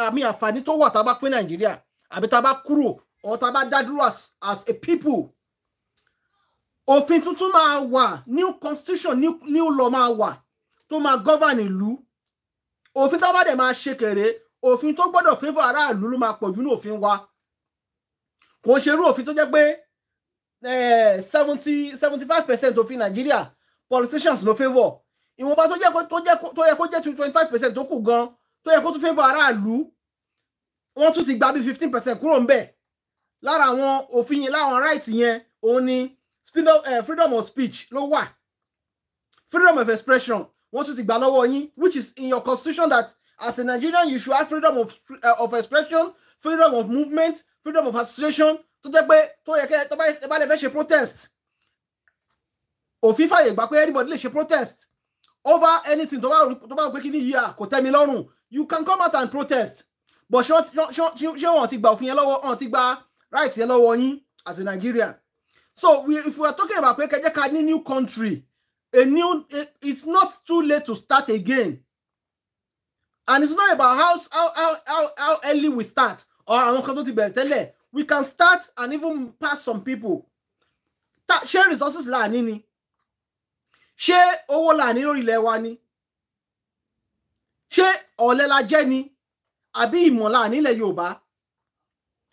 àmì àǹfààní tó wà tá a bá pín Nàìjíríà àbí tá a or tá a bá dá as a people òfin tuntun máa wà new constitution new, new law máa wà tó máa govern ìlú òfin tó bá dẹ̀ máa ṣe kéré òfin tó gbọ́dọ̀ favour aráàlú ló máa pọ̀ jù ní òfin wa kò ń ṣerú òfin tó jẹ́ pé eh, seventy seventy five percent òfin nàìjíríà politicians ló favour ìwọ̀nba tó yẹ kó jẹ́ twenty five percent tó kù gan tó yẹ kó tún favour aráàlú wọ́n tún ti gba bí fifteen percent kúrò ńbẹ̀ lára àwọn òfin yẹn láwọn right yẹn òun ni freedom, uh, freedom of speech ló wà freedom of expression wọ́n tún ti gbà lọ́wọ́ yín which is in your constitution that as a Nigerian you should have freedom of, uh, of expression freedom of movement freedom of association tó jẹ́ pé tó yẹ kẹ́ tó bá lè fẹ́ ṣe protest òfin fàyè gbà pé anybody lè ṣe protest over anything tó bá tó bá pé kí ni yíyà kò tẹ́ mi lọ́rùn you can come out and protest but ṣé wọ́n ti gba òfin yẹn lọ́wọ́ wọ́n ti gba right yẹn lọ́wọ́ yín as a Nigerian so we, if we are talking about pé kẹjẹ ká ní new country a new it's not too late to start again and it's not about how how how how, early we start or àwọn kan tó ti bẹ̀rẹ̀ tẹ́lẹ̀ we can start and even pass some people ta ṣé resources là ní ni ṣé owó là ní lórí ilẹ̀ wa ni ṣé ọ̀lẹ la jẹ́ ni àbí ìmọ̀ là nílẹ̀ Yorùbá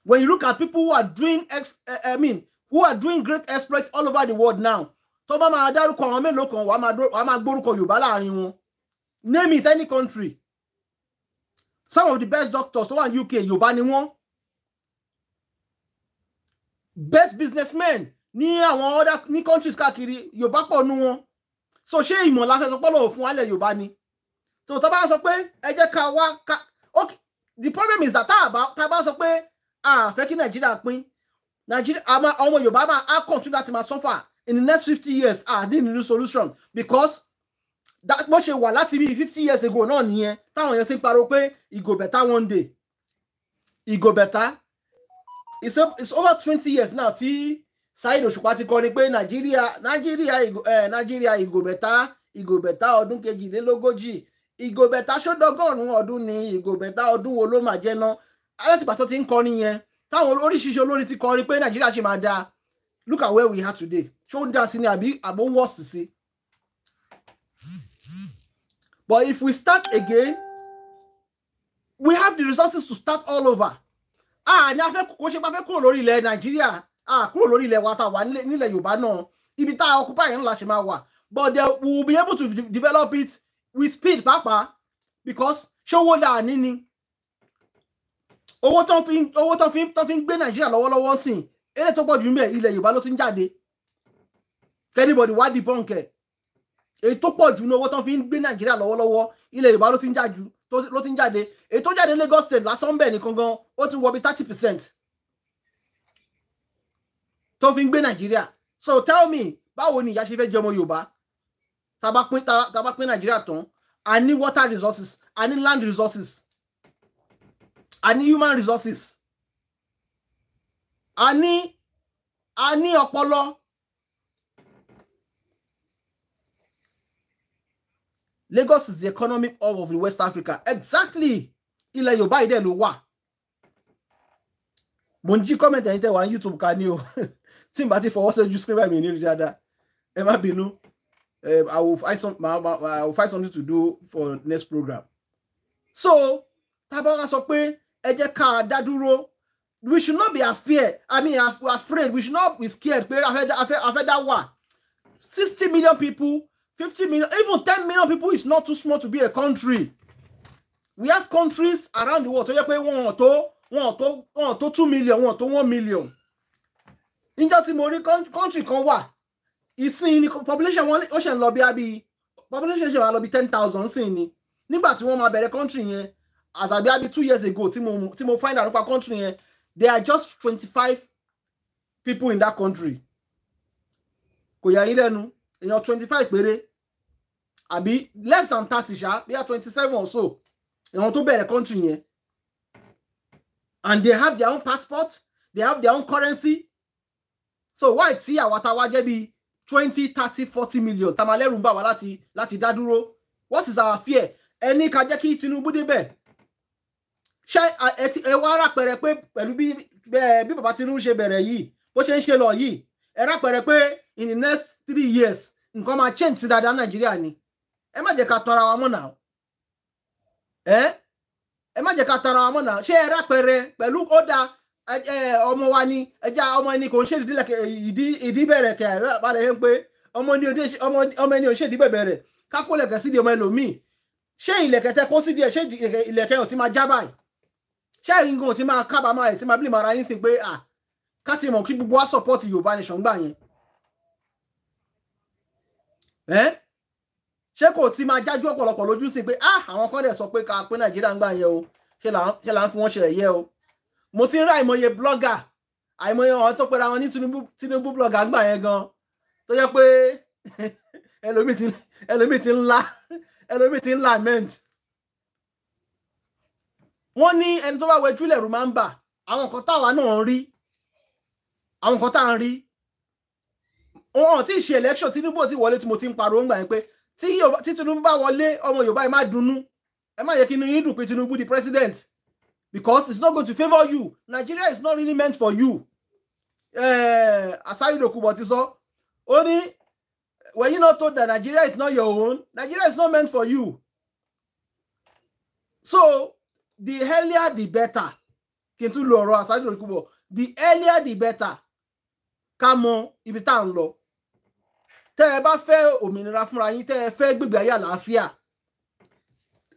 when you look at people who are doing ex uh, I mean who are doing great exploits all over the world now tó bá máa dárúkọ àwọn mélòó kan wàá máa gbórúkọ yorùbá láàrin wọn name it any country some of the best doctors tó wà ní UK yorùbá ni wọn best businessmen ní àwọn other ní countries káàkiri yorùbá pọ̀ nú wọn so ṣé ìmọ̀ la fẹ́ sọ pọ́lọ̀ fún alẹ́ yorùbá ni tó tá bá sọ pé ẹ jẹ́ ká wá ká okay the problem is that tá a bá sọ pé a fẹ́ kí nàìjíríà pín Nigeria ama ọmọ Yorùbá máa á continue that? láti máa suffer in the next fifty years I need a new solution because that much ṣe wà láti bí fifty years ago no nìyẹn táwọn èèyàn ti ń pariwo pé go better one day It go better it's, a, it's over twenty years now tí Saheed Òṣùpá ti kọ ni pé Nàìjíríà Nàìjíríà ẹ Nigeria, it go better It go better ọdún kejìlélógójì It go better Show ṣódọgọrùn ọdún ni it go better ọdún wo ló máa jẹ I alátìgbà tó ti ń kọ nìyẹn táwọn oríṣiríṣi olórin ti kọrin pé nàìjíríà ṣe máa dáa look at where we are today ṣé ó ń dá sí ni àbí àbó ń wọ̀sì sí. but if we start again we have the resources to start all over. a ní afẹ́ kò ṣe pé kúrò lórí ilẹ̀ nàìjíríà a kúrò lórí ilẹ̀ wa tá wà nílẹ̀ yorùbá náà ibi tá a occupy yẹn la ṣe máa wà but we will be able to develop it with speed pàápàá because ṣé owó dáa ní ni owó tó fi owó tó fi tó fi ń gbé nàìjíríà lọ́wọ́lọ́wọ́ sìn eré tó pọ̀ jù mẹ́ ilẹ̀ yorùbá ló ti ń jáde kẹ́nìbọ̀dì wá di bọ́ǹkẹ̀ èyí tó pọ̀ jù ní owó tó fi ń gbé nàìjíríà lọ́wọ́lọ́wọ́ ilẹ̀ yorùbá ló ti ń jáde ló ti ń jáde èyí tó jáde lagos state lásán bẹ́ẹ̀ nìkan gan ó ti wọ bí thirty percent tó fi ń gbé nàìjíríà so tell me báwo ni ìyá ṣe fẹ́ jẹ ọmọ yorùbá tá a bá pín nàìjíríà tán a ní water resources a ní land resources a ní human resources a ní a ní ọpọlọ Lagos is the economic hub of the West Africa exactly ilẹ̀ Yorùbá yìí dẹ̀ ló wà mo ń jí kọ́mẹ̀ntì ẹ̀yin tẹ̀ YouTube ká ní o tí n bá ti fọwọ́ sẹ́jú screen by mi ní rí dáadáa ẹ má bínú um, I will find some I will find something to do for next program so tábà wá sọ pé ẹ jẹ́ ká dá we should not be afraid i mean afraid we should not be scared pé afẹ́ dá wà sixty million people fifty million even ten million people is not too small to be a country we have countries around the world tó yẹ pé wọn ò tó wọn ò tó wọn ò tó two million wọn ò tó one million níjọ́ tí mo rí country kan wà ìsìn ni population wọn ó ṣe ń lọ bí abí population ṣe wà lọ bí ten thousand sí ni nígbà tí wọ́n máa bẹ̀rẹ̀ country yẹn as àbí àbí two years ago tí mo tí mo find out nípa country yẹn there are just twenty five people in that country kò yà yín lẹ́nu èèyàn twenty five péré àbí less than thirty ṣá bí i twenty seven or so èèyàn tó bẹ̀rẹ̀ country yẹn and they have their own passport they have their own currency so why tí àwa ta wá jẹ́ bí twenty thirty forty million tamalẹ́rù ń bà wá láti láti dá dúró what is our fear ẹni ká jẹ́ kí Tinubu débẹ̀ ṣe ẹ wá rápẹrẹ pé pẹ̀lú bí bí bàbá Tinubu ṣe bẹ̀rẹ̀ yìí bó ṣe ń ṣe lọ yìí ẹ rápẹrẹ pé in the next three years nǹkan máa change sí dáadáa Nàìjíríà ni ẹ má jẹ́ ká tọra wa náà ẹ ẹ má jẹ́ ká tọra wa náà ṣé pẹ̀lú ṣe ìdí bẹ̀rẹ̀ balẹ̀ yẹn pé ọmọ ẹni ò ń ṣe bẹ̀rẹ̀ ọmọ ẹlòmíì ṣé tẹ kó ẹ̀ ṣẹ́yìn gan ti máa kábàámọ̀ ẹ̀ tí máa bílímọ̀ ara yín sí pé à ká ti mọ̀ kí gbogbo wa sọ̀pọ̀tì Yorùbá nation gbà yẹn ẹ́ ṣé kò ti máa jájú ọ̀pọ̀lọpọ̀ lójú sí pé ah àwọn kan dẹ̀ sọ pé ká pé Nàìjíríà ń gbà yẹn o ṣe là ń fi wọ́n ṣe ẹ̀yẹ o mo ti ń ra àìmọye blogger àìmọye àwọn tó pera wọn ní Tinubu blogger gbà yẹn gan tó jẹ́ pé ẹlòmíì ti ń la ẹlòmíì ti ń lament wọ́n ní ẹni tó bá wẹjú lẹ̀rù máa ń bà àwọn nǹkan táwa náà ń rí àwọn nǹkan tá à ń rí wọn ò ṣe election Tinubu ò tí wọlé tí mo ti ń pariwo ń gbà yín pé tí Tinubu bá wọlé ọmọ Yorùbá ẹ má dunnú ẹ má yẹ kí inú dùn pé Tinubu di president because it's not going to favour you Nigeria is not really meant for you eh, Asaridokubo ti sọ ó ní were you not told that Nigeria is not your own Nigeria is not meant for you so the earlier the better kí n tún lo ọ̀rọ̀ àṣáájú òrìkú bọ̀ the earlier the better ká mọ ibi tá à ń lọ tẹ́ ẹ bá fẹ́ òmìnira fúnra yín tẹ́ ẹ fẹ́ gbígbé ayé àlàáfíà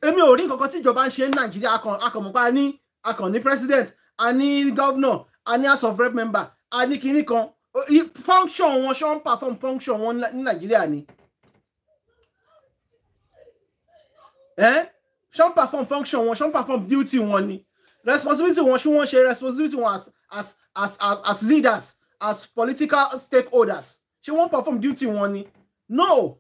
èmi ò rí nǹkan tí ìjọba ń ṣe ní nàìjíríà akọ̀mọ̀pá ní akàn ní president ani governor ani ní house of rep member ani ní kinní kan function wọn ṣe perform function wọn ní nàìjíríà ni. Eh? ṣọ́n perform function wọn ṣọ́n perform duty one ni responsibility wọn ṣé wọ́n ṣe responsibility wọn as as as as as leaders as political stakeholders She wọ́n perform duty one. ni no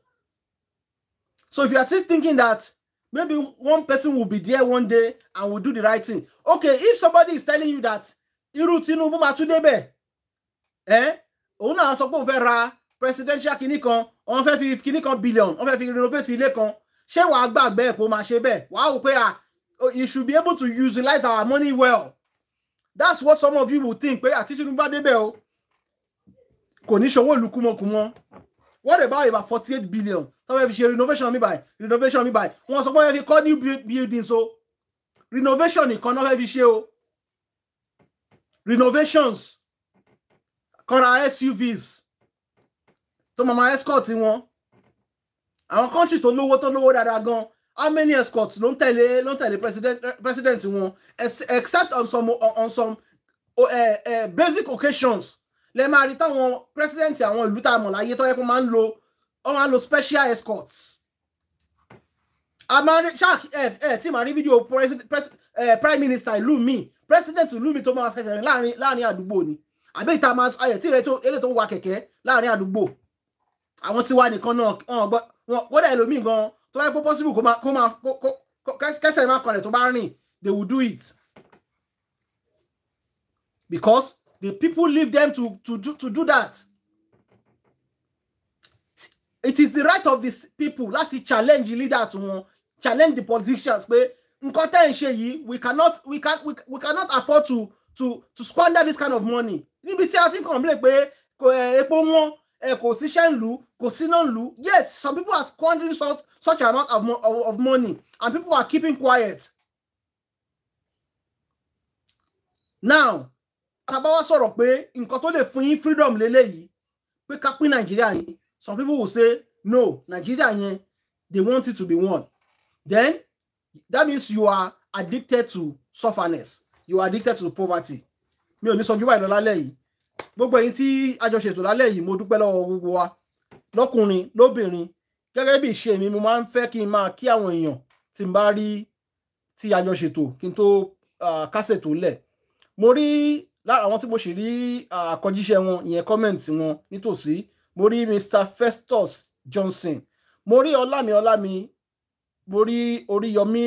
so if you are still thinking that maybe one person will be there one day and will do the right thing okay if somebody is telling you that irú Tinubu máa tún débẹ̀ ẹ eh? òun náà sọ pé òun fẹ́ ra presidential kinní kan òun fẹ́ billion on fẹ́ fi renovate ilé ṣé wàá gbà bẹ́ẹ̀ pé ó máa ṣe bẹ́ẹ̀ wàá wò pé à ah, oh, you should be able to utilize our money well that's what some of you will think pé àti Tinubu bá débẹ̀ o kò ní ṣòwò ìlú kúmọkúmọ what about about forty eight billion tọ́wọ́ fi ṣe renovation mi by renovation mi by. wọ́n sọ pé wọ́n fi kọ́ new building so renovation nìkan náà fẹ́ fi ṣe o renovations kọ́ra SUVs tó máa ma escort wọn àwọn kọ́ńtì tó lówó tó lówó dáadáa gan how many escorts ló ń tẹ̀lé ló ń tẹ̀lé president president wọn except on some on some uh, uh, basic occasions lè máa rí táwọn president àwọn ìlú tá a mọ̀ láyé tó yẹ máa ń lo wọ́n máa ń lo special escorts a máa rí ṣáà ẹ ẹ tí màá rí fídíò prime minister ìlú mi president ìlú mi tó máa fẹsẹ̀ rìn láàrin láàrin àdúgbò ni àbí ìta máa ayẹ̀ tí ìrẹ́ tó eléyìí tó ń wa kẹ̀kẹ́ láàrin àdúgbò àwọn tiwa nìkan náà kódà ẹlòmíì gan tó bá yẹ kó possible kó máa kó máa kẹsẹ̀ máa kọlẹ̀ tó bá rìn they will do it because the people leave them to to do, to do that it is the right of these people láti challenge the leaders wọn challenge the politicians pé nǹkan tẹ́ ń ṣe yìí we cannot we can we, we cannot afford to to to squander this kind of money níbi tí a ti ń complain pé epo wọn uh, kò síṣẹ́ ń lu kò síná ń yet some people are squandering such, such amount of, of, of money and people are keeping quiet. now tábà wá sọ̀rọ̀ pé nǹkan tó lè fún yín freedom lélẹ́yìí pé ká pín nàìjíríà yẹn some people will say no nàìjíríà yẹn they want it to be one then that means you are addicted to sufferness you are addicted to poverty mi ò ní sọjú báyìí lọ lálẹ́ gbogbo ẹ̀yin tí àjọṣètò lálẹ́ yìí mo dúpẹ́ lọ́wọ́ gbogbo wa lọ́kùnrin lóbìnrin gẹ́gẹ́ bí ìṣe mi mo máa ń fẹ́ kí n máa kí àwọn èèyàn tí n bá rí tí àjọṣètò kí n tó kásẹ̀ tó lẹ̀ mo rí lára àwọn tí mo sì rí àkọjíṣẹ́ wọn ìyẹn kọ́mẹ̀ǹtì wọn nítòsí mo rí Mr Festus Johnson mo rí ọlámi ọlámi mo rí oríyọmí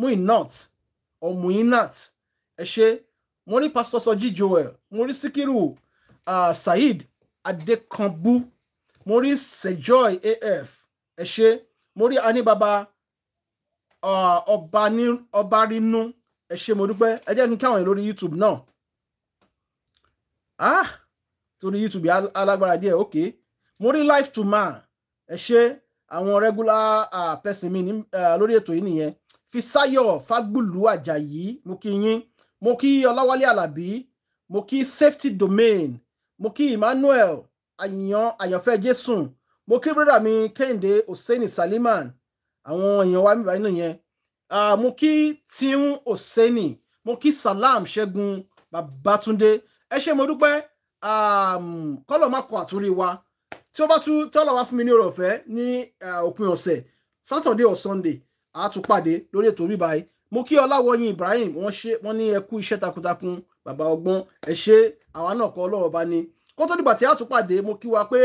muinat or muinat ẹ ṣe mo rí pásítọ̀ Sọjí Joel mo rí Síkírù uh, Saheed Adékànbú mo rí Sejoy AF ẹ ṣe mo rí Aníbaba ọba rínú ẹ ṣe mo dúpẹ́ ẹ jẹ́ kí n káwọn lórí YouTube náà ah torí YouTube alágbára díẹ̀ ok mo rí life to man ẹ ṣe àwọn regular uh, person mi ní uh, lórí ètò yìí nìyẹn Fisáyọ̀ Fagbulu Àjàyí mo kí yín mo kí ọláwálé alábí mo kí safety domain mo kí emmanuel àyàn àyànfẹ́ jésù mo kí brọdà mi kẹ́hìndé hussein saliman àwọn èèyàn wa mìíràn nínú yẹn mo kí tiun hussein mo kí salam ṣẹ́gun babatunde ẹ ṣé mo dúpẹ́ kọlọ má kọ àtúrí wa tí ó bá tún tọ́lọ̀ wá fún mi ní ọ̀rọ̀ ọ̀fẹ́ ní òpin ọ̀sẹ̀ saturday or sunday àá tún pàdé lórí ètò bíbáyìí mo kí ọláwọyìn ibrahim wọ́n ṣe wọ́n ní ẹ kú iṣẹ́ takuntakun bàbá ọgbọ́n ẹ ṣe àwa náà kọ́ ọlọ́wọ́ bá ní kó tó dìgbà tí a tún pàdé mo kí wa pé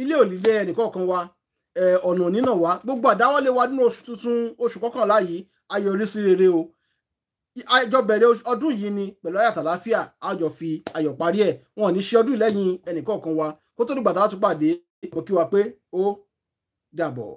ilé òlílé ẹnìkọ̀ọ̀kan wa ọ̀nà ònínà wa gbogbo àdáwọ́lé wa nínú oṣù tuntun oṣù kọkànlá yìí ayọ̀rí sí rere o àjọ bẹ̀rẹ̀ ọdún yìí ni pẹ̀lú ayàtà láfíà àjọ fi ayọ̀ parí ẹ̀ wọn ò ní ṣe ọdún lẹ́yìn ẹnìkọ̀ọ̀kan wa kó tó dìgbà tá a tún pàdé mo kí wa pé ó dàbọ̀.